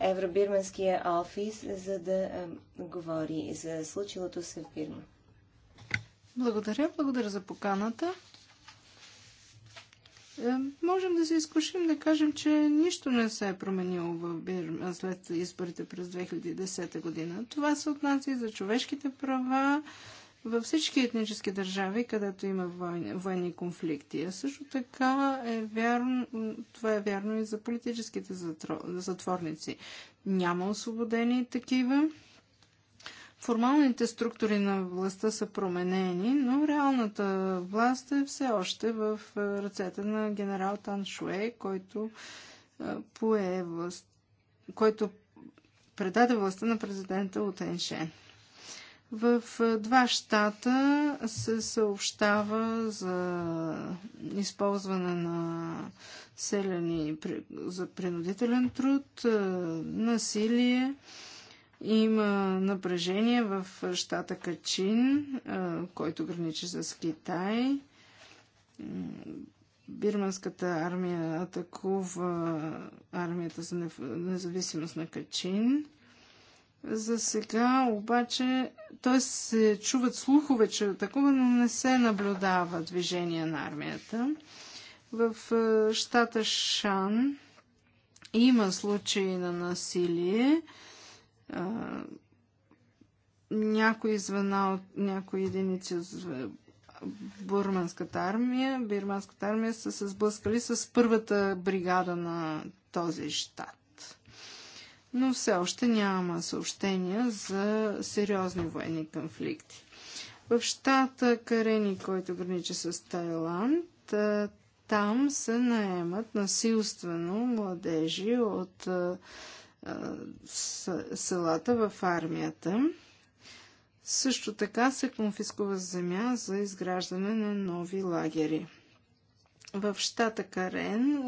Евробирманския офис, за да а, говори за случилото се в Бирма. Благодаря, благодаря за поканата. Е, можем да се изкушим да кажем, че нищо не се е променило в Бирма след изборите през 2010 година. Това се отнася и за човешките права, във всички етнически държави, където има войни, военни конфликти. А също така е вярно, това е вярно и за политическите затворници. Няма освободени такива. Формалните структури на властта са променени, но реалната власт е все още в е, ръцете на генерал Тан Шуе, който е, пое власт, който предаде властта на президента от Еншен. В два щата се съобщава за използване на селени за принудителен труд, насилие. Има напрежение в щата Качин, който граничи с Китай. Бирманската армия атакува армията за независимост на Качин. За сега обаче, т.е. се чуват слухове, че е такова, но не се наблюдава движение на армията. В е, щата Шан има случаи на насилие. Е, някои звена от някои единици от бурманската армия, бирманската армия са се сблъскали с първата бригада на този щат но все още няма съобщения за сериозни военни конфликти. В щата Карени, който граничи с Тайланд, там се наемат насилствено младежи от селата в армията. Също така се конфискува земя за изграждане на нови лагери. В щата Карен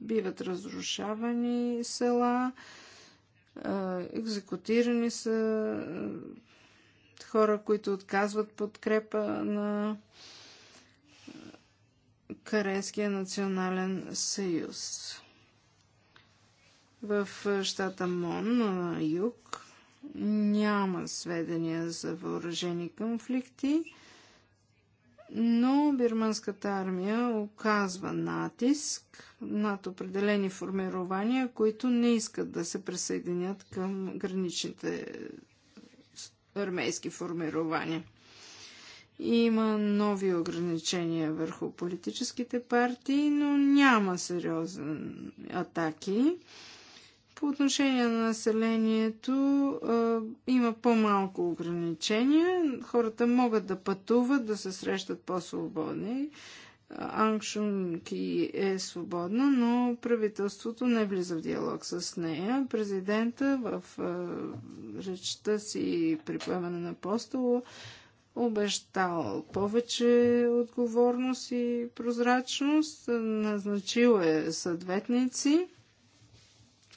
биват разрушавани села, екзекутирани са хора, които отказват подкрепа на Каренския национален съюз. В щата Мон на юг няма сведения за въоръжени конфликти но бирманската армия оказва натиск над определени формирования, които не искат да се присъединят към граничните армейски формирования. Има нови ограничения върху политическите партии, но няма сериозни атаки. По отношение на населението има по-малко ограничения. Хората могат да пътуват, да се срещат по-свободни. Ангшунки е свободна, но правителството не влиза в диалог с нея. Президента в речта си при поемане на постово обещал повече отговорност и прозрачност, назначил е съдветници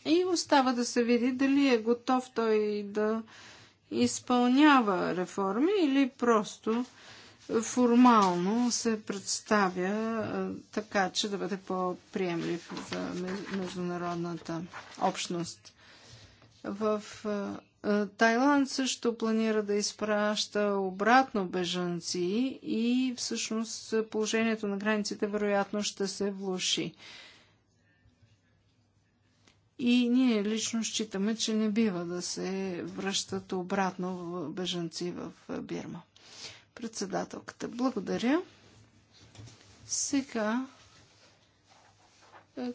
и остава да се види дали е готов той да изпълнява реформи или просто формално се представя е, така, че да бъде по-приемлив за международната общност. В е, е, Тайланд също планира да изпраща обратно бежанци и всъщност положението на границите вероятно ще се влуши. И ние лично считаме, че не бива да се връщат обратно в бежанци в Бирма. Председателката, благодаря. Сега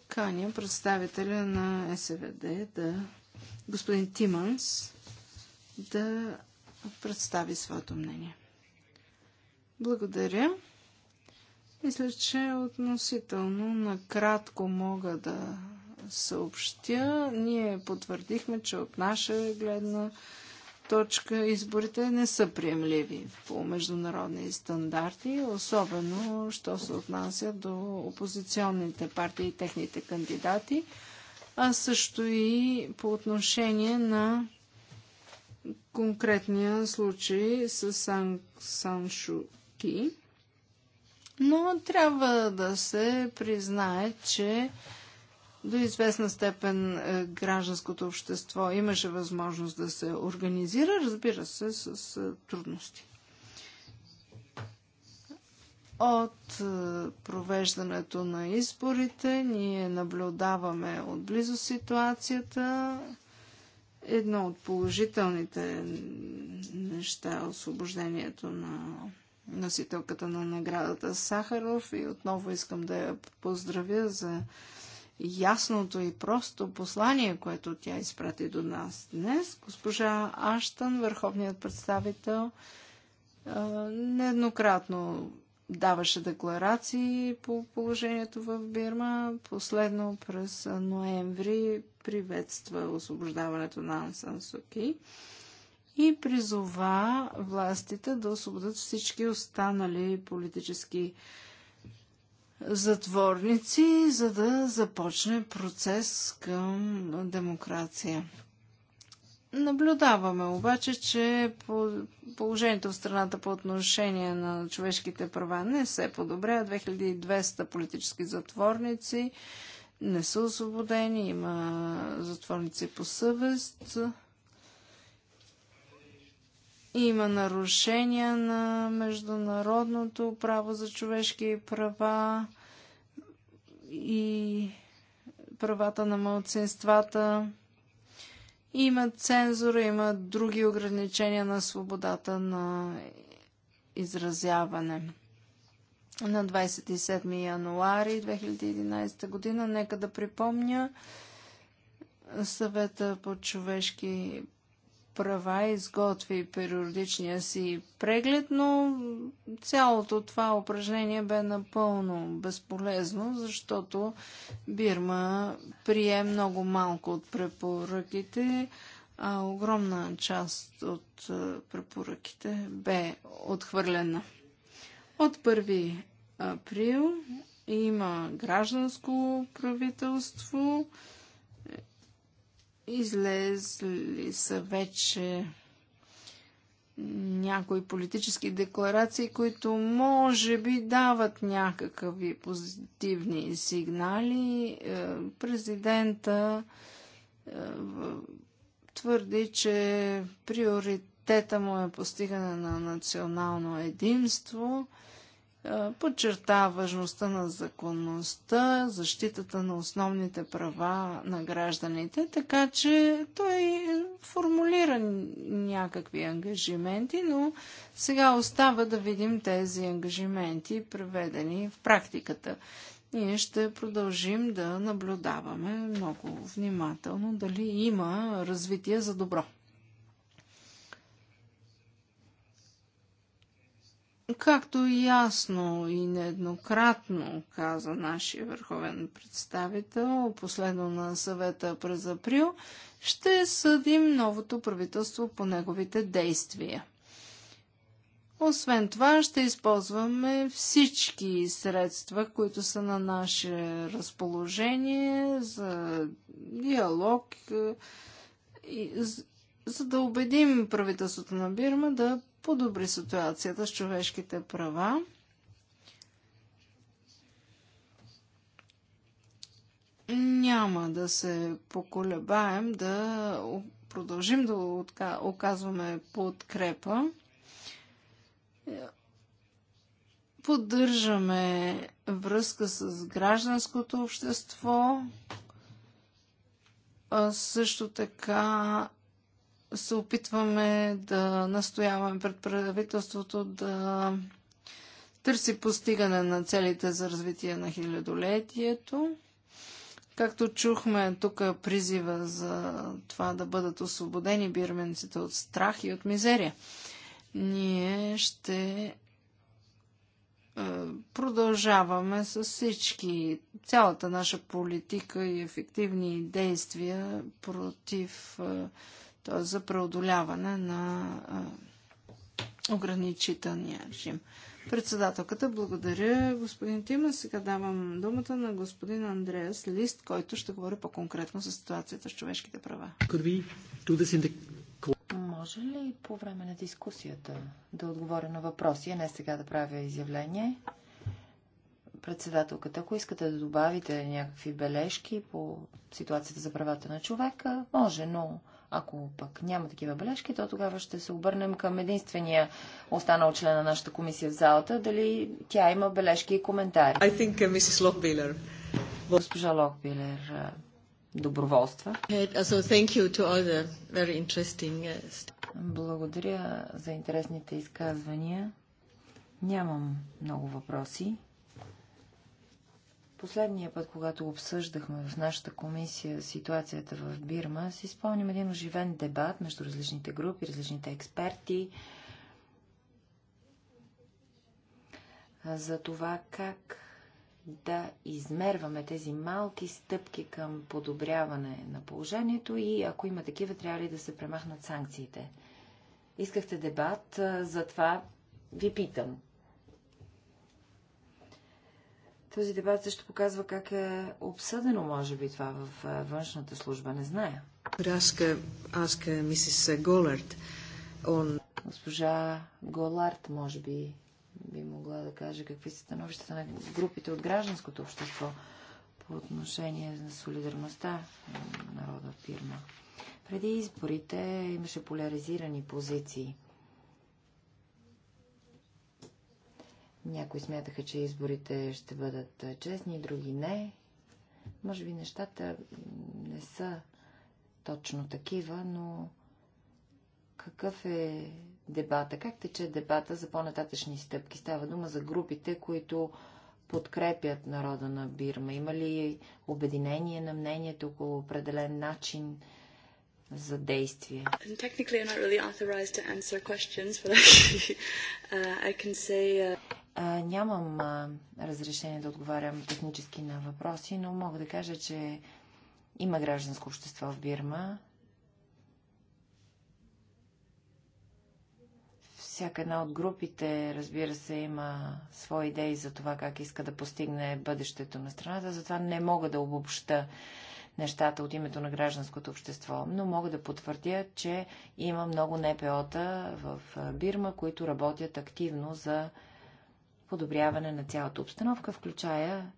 каня представителя на СВД, да, господин Тиманс, да представи своето мнение. Благодаря. Мисля, че относително накратко мога да съобщя, ние потвърдихме, че от наша гледна точка изборите не са приемливи по международни стандарти, особено, що се отнася до опозиционните партии и техните кандидати, а също и по отношение на конкретния случай с Сан, Сан Но трябва да се признае, че до известна степен е, гражданското общество имаше възможност да се организира, разбира се, с е, трудности. От е, провеждането на изборите ние наблюдаваме отблизо ситуацията. Едно от положителните неща е освобождението на носителката на наградата Сахаров и отново искам да я поздравя за ясното и просто послание, което тя изпрати до нас днес. Госпожа Аштън, върховният представител, нееднократно даваше декларации по положението в Бирма. Последно през ноември приветства освобождаването на Ансан Суки и призова властите да освободят всички останали политически затворници, за да започне процес към демокрация. Наблюдаваме обаче, че положението в страната по отношение на човешките права не се подобря. 2200 политически затворници не са освободени, има затворници по съвест. Има нарушения на международното право за човешки права и правата на малцинствата. Има цензура, има други ограничения на свободата на изразяване. На 27 януари 2011 година, нека да припомня, съвета по човешки права изготви периодичния си преглед, но цялото това упражнение бе напълно безполезно, защото Бирма прие много малко от препоръките, а огромна част от препоръките бе отхвърлена. От 1 април има гражданско правителство, Излезли са вече някои политически декларации, които може би дават някакви позитивни сигнали. Е, президента е, твърди, че приоритета му е постигане на национално единство. Е, подчерта важността на законността, защитата на основните права на гражданите, така че той формулира някакви ангажименти, но сега остава да видим тези ангажименти, преведени в практиката. Ние ще продължим да наблюдаваме много внимателно дали има развитие за добро. Както ясно и нееднократно каза нашия върховен представител, последно на съвета през април, ще съдим новото правителство по неговите действия. Освен това, ще използваме всички средства, които са на наше разположение за диалог, е, и за да убедим правителството на Бирма да подобри ситуацията с човешките права. Няма да се поколебаем да продължим да оказваме подкрепа поддържаме връзка с гражданското общество, също така се опитваме да настояваме пред правителството да търси постигане на целите за развитие на хилядолетието. Както чухме, тук е призива за това да бъдат освободени бирменците от страх и от мизерия. Ние ще е, продължаваме с всички, цялата наша политика и ефективни действия против е, т.е. за преодоляване на ограничителния режим. Председателката, благодаря господин Тима. Сега давам думата на господин Андреас Лист, който ще говори по-конкретно за ситуацията с човешките права. Може ли по време на дискусията да отговоря на въпроси, а не сега да правя изявление? Председателката, ако искате да добавите някакви бележки по ситуацията за правата на човека, може, но ако пък няма такива бележки, то тогава ще се обърнем към единствения останал член на нашата комисия в залата, дали тя има бележки и коментари. I think, uh, Mrs. Lockbiller. Госпожа Локбилер uh, доброволства. So, thank you to all the very interesting... Uh, Благодаря за интересните изказвания. Нямам много въпроси. Последния път, когато обсъждахме в нашата комисия ситуацията в Бирма, си спомням един оживен дебат между различните групи, различните експерти за това как да измерваме тези малки стъпки към подобряване на положението и ако има такива, трябва ли да се премахнат санкциите. Искахте дебат, затова ви питам. Този дебат също показва как е обсъдено, може би, това в външната служба. Не зная. Раска, аска мисис Голард. Он... Госпожа Голард, може би, би могла да каже какви са становищата на групите от гражданското общество по отношение на солидарността на народа в Преди изборите имаше поляризирани позиции. Някои смятаха, че изборите ще бъдат честни, други не. Може би нещата не са точно такива, но какъв е дебата? Как тече дебата за по-нататъчни стъпки? Става дума за групите, които подкрепят народа на Бирма? Има ли обединение на мнението около определен начин за действие? Really А, нямам а, разрешение да отговарям технически на въпроси, но мога да кажа, че има гражданско общество в Бирма. Всяка една от групите, разбира се, има свои идеи за това как иска да постигне бъдещето на страната, затова не мога да обобща нещата от името на гражданското общество, но мога да потвърдя, че има много НПО-та в Бирма, които работят активно за подобряване на цялата обстановка, включая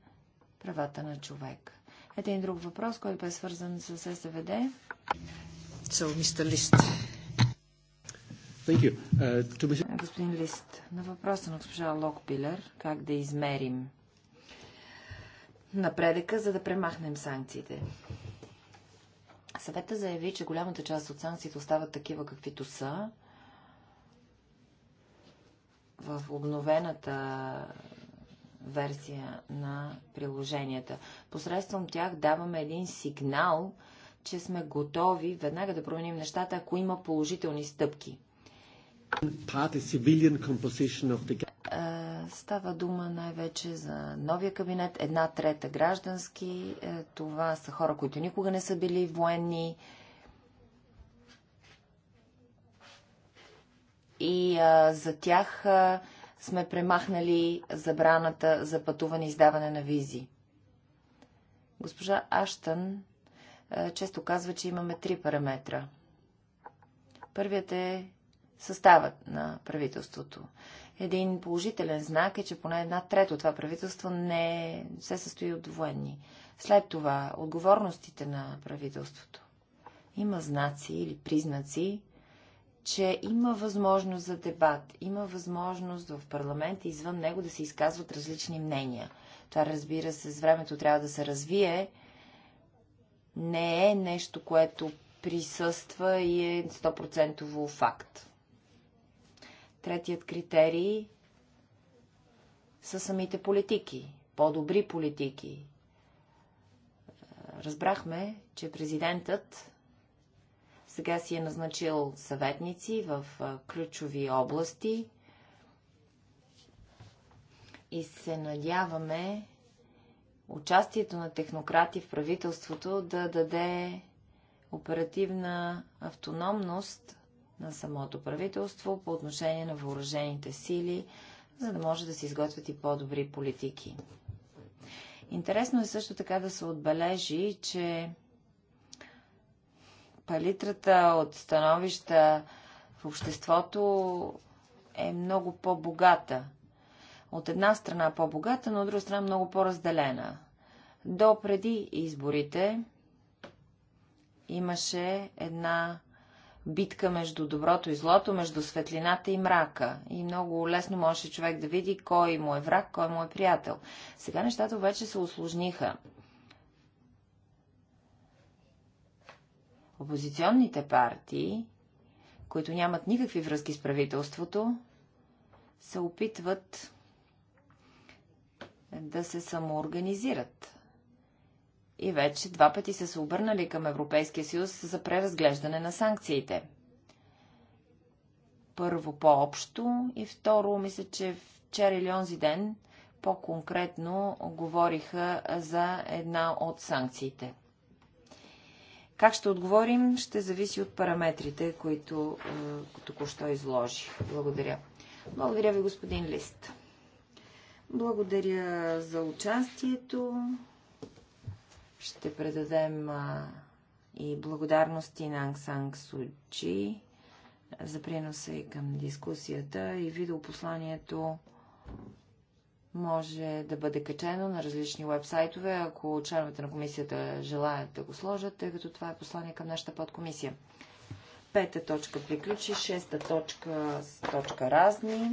правата на човек. Ето Един друг въпрос, който е свързан с СВД. So, Mr. Uh, господин Лист, на въпроса на госпожа Локпилер, как да измерим напредъка, за да премахнем санкциите. Съвета заяви, че голямата част от санкциите остават такива, каквито са, в обновената версия на приложенията. Посредством тях даваме един сигнал, че сме готови веднага да променим нещата, ако има положителни стъпки. Става дума най-вече за новия кабинет, една трета граждански. Е, това са хора, които никога не са били военни, и а, за тях а, сме премахнали забраната за пътуване и издаване на визи. Госпожа Аштън а, често казва, че имаме три параметра. Първият е съставът на правителството. Един положителен знак е, че поне една трета от това правителство не е, се състои от военни. След това отговорностите на правителството. Има знаци или признаци, че има възможност за дебат, има възможност в парламента извън него да се изказват различни мнения. Това, разбира се, с времето трябва да се развие. Не е нещо, което присъства и е 100% факт. Третият критерий са самите политики, по-добри политики. Разбрахме, че президентът сега си е назначил съветници в ключови области и се надяваме участието на технократи в правителството да даде оперативна автономност на самото правителство по отношение на въоръжените сили, за да може да се изготвят и по-добри политики. Интересно е също така да се отбележи, че палитрата от становища в обществото е много по-богата. От една страна по-богата, но от друга страна много по-разделена. До преди изборите имаше една битка между доброто и злото, между светлината и мрака. И много лесно можеше човек да види кой му е враг, кой му е приятел. Сега нещата вече се осложниха. Опозиционните партии, които нямат никакви връзки с правителството, се опитват да се самоорганизират. И вече два пъти са се обърнали към Европейския съюз за преразглеждане на санкциите. Първо по-общо и второ, мисля, че вчера или онзи ден по-конкретно говориха за една от санкциите – как ще отговорим, ще зависи от параметрите, които е, току-що изложих. Благодаря. Благодаря ви, господин Лист. Благодаря за участието. Ще предадем а, и благодарности на Ангсан Суджи за приноса и към дискусията и видеопосланието може да бъде качено на различни вебсайтове, ако членовете на комисията желаят да го сложат, тъй като това е послание към нашата подкомисия. Пета точка приключи, шеста точка с точка разни,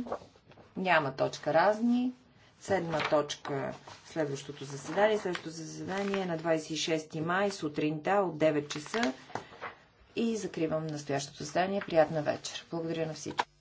няма точка разни, седма точка следващото заседание. Следващото заседание е на 26 май сутринта от 9 часа и закривам настоящото заседание. Приятна вечер. Благодаря на всички.